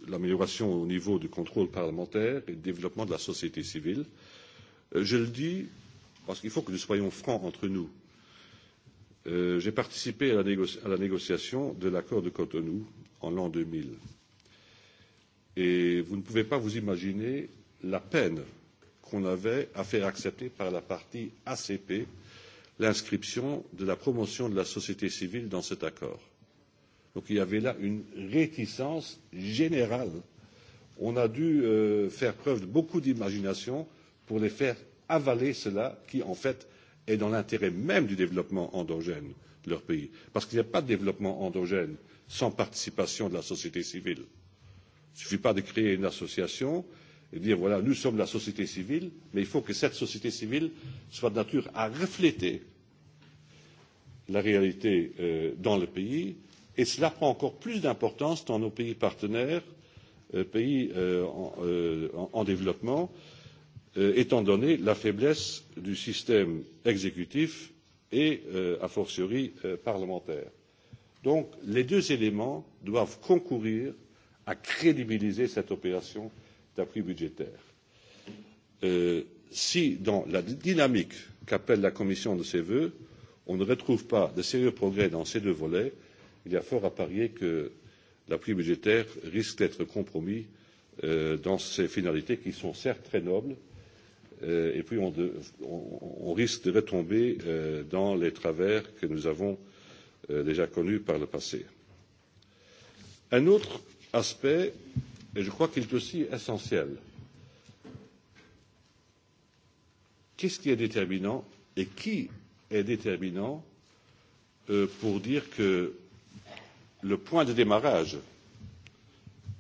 l'amélioration au niveau du contrôle parlementaire et le développement de la société civile. Euh, je le dis parce qu'il faut que nous soyons francs entre nous. Euh, j'ai participé à la, à la négociation de l'accord de Cotonou en l'an 2000. Et vous ne pouvez pas vous imaginer la peine qu'on avait à faire accepter par la partie ACP l'inscription de la promotion de la société civile dans cet accord. Donc il y avait là une réticence générale. On a dû euh, faire preuve de beaucoup d'imagination pour les faire avaler cela qui, en fait, est dans l'intérêt même du développement endogène de leur pays. Parce qu'il n'y a pas de développement endogène sans participation de la société civile. Il ne suffit pas de créer une association et de dire voilà, nous sommes la société civile, mais il faut que cette société civile soit de nature à refléter la réalité euh, dans le pays, et cela prend encore plus d'importance dans nos pays partenaires, euh, pays euh, en, euh, en, développement, euh, Euh, étant donné la faiblesse du système exécutif et euh, a fortiori euh, parlementaire. donc les deux éléments doivent concourir à crédibiliser cette opération d'appui budgétaire. si dans la dynamique qu'appelle la commission de ses vœux on ne retrouve pas de sérieux progrès dans ces deux volets il y a fort à parier que l'appui budgétaire risque d'être compromis dans ses finalités qui sont certes très nobles euh, et puis on, de, on, on risque de retomber euh, dans les travers que nous avons euh, déjà connus par le passé. Un autre aspect, et je crois qu'il est aussi essentiel, qu'est-ce qui est déterminant et qui est déterminant euh, pour dire que le point de démarrage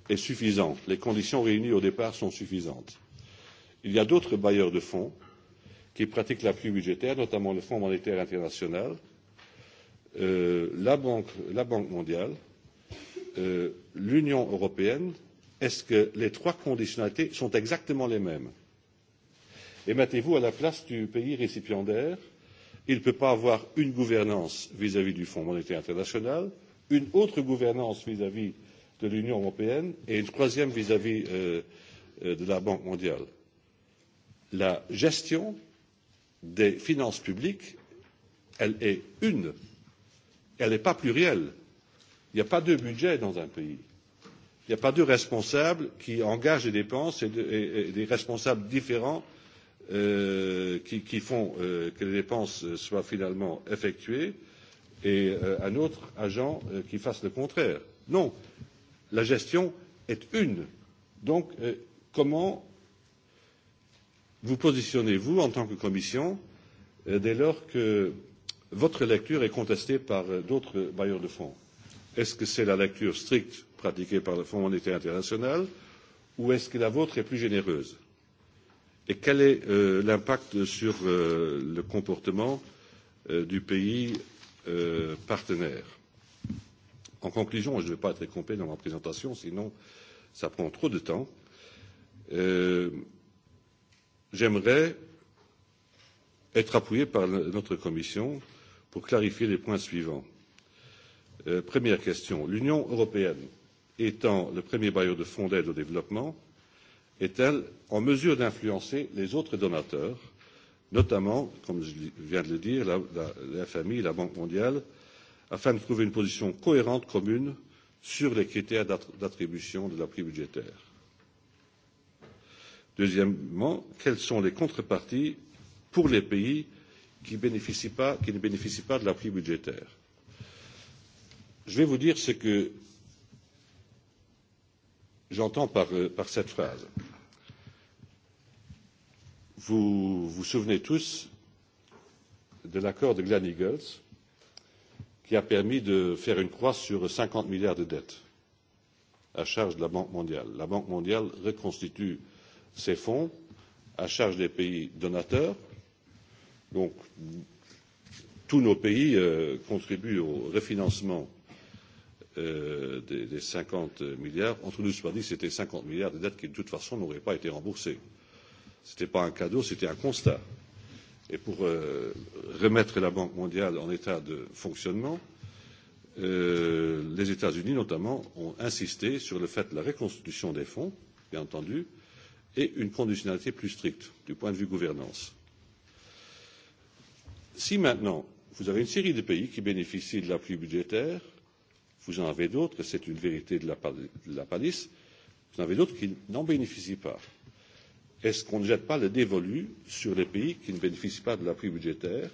est suffisant, les conditions réunies au départ sont suffisantes il y a d'autres bailleurs de fonds qui pratiquent l'appui budgétaire notamment le fonds monétaire international euh, la, banque, la banque mondiale euh, l'union européenne est ce que les trois conditionnalités sont exactement les mêmes? et mettez vous à la place du pays récipiendaire il ne peut pas avoir une gouvernance vis à vis du fonds monétaire international une autre gouvernance vis à vis de l'union européenne et une troisième vis à vis euh, de la banque mondiale la gestion des finances publiques elle est une elle n'est pas plurielle. il n'y a pas deux budgets dans un pays il n'y a pas deux responsables qui engagent des dépenses et, des responsables différents euh, qui, font euh, que les dépenses soient finalement effectuées et euh, un autre agent qui fasse le contraire. non la gestion est une. donc comment vous positionnez-vous en tant que Commission euh, dès lors que votre lecture est contestée par euh, d'autres bailleurs de fonds Est-ce que c'est la lecture stricte pratiquée par le Fonds monétaire international ou est-ce que la vôtre est plus généreuse Et quel est euh, l'impact sur euh, le comportement euh, du pays euh, partenaire En conclusion, je ne vais pas être complet dans ma présentation, sinon ça prend trop de temps. Euh, j'aimerais être appuyé par notre commission pour clarifier les points suivants. Euh, première question l'union européenne étant le premier bailleur de fonds d'aide au développement est elle en mesure d'influencer les autres donateurs notamment comme je viens de le dire la, la, la fmi la banque mondiale afin de trouver une position cohérente commune sur les critères d'attribution de l'appui budgétaire? Deuxièmement, quelles sont les contreparties pour les pays qui, ne bénéficient pas de l'appui budgétaire Je vais vous dire ce que j'entends euh, par, cette phrase. Vous vous souvenez tous de l'accord de gleneagles qui a permis de faire une croix sur cinquante milliards de dettes à charge de la Banque mondiale. La Banque mondiale reconstitue ces fonds à charge des pays donateurs. donc tous nos pays euh, contribuent au refinancement euh, des cinquante milliards. entre nous soit dit c'était cinquante milliards de dettes qui de toute façon n'auraient pas été remboursées. ce n'était pas un cadeau c'était un constat. et pour euh, remettre la banque mondiale en état de fonctionnement euh, les états unis notamment ont insisté sur le fait de la reconstitution des fonds bien entendu et une conditionnalité plus stricte du point de vue gouvernance. Si maintenant vous avez une série de pays qui bénéficient de l'appui budgétaire, vous en avez d'autres, c'est une vérité de la, de palisse, vous en avez d'autres qui n'en bénéficient pas. Est-ce qu'on ne jette pas le dévolu sur les pays qui ne bénéficient pas de l'appui budgétaire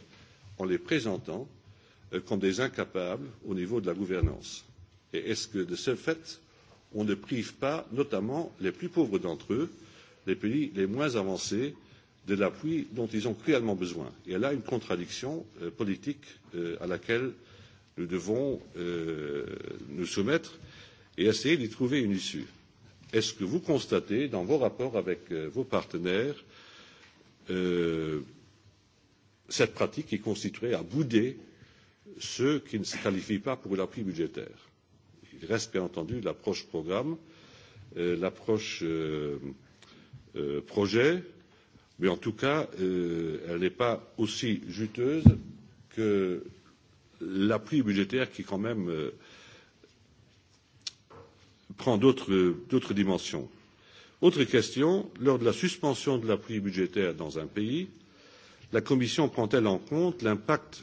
en les présentant euh, comme des incapables au niveau de la gouvernance Et est-ce que de ce fait, on ne prive pas notamment les plus pauvres d'entre eux les pays les moins avancés de l'appui dont ils ont cruellement besoin. Il y a là, une contradiction euh, politique euh, à laquelle nous devons euh, nous soumettre et essayer d'y trouver une issue. Est-ce que vous constatez dans vos rapports avec euh, vos partenaires euh, cette pratique qui constituerait à bouder ceux qui ne se qualifient pas pour l'appui budgétaire Il reste bien entendu l'approche programme, euh, l'approche. Euh, Euh, projet, mais en tout cas, euh, elle n'est pas aussi juteuse que l'appui budgétaire qui, quand même, euh, prend d'autres dimensions. Autre question, lors de la suspension de l'appui budgétaire dans un pays, la Commission prend-elle en compte l'impact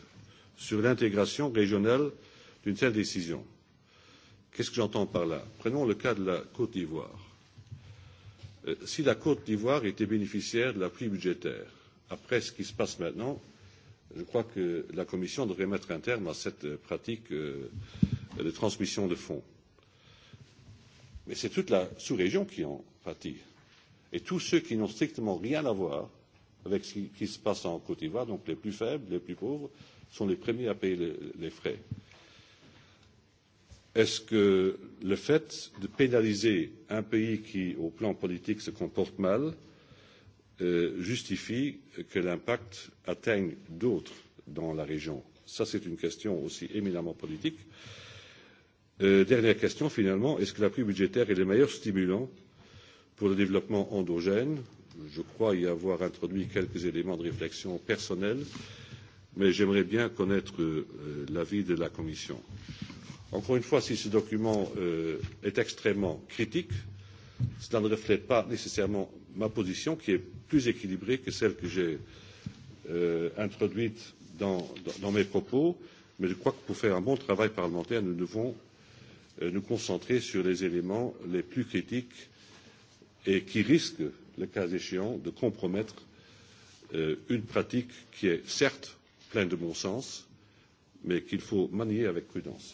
sur l'intégration régionale d'une telle décision Qu'est-ce que j'entends par là Prenons le cas de la Côte d'Ivoire Euh, si la Côte d'Ivoire était bénéficiaire de l'appui budgétaire. Après ce qui se passe maintenant, je crois que la Commission devrait mettre un terme à cette euh, pratique euh, de transmission de fonds. Mais c'est toute la sous-région qui en pâtit. Et tous ceux qui n'ont strictement rien à voir avec ce qui se passe en Côte d'Ivoire, donc les plus faibles, les plus pauvres, sont les premiers à payer les, frais. Est-ce que le fait de pénaliser un pays qui, au plan politique, se comporte mal euh, justifie que l'impact atteigne d'autres dans la région Ça, c'est une question aussi éminemment politique. Euh, dernière question, finalement. Est-ce que l'appui budgétaire est le meilleur stimulant pour le développement endogène Je crois y avoir introduit quelques éléments de réflexion personnelle, mais j'aimerais bien connaître euh, l'avis de la Commission. Euh, Encore une fois, si ce document euh, est extrêmement critique, cela ne reflète pas nécessairement ma position, qui est plus équilibrée que celle que j'ai euh, introduite dans, dans, dans mes propos, mais je crois que pour faire un bon travail parlementaire, nous devons euh, nous concentrer sur les éléments les plus critiques et qui risquent, le cas échéant, de compromettre euh, une pratique qui est certes pleine de bon sens, mais qu'il faut manier avec prudence.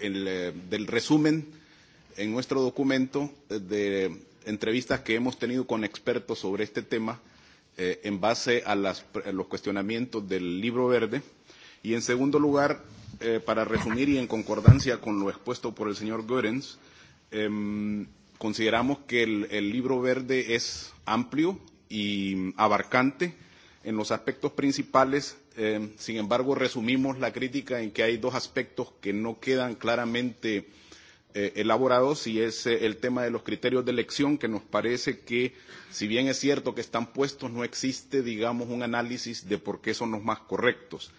el, eh, del resumen en nuestro documento de entrevistas que hemos tenido con expertos sobre este tema eh, en base a, las, a los cuestionamientos del libro verde. Y en segundo lugar, eh, para resumir y en concordancia con lo expuesto por el señor Goerens, eh, consideramos que el, el libro verde es amplio y abarcante en los aspectos principales, eh, sin embargo, resumimos la crítica en que hay dos aspectos que no quedan claramente eh, elaborados y es eh, el tema de los criterios de elección, que nos parece que, si bien es cierto que están puestos, no existe, digamos, un análisis de por qué son los más correctos.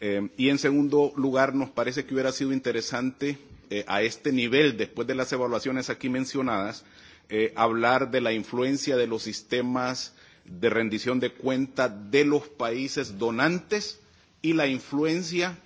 Eh, y en segundo lugar, nos parece que hubiera sido interesante eh, a este nivel, después de las evaluaciones aquí mencionadas, eh, hablar de la influencia de los sistemas de rendición de cuenta de los países donantes y la influencia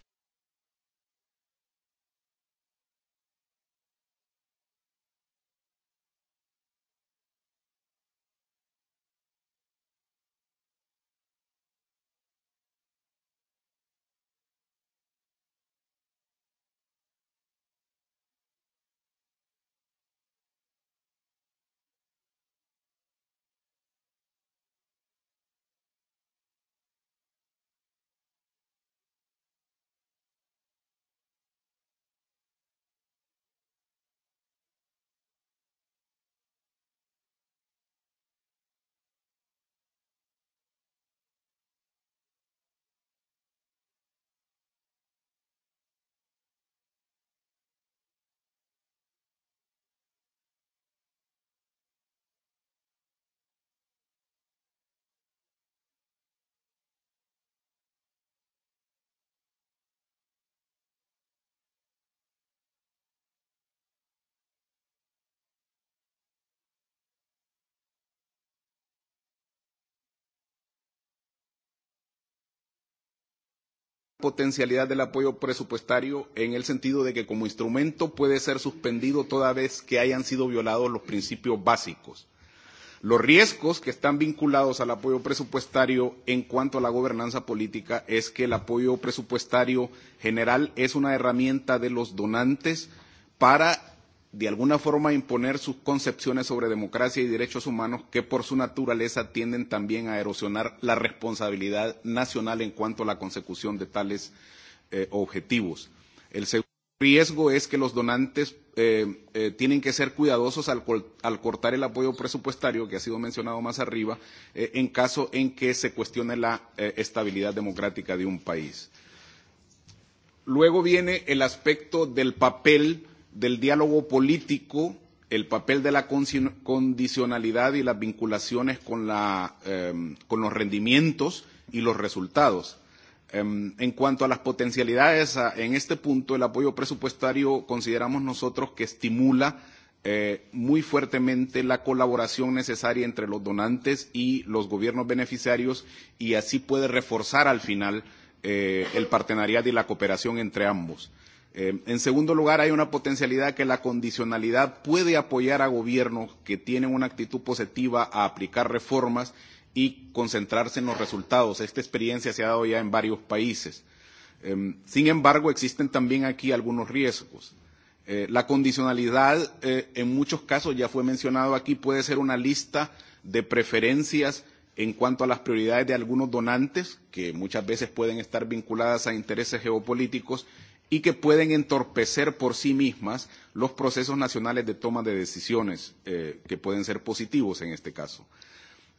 potencialidad del apoyo presupuestario en el sentido de que como instrumento puede ser suspendido toda vez que hayan sido violados los principios básicos. Los riesgos que están vinculados al apoyo presupuestario en cuanto a la gobernanza política es que el apoyo presupuestario general es una herramienta de los donantes para de alguna forma imponer sus concepciones sobre democracia y derechos humanos que por su naturaleza tienden también a erosionar la responsabilidad nacional en cuanto a la consecución de tales eh, objetivos. El segundo riesgo es que los donantes eh, eh, tienen que ser cuidadosos al, al cortar el apoyo presupuestario que ha sido mencionado más arriba eh, en caso en que se cuestione la eh, estabilidad democrática de un país. Luego viene el aspecto del papel eh, del diálogo político, el papel de la condicionalidad y las vinculaciones con, la, eh, con los rendimientos y los resultados. Eh, en cuanto a las potencialidades, en este punto el apoyo presupuestario consideramos nosotros que estimula eh, muy fuertemente la colaboración necesaria entre los donantes y los gobiernos beneficiarios y así puede reforzar al final eh, el partenariado y la cooperación entre ambos. Eh, en segundo lugar, hay una potencialidad que la condicionalidad puede apoyar a gobiernos que tienen una actitud positiva a aplicar reformas y concentrarse en los resultados. Esta experiencia se ha dado ya en varios países. Eh, sin embargo, existen también aquí algunos riesgos. Eh, la condicionalidad, eh, en muchos casos, ya fue mencionado aquí, puede ser una lista de preferencias en cuanto a las prioridades de algunos donantes, que muchas veces pueden estar vinculadas a intereses geopolíticos y que pueden entorpecer por sí mismas los procesos nacionales de toma de decisiones eh, que pueden ser positivos en este caso.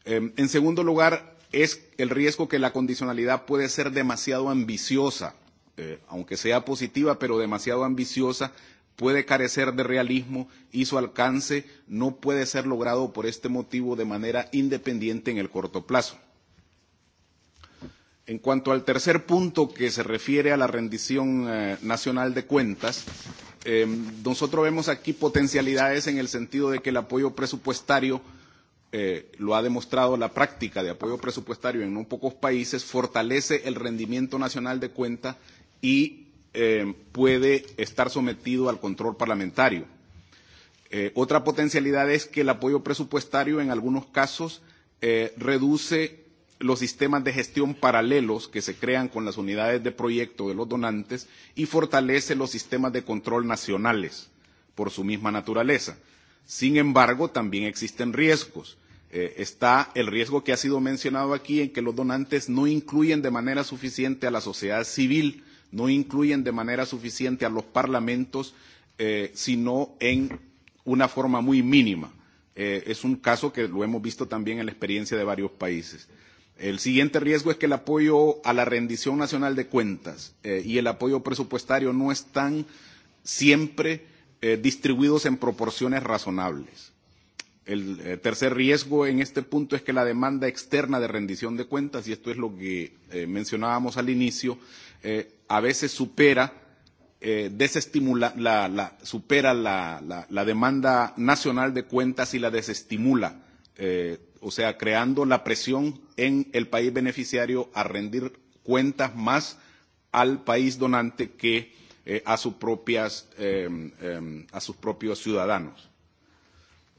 Eh, en segundo lugar, es el riesgo que la condicionalidad puede ser demasiado ambiciosa, eh, aunque sea positiva, pero demasiado ambiciosa, puede carecer de realismo y su alcance no puede ser logrado por este motivo de manera independiente en el corto plazo. En cuanto al tercer punto que se refiere a la rendición eh, nacional de cuentas, eh, nosotros vemos aquí potencialidades en el sentido de que el apoyo presupuestario eh, lo ha demostrado la práctica de apoyo presupuestario en no pocos países, fortalece el rendimiento nacional de cuentas y eh, puede estar sometido al control parlamentario. Eh, otra potencialidad es que el apoyo presupuestario en algunos casos eh, reduce los sistemas de gestión paralelos que se crean con las unidades de proyecto de los donantes y fortalece los sistemas de control nacionales por su misma naturaleza. Sin embargo, también existen riesgos. Eh, está el riesgo que ha sido mencionado aquí en que los donantes no incluyen de manera suficiente a la sociedad civil, no incluyen de manera suficiente a los parlamentos, eh, sino en una forma muy mínima. Eh, es un caso que lo hemos visto también en la experiencia de varios países. El siguiente riesgo es que el apoyo a la rendición nacional de cuentas eh, y el apoyo presupuestario no están siempre eh, distribuidos en proporciones razonables. El eh, tercer riesgo en este punto es que la demanda externa de rendición de cuentas, y esto es lo que eh, mencionábamos al inicio, eh, a veces supera, eh, desestimula, la, la, supera la, la, la demanda nacional de cuentas y la desestimula eh, o sea, creando la presión en el país beneficiario a rendir cuentas más al país donante que eh, a, sus propias, eh, eh, a sus propios ciudadanos.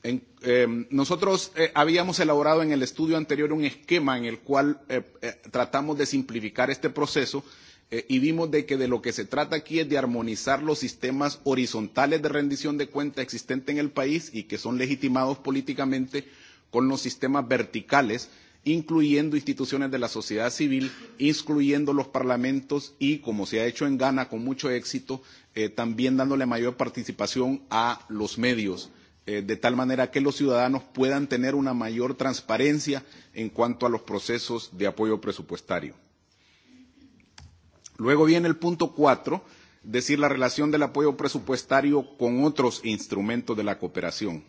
En, eh, nosotros eh, habíamos elaborado en el estudio anterior un esquema en el cual eh, eh, tratamos de simplificar este proceso eh, y vimos de que de lo que se trata aquí es de armonizar los sistemas horizontales de rendición de cuentas existentes en el país y que son legitimados políticamente eh, con los sistemas verticales, incluyendo instituciones de la sociedad civil, incluyendo los parlamentos y, como se ha hecho en Ghana con mucho éxito, eh, también dándole mayor participación a los medios eh, de tal manera que los ciudadanos puedan tener una mayor transparencia en cuanto a los procesos de apoyo presupuestario. Luego viene el punto cuatro, decir la relación del apoyo presupuestario con otros instrumentos de la cooperación.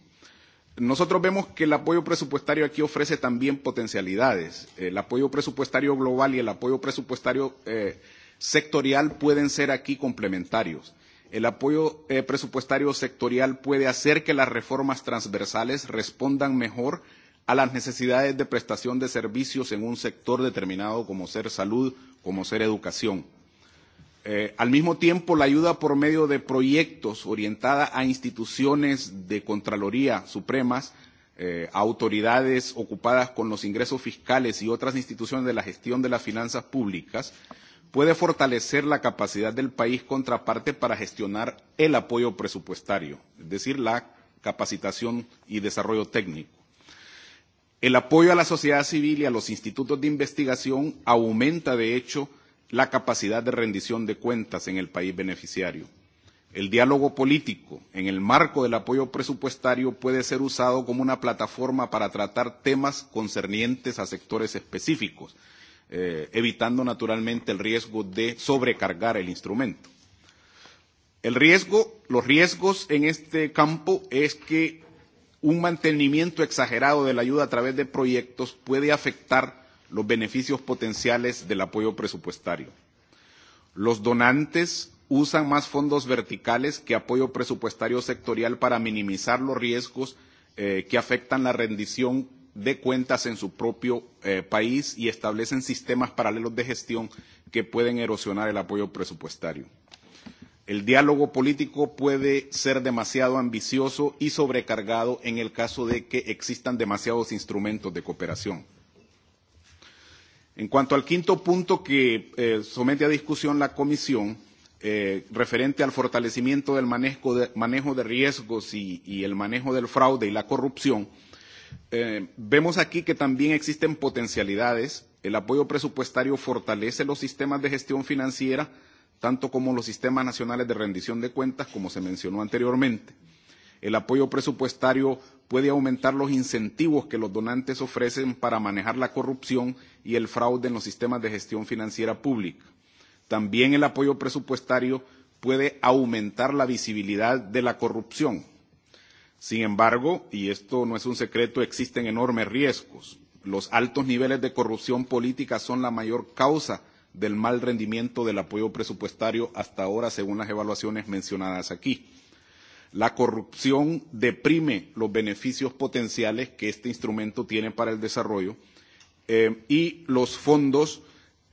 Nosotros vemos que el apoyo presupuestario aquí ofrece también potencialidades. El apoyo presupuestario global y el apoyo presupuestario eh, sectorial pueden ser aquí complementarios. El apoyo eh, presupuestario sectorial puede hacer que las reformas transversales respondan mejor a las necesidades de prestación de servicios en un sector determinado como ser salud, como ser educación Eh, al mismo tiempo, la ayuda por medio de proyectos orientada a instituciones de Contraloría Supremas, eh, a autoridades ocupadas con los ingresos fiscales y otras instituciones de la gestión de las finanzas públicas, puede fortalecer la capacidad del país contraparte para gestionar el apoyo presupuestario, es decir, la capacitación y desarrollo técnico. El apoyo a la sociedad civil y a los institutos de investigación aumenta, de hecho, la capacidad de rendición de cuentas en el país beneficiario. El diálogo político en el marco del apoyo presupuestario puede ser usado como una plataforma para tratar temas concernientes a sectores específicos, eh, evitando naturalmente el riesgo de sobrecargar el instrumento. El riesgo, los riesgos en este campo es que un mantenimiento exagerado de la ayuda a través de proyectos puede afectar los beneficios potenciales del apoyo presupuestario. Los donantes usan más fondos verticales que apoyo presupuestario sectorial para minimizar los riesgos eh, que afectan la rendición de cuentas en su propio eh, país y establecen sistemas paralelos de gestión que pueden erosionar el apoyo presupuestario. El diálogo político puede ser demasiado ambicioso y sobrecargado en el caso de que existan demasiados instrumentos de cooperación. En cuanto al quinto punto que eh, somete a discusión la Comisión, eh, referente al fortalecimiento del manejo de, manejo de riesgos y, y el manejo del fraude y la corrupción, eh, vemos aquí que también existen potencialidades. El apoyo presupuestario fortalece los sistemas de gestión financiera, tanto como los sistemas nacionales de rendición de cuentas, como se mencionó anteriormente. El apoyo presupuestario puede aumentar los incentivos que los donantes ofrecen para manejar la corrupción y el fraude en los sistemas de gestión financiera pública. También el apoyo presupuestario puede aumentar la visibilidad de la corrupción. Sin embargo, y esto no es un secreto, existen enormes riesgos. Los altos niveles de corrupción política son la mayor causa del mal rendimiento del apoyo presupuestario hasta ahora, según las evaluaciones mencionadas aquí. La corrupción deprime los beneficios potenciales que este instrumento tiene para el desarrollo eh, y los fondos,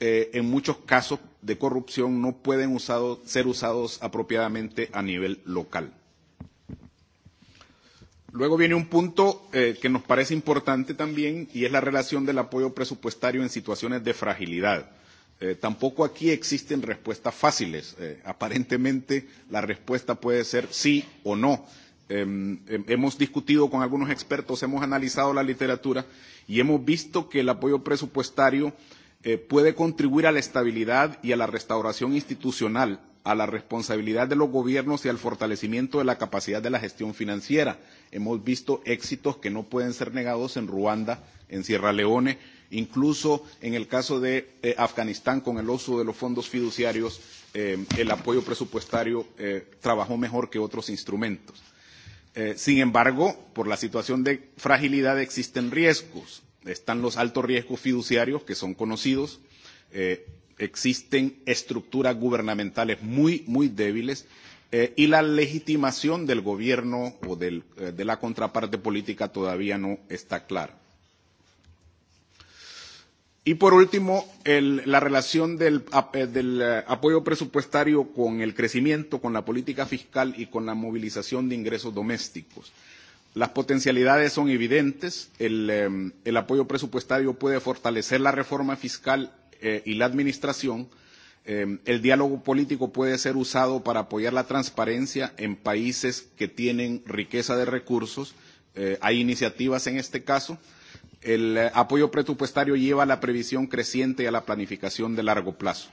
eh, en muchos casos de corrupción, no pueden usado, ser usados apropiadamente a nivel local. Luego viene un punto eh, que nos parece importante también y es la relación del apoyo presupuestario en situaciones de fragilidad. Eh, tampoco aquí existen respuestas fáciles. Eh, aparentemente la respuesta puede ser sí o no. Eh, eh, hemos discutido con algunos expertos, hemos analizado la literatura y hemos visto que el apoyo presupuestario eh, puede contribuir a la estabilidad y a la restauración institucional, a la responsabilidad de los gobiernos y al fortalecimiento de la capacidad de la gestión financiera. Hemos visto éxitos que no pueden ser negados en Ruanda, en Sierra Leone, incluso en el caso de eh, Afganistán con el uso de los fondos fiduciarios, eh, el apoyo presupuestario eh, trabajó mejor que otros instrumentos. Eh, sin embargo, por la situación de fragilidad existen riesgos. Están los altos riesgos fiduciarios que son conocidos. Eh, existen estructuras gubernamentales muy, muy débiles eh, y la legitimación del gobierno o del, eh, de la contraparte política todavía no está clara. Y por último, el, la relación del, eh, del eh, apoyo presupuestario con el crecimiento, con la política fiscal y con la movilización de ingresos domésticos. Las potencialidades son evidentes. El, eh, el apoyo presupuestario puede fortalecer la reforma fiscal eh, y la administración. Eh, el diálogo político puede ser usado para apoyar la transparencia en países que tienen riqueza de recursos. Eh, hay iniciativas en este caso. El apoyo presupuestario lleva a la previsión creciente y a la planificación de largo plazo.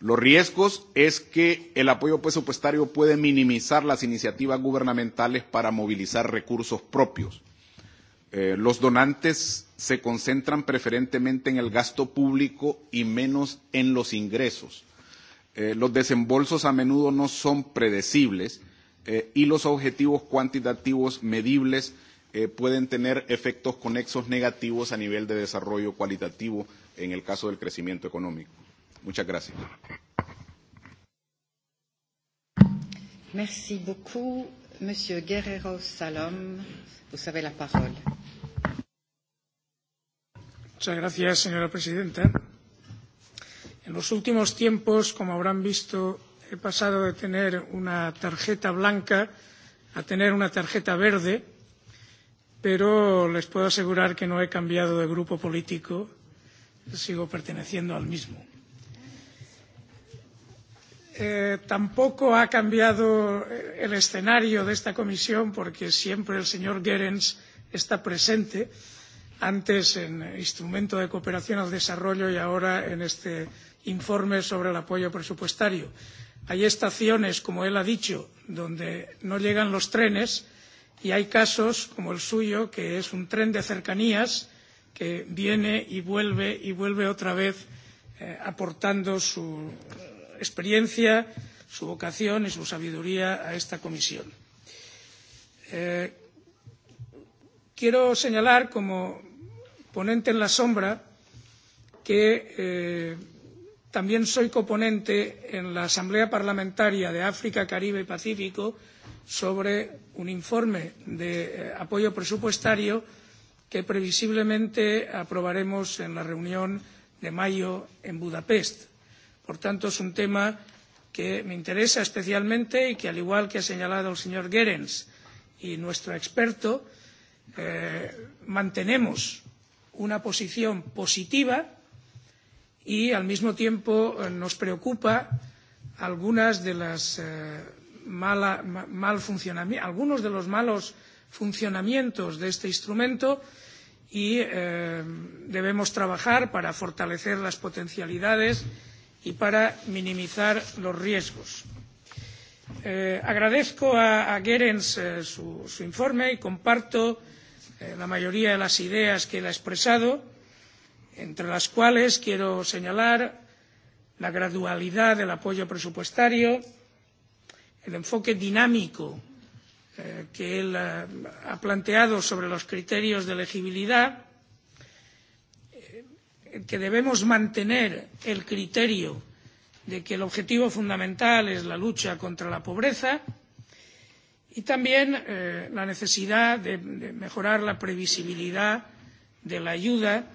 Los riesgos es que el apoyo presupuestario puede minimizar las iniciativas gubernamentales para movilizar recursos propios. Eh, los donantes se concentran preferentemente en el gasto público y menos en los ingresos. Eh, los desembolsos a menudo no son predecibles eh, y los objetivos cuantitativos medibles eh, pueden tener efectos conexos negativos a nivel de desarrollo cualitativo en el caso del crecimiento económico. Muchas gracias. Merci beaucoup. Monsieur Guerrero Salom, vous avez la parole. Muchas gracias, señora presidenta. En los últimos tiempos, como habrán visto, he pasado de tener una tarjeta blanca a tener una tarjeta verde pero les puedo asegurar que no he cambiado de grupo político, sigo perteneciendo al mismo. Eh, tampoco ha cambiado el escenario de esta comisión porque siempre el señor Goerens está presente, antes en Instrumento de Cooperación al Desarrollo y ahora en este informe sobre el apoyo presupuestario. Hay estaciones, como él ha dicho, donde no llegan los trenes y hay casos como el suyo que es un tren de cercanías que viene y vuelve y vuelve otra vez eh, aportando su eh, experiencia su vocación y su sabiduría a esta comisión. Eh, quiero señalar como ponente en la sombra que eh, también soy coponente en la asamblea parlamentaria de áfrica caribe y pacífico sobre un informe de eh, apoyo presupuestario que previsiblemente aprobaremos en la reunión de mayo en Budapest. Por tanto, es un tema que me interesa especialmente y que, al igual que ha señalado el señor Goerens y nuestro experto, eh, mantenemos una posición positiva y, al mismo tiempo, eh, nos preocupa algunas de las eh, mala, ma, mal funcionamiento, algunos de los malos funcionamientos de este instrumento y eh, debemos trabajar para fortalecer las potencialidades y para minimizar los riesgos. Eh, agradezco a, a Goerens eh, su, su informe y comparto eh, la mayoría de las ideas que él ha expresado, entre las cuales quiero señalar la gradualidad del apoyo presupuestario, eh, el enfoque dinámico eh, que él ha, eh, ha planteado sobre los criterios de elegibilidad, eh, que debemos mantener el criterio de que el objetivo fundamental es la lucha contra la pobreza y también eh, la necesidad de, de mejorar la previsibilidad de la ayuda,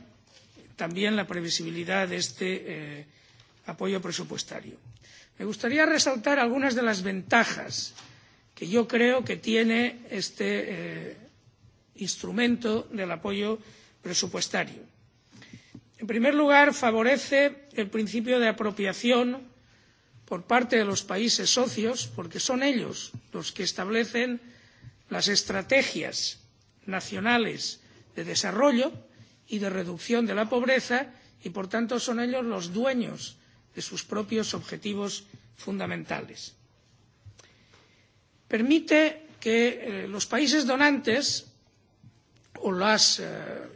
también la previsibilidad de este eh, apoyo presupuestario me gustaría resaltar algunas de las ventajas que yo creo que tiene este eh, instrumento del apoyo presupuestario. en primer lugar favorece el principio de apropiación por parte de los países socios porque son ellos los que establecen las estrategias nacionales de desarrollo y de reducción de la pobreza y por tanto son ellos los dueños de sus propios objetivos fundamentales. Permite que eh, los países donantes o las eh,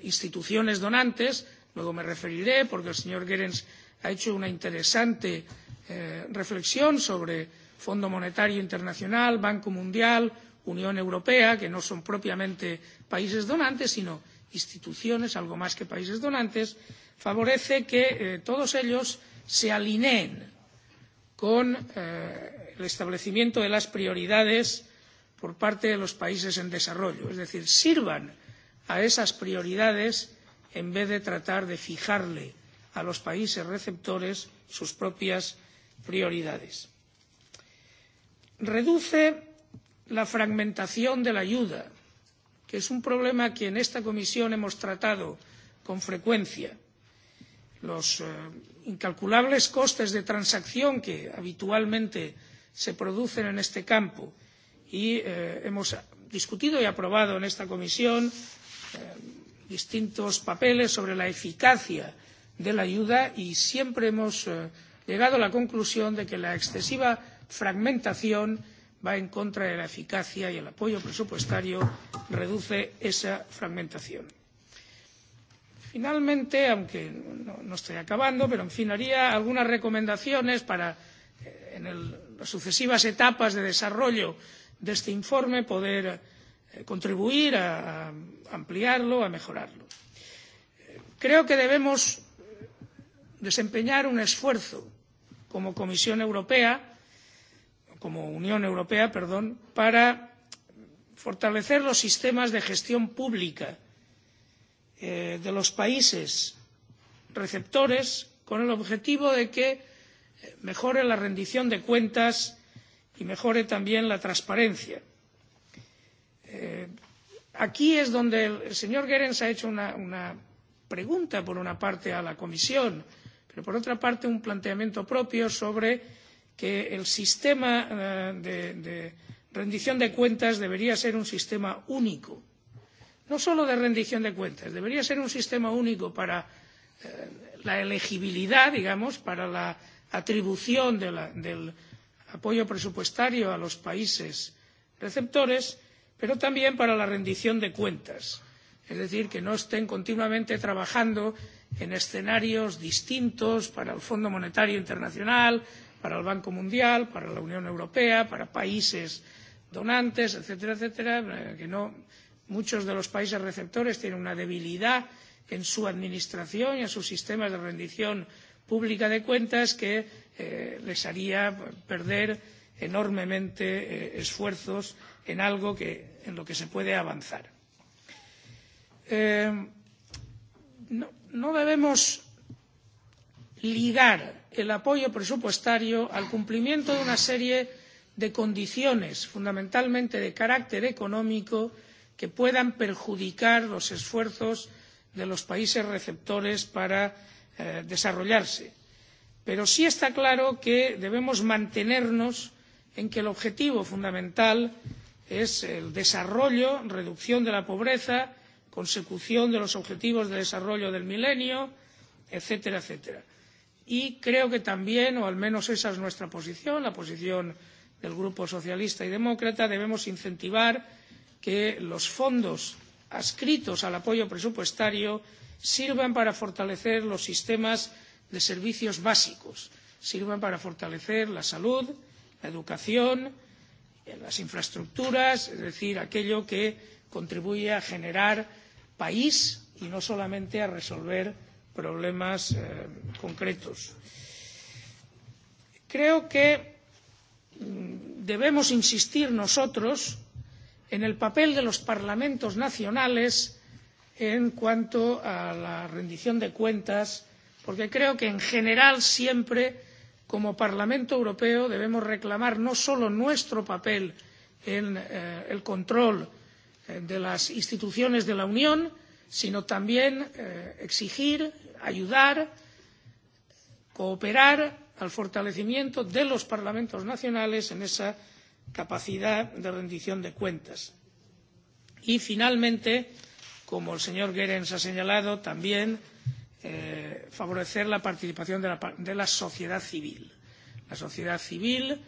instituciones donantes, luego me referiré porque el señor Goerens ha hecho una interesante eh, reflexión sobre Fondo Monetario Internacional, Banco Mundial, Unión Europea, que no son propiamente países donantes, sino instituciones, algo más que países donantes, favorece que eh, todos ellos se alineen con eh, el establecimiento de las prioridades por parte de los países en desarrollo es decir sirvan a esas prioridades en vez de tratar de fijarle a los países receptores sus propias prioridades. reduce la fragmentación de la ayuda que es un problema que en esta comisión hemos tratado con frecuencia. los eh, incalculables costes de transacción que habitualmente se producen en este campo y eh, hemos discutido y aprobado en esta comisión eh, distintos papeles sobre la eficacia de la ayuda y siempre hemos eh, llegado a la conclusión de que la excesiva fragmentación va en contra de la eficacia y el apoyo presupuestario reduce esa fragmentación. Finalmente, aunque no, no estoy acabando, pero en fin, haría algunas recomendaciones para, eh, en el, las sucesivas etapas de desarrollo de este informe, poder eh, contribuir a, a ampliarlo, a mejorarlo. Creo que debemos desempeñar un esfuerzo como Comisión Europea, como Unión Europea, perdón, para fortalecer los sistemas de gestión pública Eh, de los países receptores con el objetivo de que eh, mejore la rendición de cuentas y mejore también la transparencia. Eh, aquí es donde el señor goerens ha hecho una, una pregunta por una parte a la comisión pero por otra parte un planteamiento propio sobre que el sistema eh, de, de rendición de cuentas debería ser un sistema único no solo de rendición de cuentas debería ser un sistema único para eh, la elegibilidad digamos para la atribución de la, del apoyo presupuestario a los países receptores pero también para la rendición de cuentas es decir que no estén continuamente trabajando en escenarios distintos para el fondo monetario internacional para el banco mundial para la unión europea para países donantes etcétera etcétera eh, que no muchos de los países receptores tienen una debilidad en su administración y en sus sistemas de rendición pública de cuentas que eh, les haría perder enormemente eh, esfuerzos en algo que, en lo que se puede avanzar. Eh, no, no debemos ligar el apoyo presupuestario al cumplimiento de una serie de condiciones fundamentalmente de carácter económico que que puedan perjudicar los esfuerzos de los países receptores para eh, desarrollarse. Pero sí está claro que debemos mantenernos en que el objetivo fundamental es el desarrollo, reducción de la pobreza, consecución de los objetivos de desarrollo del milenio, etcétera, etcétera. Y creo que también, o al menos esa es nuestra posición, la posición del Grupo Socialista y Demócrata, debemos incentivar que los fondos adscritos al apoyo presupuestario sirvan para fortalecer los sistemas de servicios básicos sirvan para fortalecer la salud la educación eh, las infraestructuras es decir aquello que contribuye a generar país y no solamente a resolver problemas eh, concretos. creo que mm, debemos insistir nosotros en en el papel de los parlamentos nacionales en cuanto a la rendición de cuentas porque creo que en general siempre como parlamento europeo debemos reclamar no solo nuestro papel en eh, el control eh, de las instituciones de la unión sino también eh, exigir ayudar cooperar al fortalecimiento de los parlamentos nacionales en esa capacidad de rendición de cuentas. y finalmente como el señor goerens ha señalado también eh, favorecer la participación de la, de la sociedad civil. la sociedad civil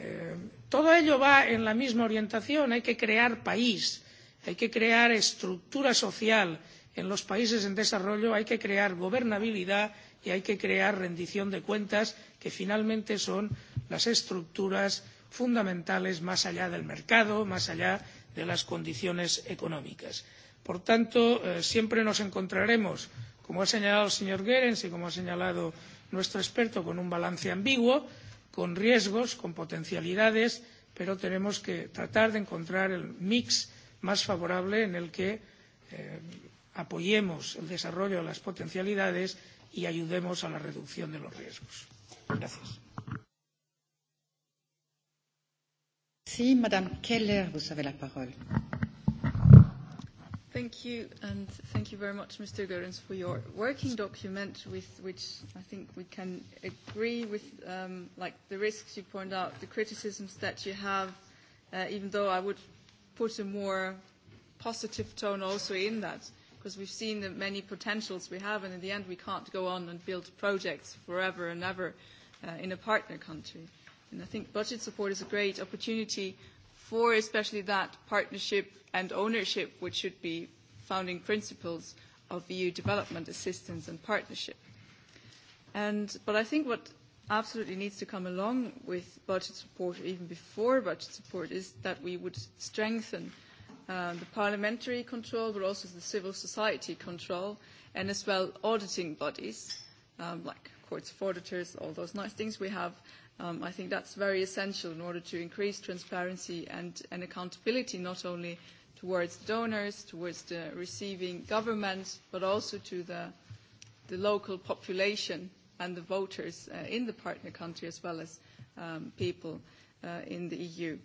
eh, todo ello va en la misma orientación hay que crear país hay que crear estructura social en los países en desarrollo hay que crear gobernabilidad y hay que crear rendición de cuentas que finalmente son las estructuras fundamentales más allá del mercado más allá de las condiciones económicas. por tanto eh, siempre nos encontraremos como ha señalado el señor goerens y como ha señalado nuestro experto con un balance ambiguo con riesgos con potencialidades pero tenemos que tratar de encontrar el mix más favorable en el que eh, apoyemos el desarrollo de las potencialidades y ayudemos a la reducción de los riesgos. Gracias. Si, Madame Keller, vous avez la parole. Thank you, and thank you very much, Mr. Goerens, for your working document, with which I think we can agree with, um, like the risks you point out, the criticisms that you have. Uh, even though I would put a more positive tone also in that, because we've seen the many potentials we have, and in the end, we can't go on and build projects forever and ever uh, in a partner country. Uh, And I think budget support is a great opportunity for especially that partnership and ownership, which should be founding principles of EU development assistance and partnership. And, but I think what absolutely needs to come along with budget support, or even before budget support, is that we would strengthen uh, the parliamentary control, but also the civil society control, and as well auditing bodies, um, like courts of auditors, all those nice things we have, Um, I think that's very essential in order to increase transparency and, and accountability, not only towards donors, towards the receiving governments, but also to the, the local population and the voters uh, in the partner country as well as um, people uh, in the EU.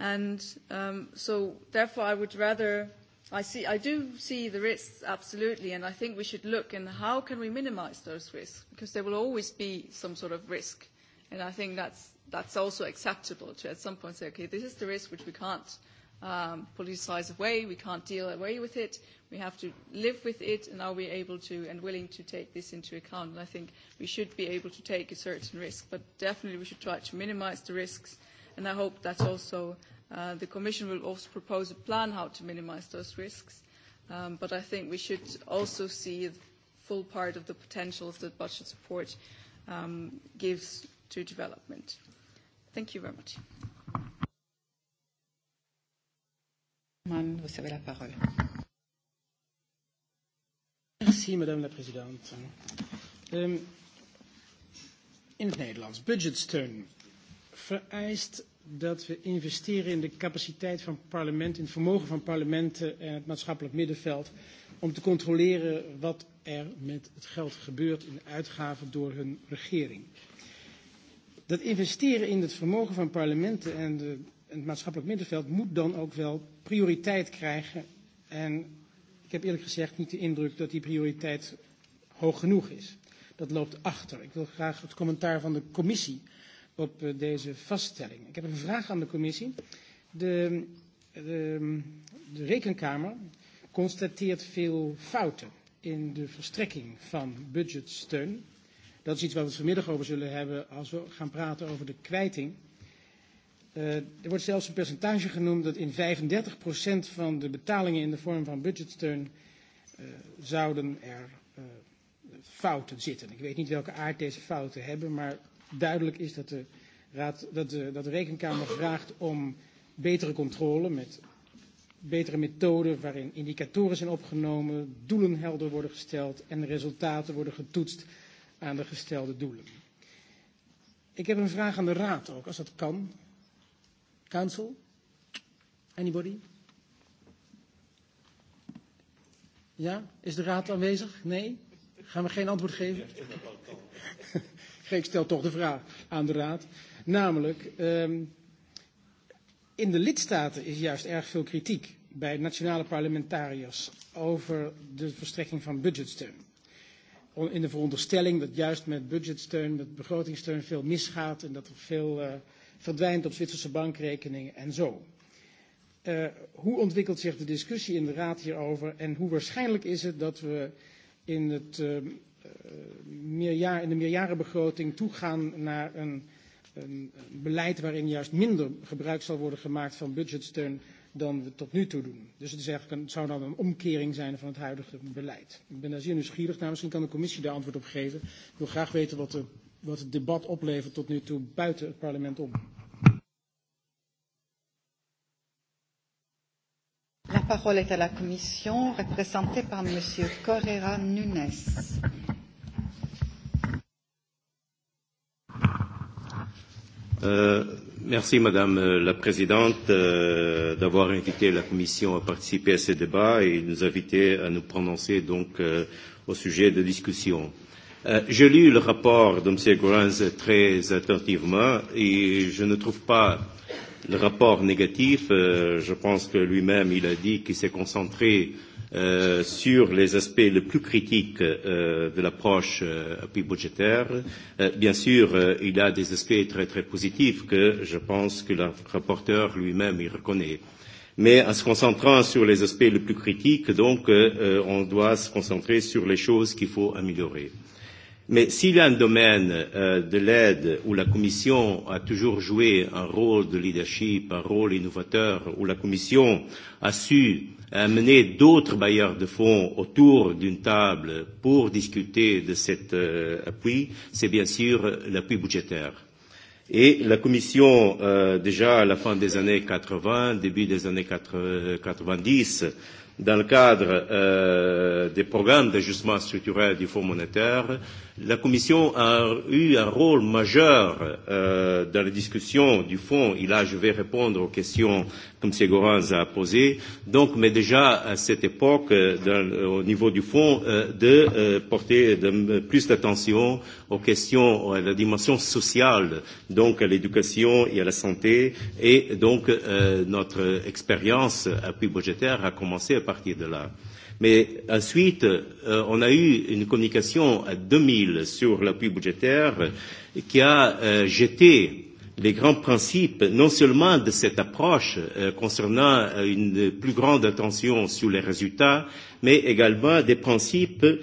And um, so therefore I would rather, I, see, I do see the risks absolutely and I think we should look and how can we minimize those risks because there will always be some sort of risk And I think that's, that's also acceptable to at some point say, okay, this is the risk which we can't um, politicize away, we can't deal away with it, we have to live with it, and are we able to and willing to take this into account? And I think we should be able to take a certain risk, but definitely we should try to minimize the risks, and I hope that also uh, the Commission will also propose a plan how to minimize those risks. Um, but I think we should also see the full part of the potentials that budget support um, gives to development. Thank you very much. vous avez la parole. Merci, Madame la Présidente. Um, in het Nederlands, budgetsteun vereist dat we investeren in de capaciteit van parlementen, in het vermogen van parlementen en het maatschappelijk middenveld om te controleren wat er met het geld gebeurt in de uitgaven door hun regering. Uh, Dat investeren in het vermogen van parlementen en, de, en het maatschappelijk middenveld moet dan ook wel prioriteit krijgen. En ik heb eerlijk gezegd niet de indruk dat die prioriteit hoog genoeg is. Dat loopt achter. Ik wil graag het commentaar van de commissie op eh, deze vaststelling. Ik heb een vraag aan de commissie. De, de, de Rekenkamer constateert veel fouten in de verstrekking van budgetsteun Dat is iets waar we het vanmiddag over zullen hebben als we gaan praten over de kwijting. Uh, er wordt zelfs een percentage genoemd dat in 35% van de betalingen in de vorm van budgetsteun uh, zouden er uh, fouten zitten. Ik weet niet welke aard deze fouten hebben, maar duidelijk is dat de, raad, dat de, dat de rekenkamer vraagt om betere controle met betere methoden waarin indicatoren zijn opgenomen, doelen helder worden gesteld en resultaten worden getoetst aan de gestelde doelen. Ik heb een vraag aan de Raad ook, als dat kan. Council? Anybody? Ja? Is de Raad aanwezig? Nee? Gaan we geen antwoord geven? Ik stel toch de vraag aan de Raad. Namelijk, um, in de lidstaten is juist erg veel kritiek bij nationale parlementariërs over de verstrekking van budgetsteun in de veronderstelling dat juist met budgetsteun, met begrotingsteun veel misgaat en dat er veel uh, verdwijnt op Zwitserse bankrekeningen en zo. Uh, hoe ontwikkelt zich de discussie in de Raad hierover en hoe waarschijnlijk is het dat we in, het, uh, meerjaar, in de meerjarenbegroting toegaan naar een, een beleid waarin juist minder gebruik zal worden gemaakt van budgetsteun dan we tot nu toe doen. Dus het, is eigenlijk een, het zou dan een omkering zijn van het huidige beleid. Ik ben daar zeer nieuwsgierig naar. Misschien kan de commissie daar antwoord op geven. Ik wil graag weten wat, de, wat het debat oplevert tot nu toe buiten het parlement om. La parole est à la Commission, représentée par Monsieur Correra Nunes. Euh, merci Madame la Présidente euh, d'avoir invité la Commission à participer à ce débat et nous inviter à nous prononcer donc euh, au sujet de discussion. Euh, J'ai lu le rapport de M. Gorans très attentivement et je ne trouve pas le rapport négatif. Euh, je pense que lui-même, il a dit qu'il s'est concentré euh, Euh, sur les aspects les plus critiques euh, de l'approche euh, budgétaire. Euh, bien sûr, euh, il y a des aspects très très positifs que je pense que le rapporteur lui-même y reconnaît. Mais en se concentrant sur les aspects les plus critiques, donc, euh, euh, on doit se concentrer sur les choses qu'il faut améliorer. Mais s'il y a un domaine euh, de l'aide où la Commission a toujours joué un rôle de leadership, un rôle innovateur, où la Commission a su amener d'autres bailleurs de fonds autour d'une table pour discuter de cet euh, appui, c'est bien sûr l'appui budgétaire. Et la Commission, euh, déjà à la fin des années 80, début des années 90, euh, dans le cadre euh, des programmes d'ajustement structurel du Fonds monétaire, euh, la Commission a eu un rôle majeur euh, dans la discussion du fond. Et là, je vais répondre aux questions que M. Ségorans a posées. Donc, mais déjà à cette époque, euh, dans, au niveau du fond, euh, de euh, porter de, plus d'attention aux questions, à la dimension sociale, donc à l'éducation et à la santé. Et donc, euh, notre expérience appui budgétaire a commencé à partir de là. Mais ensuite, euh, on a eu une communication à 2000 sur l'appui budgétaire qui a euh, jeté les grands principes, non seulement de cette approche euh, concernant euh, une plus grande attention sur les résultats, mais également des principes euh,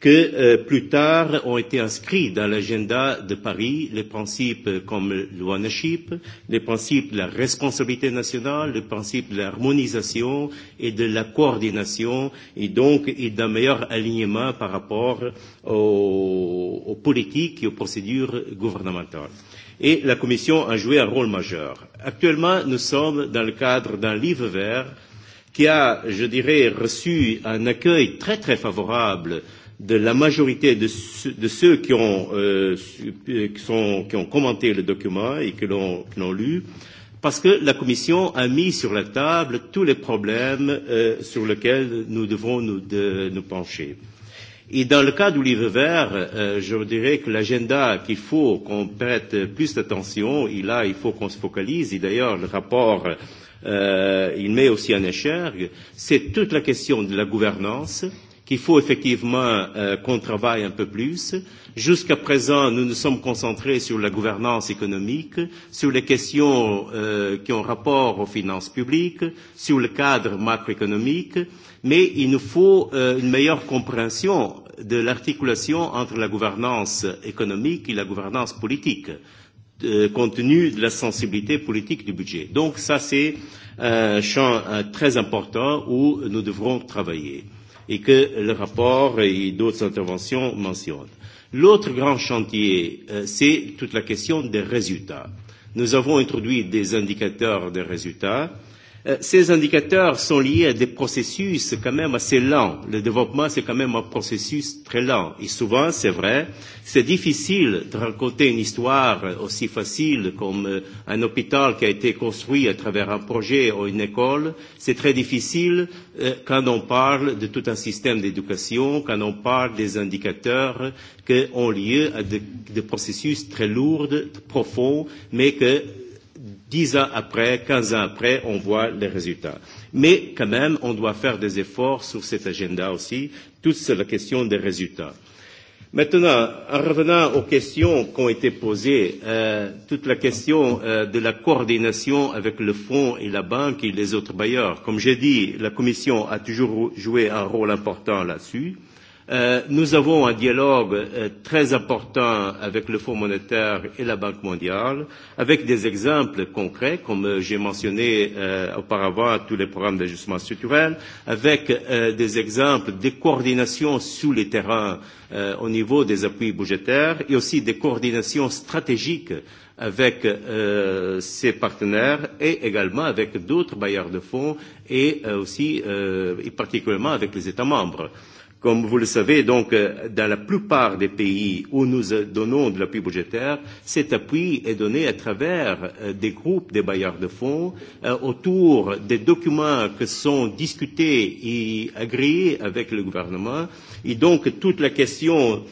que euh, plus tard ont été inscrits dans l'agenda de Paris les principes comme le ownership, les principes de la responsabilité nationale, les principes de l'harmonisation et de la coordination et donc et d'un meilleur alignement par rapport aux, aux politiques et aux procédures gouvernementales et la Commission a joué un rôle majeur. Actuellement, nous sommes dans le cadre d'un livre vert qui a, je dirais, reçu un accueil très très favorable euh, de la majorité de, ceux, de ceux qui ont, euh, qui, sont, qui ont commenté le document et qui l'ont lu, parce que la Commission a mis sur la table tous les problèmes euh, sur lesquels nous devons nous, de, nous pencher. Et dans le cas du livre vert, euh, je dirais que l'agenda qu'il faut qu'on prête plus d'attention, et là il faut qu'on se focalise, et d'ailleurs le rapport euh, il met aussi en échec, c'est toute la question de la gouvernance, euh, qu'il faut effectivement euh, qu'on travaille un peu plus. Jusqu'à présent, nous nous sommes concentrés sur la gouvernance économique, sur les questions euh, qui ont rapport aux finances publiques, sur le cadre macroéconomique, mais il nous faut euh, une meilleure compréhension de l'articulation entre la gouvernance économique et la gouvernance politique euh, compte tenu de la sensibilité politique du budget. Donc ça, c'est euh, un champ euh, très important où nous devrons travailler et que le rapport et d'autres interventions mentionnent. L'autre grand chantier, euh, c'est toute la question des résultats. Nous avons introduit des indicateurs des résultats Euh, ces indicateurs sont liés à des processus quand même assez lents. Le développement, c'est quand même un processus très lent. Et souvent, c'est vrai, c'est difficile de raconter une histoire aussi facile comme euh, un hôpital qui a été construit à travers un projet ou une école. C'est très difficile euh, quand on parle de tout un système d'éducation, quand on parle des indicateurs qui ont lieu à des, des processus très lourds, profonds, mais que Dix ans après, quinze ans après, on voit les résultats. Mais quand même, on doit faire des efforts sur cet agenda aussi, toute la question des résultats. Maintenant, en revenant aux questions qui ont été posées, euh, toute la question euh, de la coordination avec le fonds et la banque et les autres bailleurs. Comme j'ai dit, la Commission a toujours joué un rôle important là-dessus. Euh, Euh, nous avons un dialogue euh, très important avec le Fonds monétaire et la Banque mondiale, avec des exemples concrets, comme euh, j'ai mentionné euh, auparavant tous les programmes d'ajustement structurel, avec euh, des exemples de coordination sous les terrains euh, au niveau des appuis budgétaires et aussi des coordinations stratégiques avec euh, ses partenaires et également avec d'autres bailleurs de fonds et euh, aussi euh, et particulièrement avec les États membres. Euh, Comme vous le savez, donc, euh, dans la plupart des pays où nous donnons de l'appui budgétaire, cet appui est donné à travers euh, des groupes de bailleurs de fonds euh, autour des documents qui sont discutés et agréés avec le gouvernement. Et donc, toute la question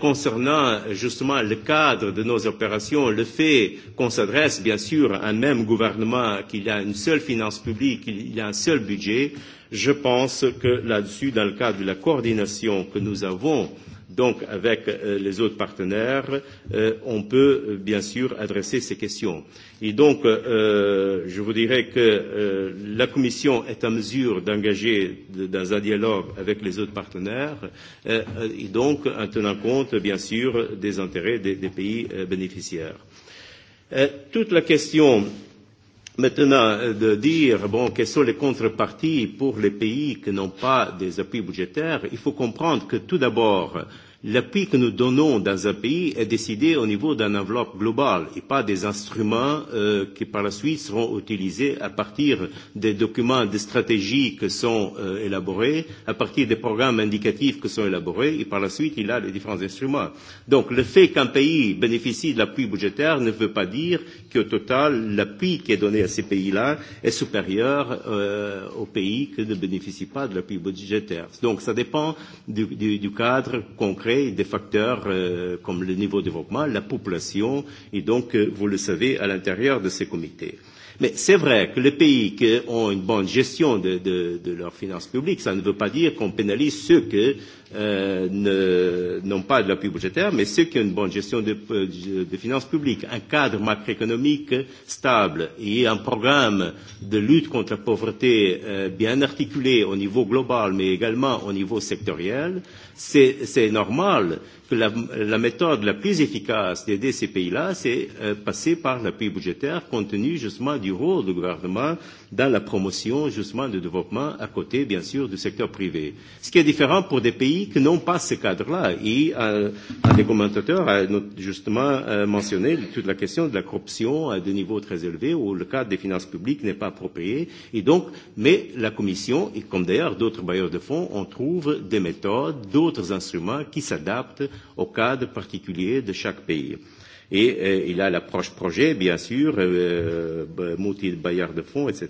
concernant justement le cadre de nos opérations, le fait qu'on s'adresse bien sûr à un même gouvernement, qu'il y a une seule finance publique, qu'il y a un seul budget, Je pense que là-dessus, dans le cadre de la coordination que nous avons donc avec euh, les autres partenaires, euh, on peut euh, bien sûr adresser ces questions. Et donc, euh, je vous dirais que euh, la Commission est en mesure d'engager de, dans un dialogue avec les autres partenaires, euh, et donc en tenant compte bien sûr des intérêts des, des pays euh, bénéficiaires. Euh, toute la question Maintenant, euh, de dire, bon, quelles sont les contreparties pour les pays qui n'ont pas des appuis budgétaires, il faut comprendre que tout d'abord, l'appui que nous donnons dans un pays est décidé au niveau d'une enveloppe globale et pas des instruments euh, qui par la suite seront utilisés à partir des documents de stratégie qui sont euh, élaborés, à partir des programmes indicatifs qui sont élaborés et par la suite il a les différents instruments. Donc le fait qu'un pays bénéficie de l'appui budgétaire ne veut pas dire qu'au total l'appui qui est donné à ces pays-là est supérieur euh, aux pays qui ne bénéficient pas de l'appui budgétaire. Donc ça dépend du, du, du cadre concret après des facteurs euh, comme le niveau de développement, la population, et donc, euh, vous le savez, à l'intérieur de ces comités. Mais c'est vrai que les pays qui ont une bonne gestion de, de, de leurs finances publiques, ça ne veut pas dire qu'on pénalise ceux qui euh, n'ont pas de l'appui budgétaire, mais ceux qui ont une bonne gestion de, euh, de finances publiques, un cadre macroéconomique stable et un programme de lutte contre la pauvreté euh, bien articulé au niveau global, mais également au niveau sectoriel. Euh, c'est normal que la, la méthode la plus efficace d'aider ces pays-là, c'est euh, passer par l'appui budgétaire, compte tenu justement du rôle du gouvernement dans la promotion justement du développement à côté, bien sûr, du secteur privé. Ce qui est différent pour des pays qui n'ont pas ce cadre-là. Et euh, un des commentateurs a justement euh, mentionné toute la question de la corruption à des niveaux très élevés où le cadre des finances publiques n'est pas approprié. Et donc, mais la Commission, et comme d'ailleurs d'autres bailleurs de fonds, on trouve des méthodes, d'autres instruments qui s'adaptent au cadre particulier de chaque pays. Et euh, il a l'approche projet, bien sûr, euh, euh multi bailleur de fonds, etc.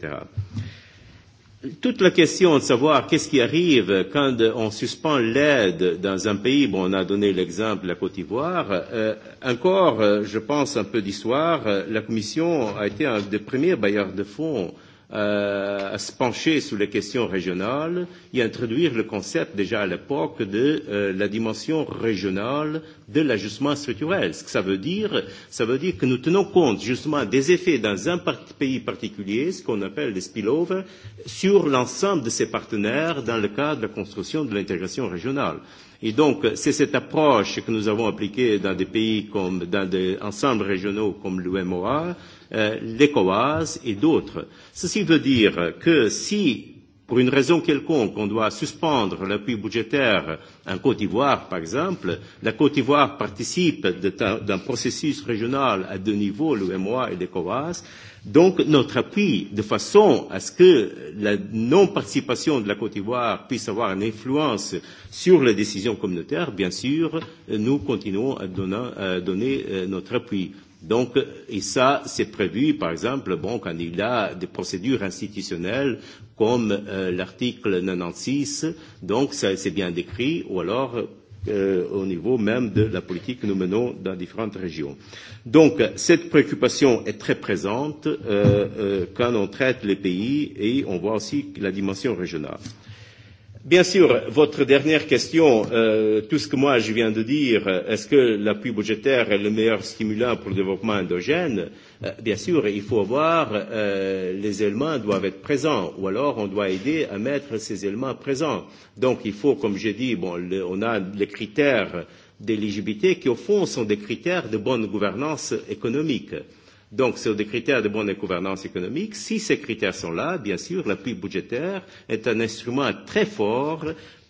Toute la question de savoir qu'est-ce qui arrive quand on suspend l'aide dans un pays, bon, on a donné l'exemple de la Côte d'Ivoire, euh, encore, euh, je pense, un peu d'histoire, euh, la Commission a été un des premiers bailleurs de fonds euh, euh, à se pencher sur les questions régionales et introduire le concept déjà à l'époque de euh, la dimension régionale de l'ajustement structurel. Ce que ça veut dire, ça veut dire que nous tenons compte justement des effets dans un par pays particulier, ce qu'on appelle les spillovers, sur l'ensemble de ses partenaires dans le cadre de la construction de l'intégration régionale. Et donc, c'est cette approche que nous avons appliquée dans des pays comme, dans des ensembles régionaux comme l'UMOA, Euh, l'ECOWAS et d'autres. Ceci veut dire que si pour une raison quelconque, on doit suspendre l'appui budgétaire en Côte d'Ivoire, par exemple, la Côte d'Ivoire participe d'un processus régional à deux niveaux, le MOA et l'ECOWAS. Donc, notre appui, de façon à ce que la non-participation de la Côte d'Ivoire puisse avoir une influence sur les décisions communautaires, bien sûr, nous continuons à donner, à donner euh, notre appui. Donc, et ça, c'est prévu, par exemple, bon, quand il y a des procédures institutionnelles, comme euh, l'article 96, donc c'est bien décrit, ou alors euh, au niveau même de la politique que nous menons dans différentes régions. Donc, cette préoccupation est très présente euh, euh, quand on traite les pays et on voit aussi la dimension régionale. Euh, Bien sûr, votre dernière question, euh, tout ce que moi je viens de dire, est-ce que l'appui budgétaire est le meilleur stimulant pour le développement endogène euh, Bien sûr, il faut voir, euh, les éléments doivent être présents, ou alors on doit aider à mettre ces éléments présents. Donc il faut, comme j'ai dit, bon, le, on a les critères d'éligibilité qui au fond sont des critères de bonne gouvernance économique. Euh, Donc, sur des critères de bonne gouvernance économique, si ces critères sont là, bien sûr, l'appui budgétaire est un instrument très fort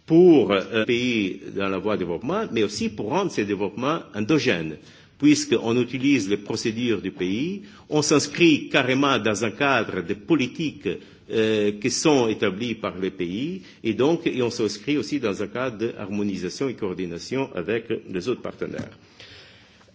pour euh, un pays dans la voie de développement, mais aussi pour rendre ces développements endogènes puisqu'on utilise les procédures du pays, on s'inscrit carrément dans un cadre de politiques euh, qui sont établies par le pays, et donc et on s'inscrit aussi dans un cadre d'harmonisation et coordination avec les autres partenaires.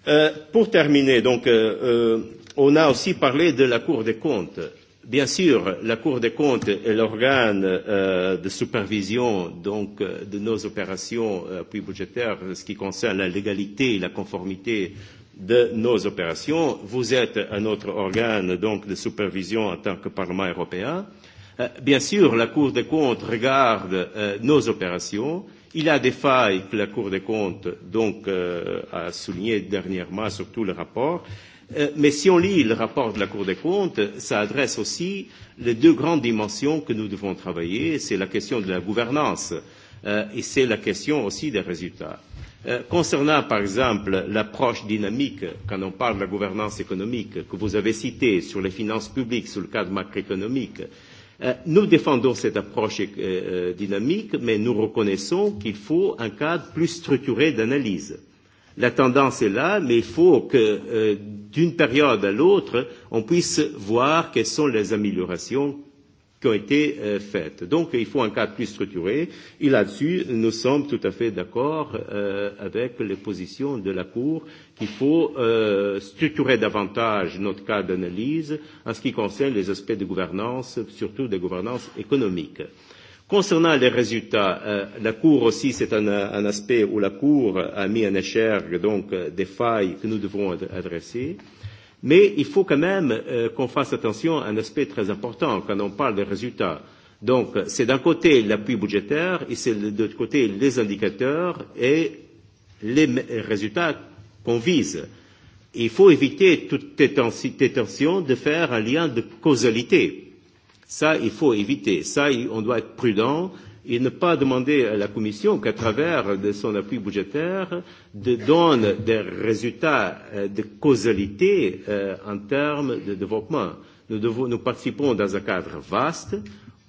Euh, pour terminer, donc, euh, euh, on a aussi parlé de la Cour des comptes. Bien sûr, la Cour des comptes est l'organe euh, de supervision donc, euh, de nos opérations appui euh, budgétaire, ce qui concerne la légalité et la conformité de nos opérations. Vous êtes un autre organe donc, de supervision en tant que Parlement européen. Euh, bien sûr, la Cour des comptes regarde euh, nos opérations, euh, Il y a des failles que la Cour des comptes donc, euh, a soulignées dernièrement, surtout le rapport. Euh, mais si on lit le rapport de la Cour des comptes, ça adresse aussi les deux grandes dimensions que nous devons travailler. C'est la question de la gouvernance euh, et c'est la question aussi des résultats. Euh, concernant, par exemple, l'approche dynamique, quand on parle de la gouvernance économique que vous avez citée sur les finances publiques, sur le cadre macroéconomique, euh, Euh, nous défendons cette approche euh, euh, dynamique, mais nous reconnaissons qu'il faut un cadre plus structuré d'analyse. La tendance est là, mais il faut que, euh, d'une période à l'autre, on puisse voir quelles sont les améliorations qui ont été euh, faites. Donc il faut un cadre plus structuré et là-dessus, nous sommes tout à fait d'accord euh, avec les positions de la Cour qu'il faut euh, structurer davantage notre cadre d'analyse en ce qui concerne les aspects de gouvernance, surtout de gouvernance économique. Concernant les résultats, euh, la Cour aussi, c'est un, un aspect où la Cour a mis en échec donc, euh, des failles que nous devons adresser. Euh, Mais il faut quand même euh, qu'on fasse attention à un aspect très important quand on parle des résultats. Donc, c'est d'un côté l'appui budgétaire et c'est de l'autre côté les indicateurs et les résultats qu'on vise. Il faut éviter toute tentation de faire un lien de causalité. Ça, il faut éviter. Ça, on doit être prudent et ne pas demander à la Commission qu'à travers de son appui budgétaire de donne des résultats euh, de causalité euh, en termes de développement. Nous, devons, nous participons dans un cadre vaste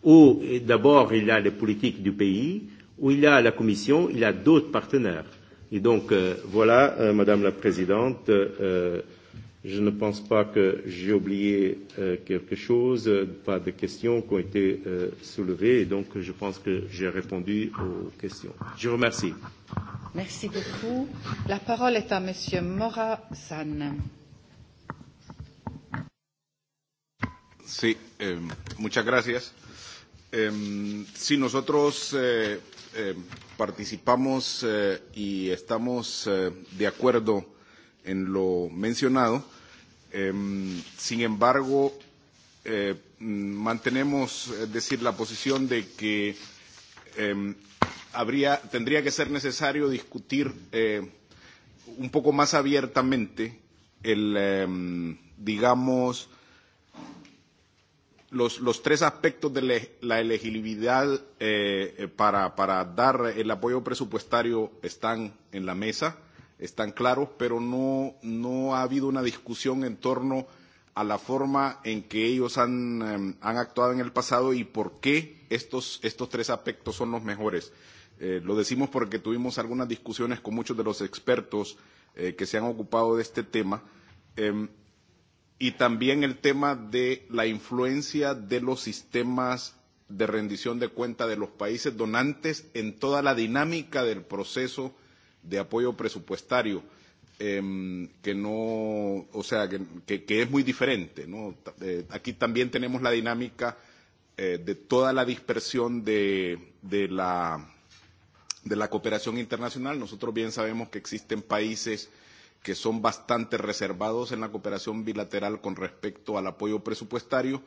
où d'abord il y a les politiques du pays, où il y a la Commission, il y a d'autres partenaires. Et donc euh, voilà, euh, Madame la Présidente, euh, Je ne pense pas que j'ai oublié euh, quelque chose, euh, pas de questions qui ont été euh, soulevées, et donc je pense que j'ai répondu aux questions. Je vous remercie. Merci beaucoup. La parole est à Monsieur Mora San. Sí, eh, muchas gracias. Eh, sí, nosotros eh, eh, participamos eh, y estamos eh, de acuerdo en lo mencionado. Eh, sin embargo, eh, mantenemos, es decir, la posición de que eh, habría, tendría que ser necesario discutir eh, un poco más abiertamente el, eh, digamos, los, los tres aspectos de le, la elegibilidad eh, para, para dar el apoyo presupuestario están en la mesa. Eh, están claros, pero no, no ha habido una discusión en torno a la forma en que ellos han, eh, han actuado en el pasado y por qué estos, estos tres aspectos son los mejores. Eh, lo decimos porque tuvimos algunas discusiones con muchos de los expertos eh, que se han ocupado de este tema eh, y también el tema de la influencia de los sistemas de rendición de cuenta de los países donantes en toda la dinámica del proceso de apoyo presupuestario eh, que no, o sea, que, que, que es muy diferente, ¿no? Eh, aquí también tenemos la dinámica eh, de toda la dispersión de, de la de la cooperación internacional. Nosotros bien sabemos que existen países que son bastante reservados en la cooperación bilateral con respecto al apoyo presupuestario.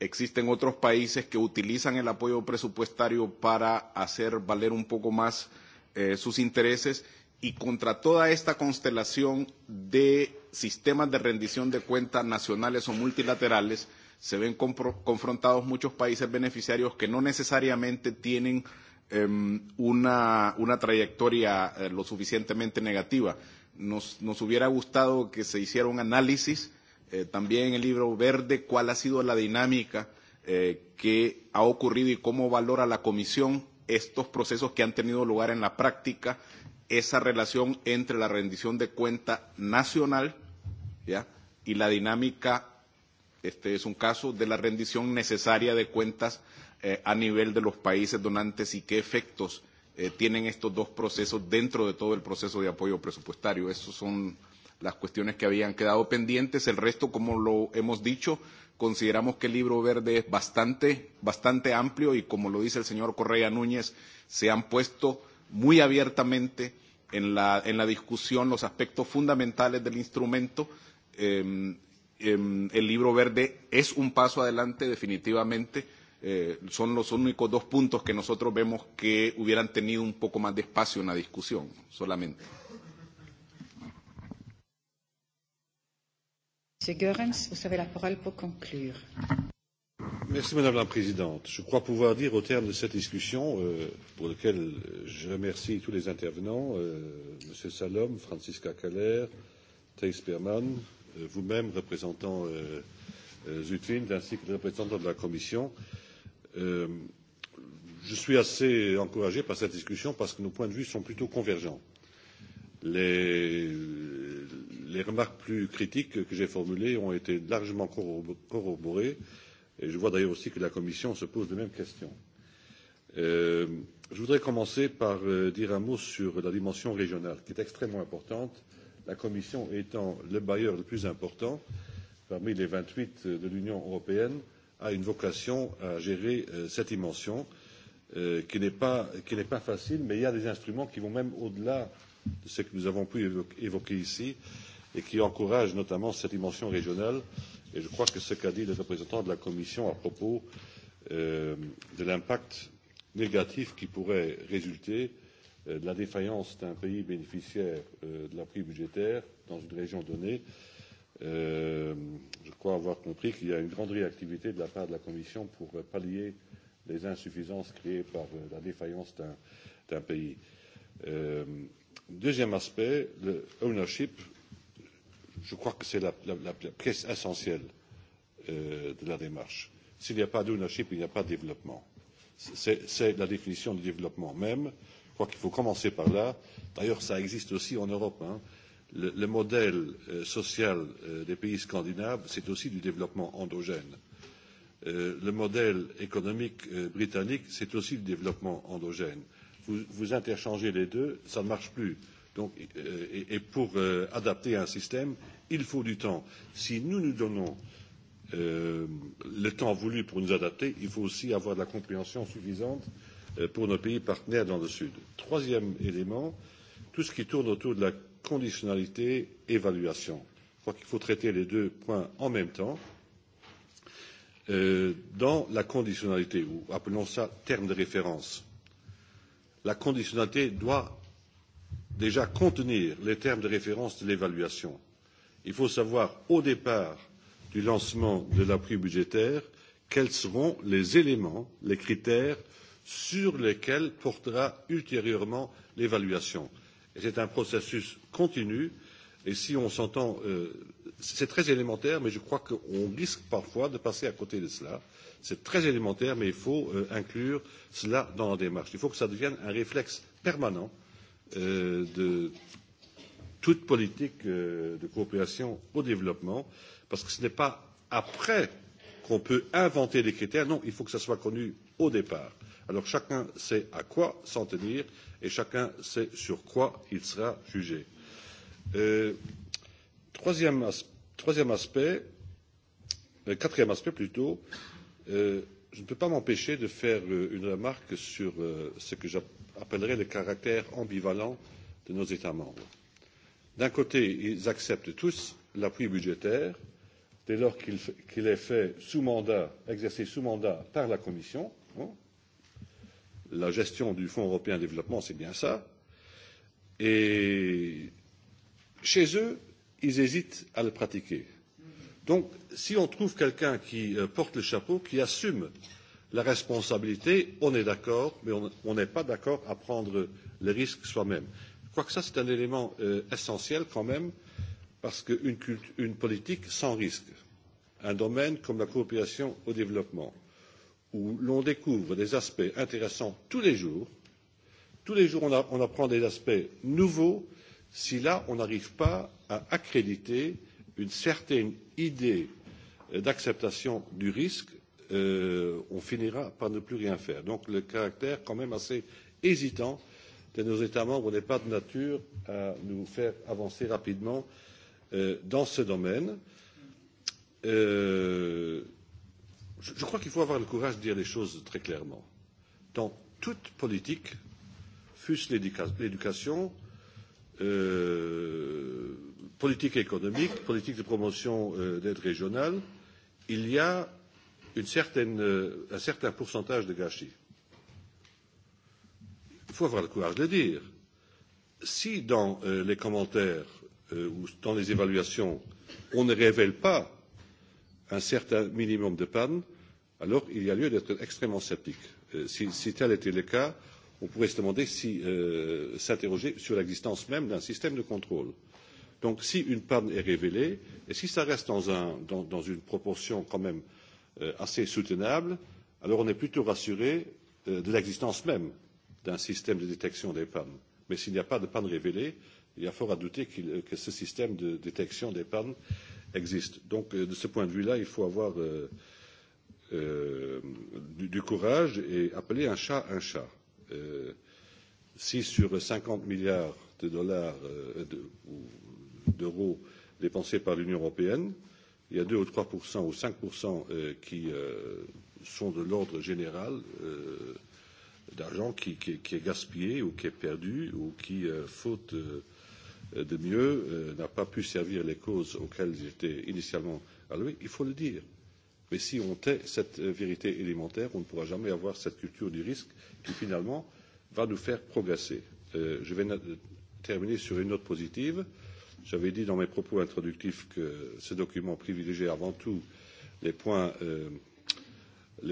Existen otros países que utilizan el apoyo presupuestario para hacer valer un poco más eh, sus intereses y contra toda esta constelación de sistemas de rendición de cuentas nacionales o multilaterales se ven confrontados muchos países beneficiarios que no necesariamente tienen eh, una, una trayectoria eh, lo suficientemente negativa. Nos, nos hubiera gustado que se hiciera un análisis eh, también en el libro verde cuál ha sido la dinámica eh, que ha ocurrido y cómo valora la Comisión estos procesos que han tenido lugar en la práctica, esa relación entre la rendición de cuenta nacional ¿ya? y la dinámica, este es un caso, de la rendición necesaria de cuentas eh, a nivel de los países donantes y qué efectos eh, tienen estos dos procesos dentro de todo el proceso de apoyo presupuestario. Esas son las cuestiones que habían quedado pendientes. El resto, como lo hemos dicho, Consideramos que el libro verde es bastante, bastante amplio y, como lo dice el señor Correa Núñez, se han puesto muy abiertamente en la, en la discusión los aspectos fundamentales del instrumento. Eh, eh, el libro verde es un paso adelante, definitivamente. Eh, son los únicos dos puntos que nosotros vemos que hubieran tenido un poco más de espacio en la discusión solamente. Monsieur Goerens, vous avez la parole pour conclure. Merci Madame la Présidente. Je crois pouvoir dire au terme de cette discussion, euh, pour laquelle je remercie tous les intervenants, euh, Monsieur Salom, Francisca Keller, Thijs Berman, euh, vous-même, représentant euh, euh Zutwind, ainsi que le représentant de la Commission. Euh, je suis assez encouragé par cette discussion parce que nos points de vue sont plutôt convergents. Les, les remarques plus critiques que j'ai formulées ont été largement corroborées et je vois d'ailleurs aussi que la Commission se pose les mêmes questions. Euh, je voudrais commencer par euh, dire un mot sur la dimension régionale, qui est extrêmement importante, la Commission étant le bailleur le plus important parmi les vingt huit euh, de l'Union européenne, a une vocation à gérer euh, cette dimension, euh, qui n'est pas, pas facile, mais il y a des instruments qui vont même au delà de ce que nous avons pu évoquer ici et qui encourage notamment cette dimension régionale. Et je crois que ce qu'a dit le représentant de la Commission à propos euh, de l'impact négatif qui pourrait résulter euh, de la défaillance d'un pays bénéficiaire euh, de l'appui budgétaire dans une région donnée, euh, je crois avoir compris qu'il y a une grande réactivité de la part de la Commission pour euh, pallier les insuffisances créées par euh, la défaillance d'un pays. Euh, deuxième aspect, le ownership je crois que c'est la, la, la pièce essentielle euh, de la démarche. S'il n'y a pas d'ownership, il n'y a pas de développement. C'est la définition du développement même. Je crois qu'il faut commencer par là. D'ailleurs, ça existe aussi en Europe. Hein. Le, le modèle euh, social euh, des pays scandinaves, c'est aussi du développement endogène. Euh, le modèle économique euh, britannique, c'est aussi du développement endogène. Vous, vous interchangez les deux, ça ne marche plus. Donc, euh, et, et pour euh, adapter un système, Il faut du temps. Si nous nous donnons euh, le temps voulu pour nous adapter, il faut aussi avoir de la compréhension suffisante euh, pour nos pays partenaires dans le Sud. Troisième élément, tout ce qui tourne autour de la conditionnalité, évaluation. Je crois qu'il faut traiter les deux points en même temps. Euh, dans la conditionnalité, ou appelons ça terme de référence, la conditionnalité doit déjà contenir les termes de référence de l'évaluation. Il faut savoir au départ du lancement de l'appui budgétaire quels seront les éléments, les critères sur lesquels portera ultérieurement l'évaluation. C'est un processus continu et si on s'entend, euh, c'est très élémentaire, mais je crois qu'on risque parfois de passer à côté de cela. C'est très élémentaire, mais il faut euh, inclure cela dans la démarche. Il faut que ça devienne un réflexe permanent euh, de toute politique euh, de coopération au développement, parce que ce n'est pas après qu'on peut inventer des critères, non, il faut que ça soit connu au départ. Alors chacun sait à quoi s'en tenir et chacun sait sur quoi il sera jugé. Euh, troisième, as troisième aspect, euh, quatrième aspect plutôt, euh, je ne peux pas m'empêcher de faire une remarque sur ce que j'appellerais le caractère ambivalent de nos États membres. D'un côté, ils acceptent tous l'appui budgétaire dès lors qu'il est fait sous mandat, exercé sous mandat par la Commission. La gestion du Fonds européen de développement, c'est bien ça. Et chez eux, ils hésitent à le pratiquer. Donc, si on trouve quelqu'un qui euh, porte le chapeau, qui assume la responsabilité, on est d'accord, mais on n'est pas d'accord à prendre le risque soi-même crois que ça, c'est un élément euh, essentiel quand même, parce qu'une une politique sans risque, un domaine comme la coopération au développement, où l'on découvre des aspects intéressants tous les jours, tous les jours on, a, on apprend des aspects nouveaux, si là on n'arrive pas à accréditer une certaine idée euh, d'acceptation du risque, euh, on finira par ne plus rien faire. Donc le caractère quand même assez hésitant de nos États membres n'est pas de nature à nous faire avancer rapidement euh, dans ce domaine. Euh, je, je crois qu'il faut avoir le courage de dire les choses très clairement. Dans toute politique, fût-ce l'éducation, euh, politique économique, politique de promotion euh, d'aide régionale, il y a une certaine, euh, un certain pourcentage de gâchis il faut avoir le courage de dire. Si dans euh, les commentaires euh, ou dans les évaluations, on ne révèle pas un certain minimum de panne, alors il y a lieu d'être extrêmement sceptique. Euh, si, si tel était le cas, on pourrait se demander si euh, s'interroger sur l'existence même d'un système de contrôle. Donc si une panne est révélée, et si ça reste dans, un, dans, dans une proportion quand même euh, assez soutenable, alors on est plutôt rassuré euh, de l'existence même d'un système de détection des pannes. Mais s'il n'y a pas de panne révélée, il y a fort à douter qu euh, que ce système de détection des pannes existe. Donc, euh, de ce point de vue-là, il faut avoir euh, euh, du, du courage et appeler un chat un chat. Euh, si sur 50 milliards de dollars euh, d'euros de, dépensés par l'Union européenne, il y a 2 ou 3 ou 5 euh, qui euh, sont de l'ordre général, euh, d'argent qui, qui, qui est gaspillé ou qui est perdu ou qui, euh, faute euh, de mieux, euh, n'a pas pu servir les causes auxquelles il était initialement alloué, il faut le dire. Mais si on tait cette euh, vérité élémentaire, on ne pourra jamais avoir cette culture du risque qui finalement va nous faire progresser. Euh, je vais terminer sur une note positive. J'avais dit dans mes propos introductifs que ce document privilégiait avant tout les points, euh,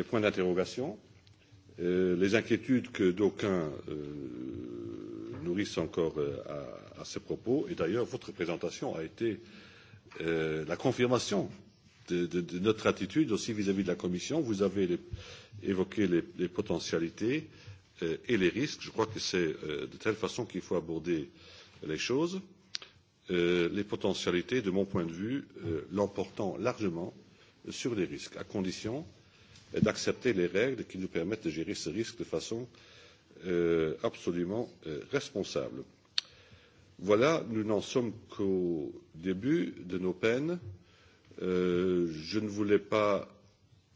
points d'interrogation, euh, Euh, les inquiétudes que d'aucuns euh, nourrissent encore euh, à, à ce propos. Et d'ailleurs, votre présentation a été euh, la confirmation de, de, de notre attitude aussi vis-à-vis -vis de la Commission. Vous avez les, évoqué les, les potentialités euh, et les risques. Je crois que c'est euh, de telle façon qu'il faut aborder les choses. Euh, les potentialités, de mon point de vue, euh, l'emportant largement sur les risques, à condition euh, et d'accepter les règles qui nous permettent de gérer ce risque de façon euh, absolument euh, responsable. Voilà, nous n'en sommes qu'au début de nos peines. Euh, je ne voulais pas,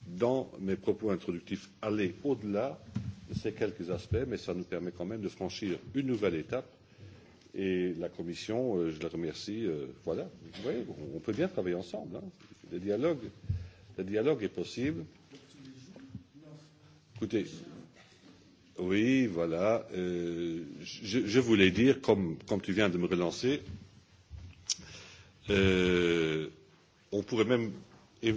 dans mes propos introductifs, aller au-delà de ces quelques aspects, mais ça nous permet quand même de franchir une nouvelle étape. Et la Commission, euh, je la remercie. Euh, voilà, voyez, on peut bien travailler ensemble. Hein. Le dialogue, le dialogue est possible Écoutez, oui, voilà. Euh, je, je voulais dire, comme, comme tu viens de me relancer, euh, on pourrait même euh,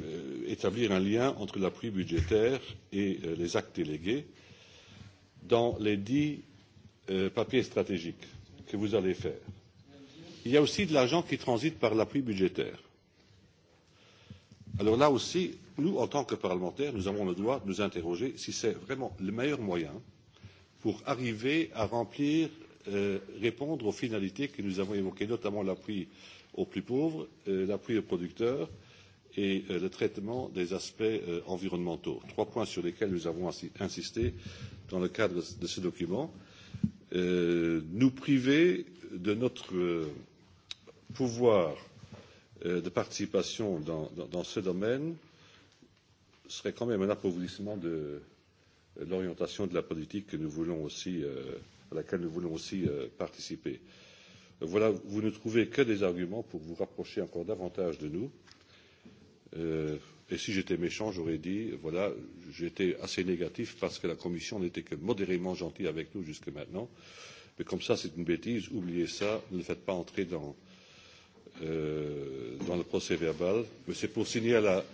établir un lien entre l'appui budgétaire et euh, les actes délégués dans les dix euh, papiers stratégiques que vous allez faire. Il y a aussi de l'argent qui transite par l'appui budgétaire. Alors là aussi, nous, en tant que parlementaires, nous avons le droit de nous interroger si c'est vraiment le meilleur moyen pour arriver à remplir, euh, répondre aux finalités que nous avons évoquées, notamment l'appui aux plus pauvres, euh, l'appui aux producteurs et euh, le traitement des aspects euh, environnementaux. Trois points sur lesquels nous avons insisté dans le cadre de ce document. Euh, nous priver de notre euh, pouvoir euh, de participation dans, dans, dans ce domaine euh, serait quand même un appauvrissement de l'orientation de la politique que nous voulons aussi, euh, à laquelle nous voulons aussi euh, participer. Voilà, vous ne trouvez que des arguments pour vous rapprocher encore davantage de nous. Euh, et si j'étais méchant, j'aurais dit, voilà, j'étais assez négatif parce que la Commission n'était que modérément gentille avec nous jusque maintenant. Mais comme ça, c'est une bêtise, oubliez ça, ne le faites pas entrer dans, euh, dans le procès verbal. Mais c'est pour signer à la,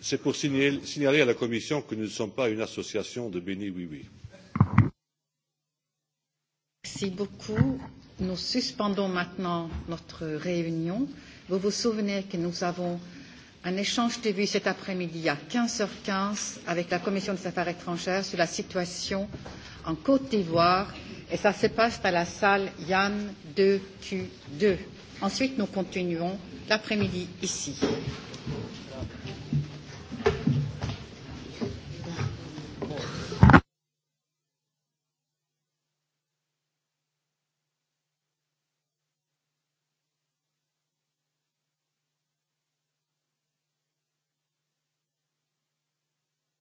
c'est pour signaler, à la commission que nous ne sommes pas une association de béni oui oui. Merci beaucoup. Nous suspendons maintenant notre réunion. Vous vous souvenez que nous avons un échange de vues cet après-midi à 15h15 avec la Commission des affaires étrangères sur la situation en Côte d'Ivoire et ça se passe à la salle Yann 2Q2. Ensuite, nous continuons l'après-midi ici.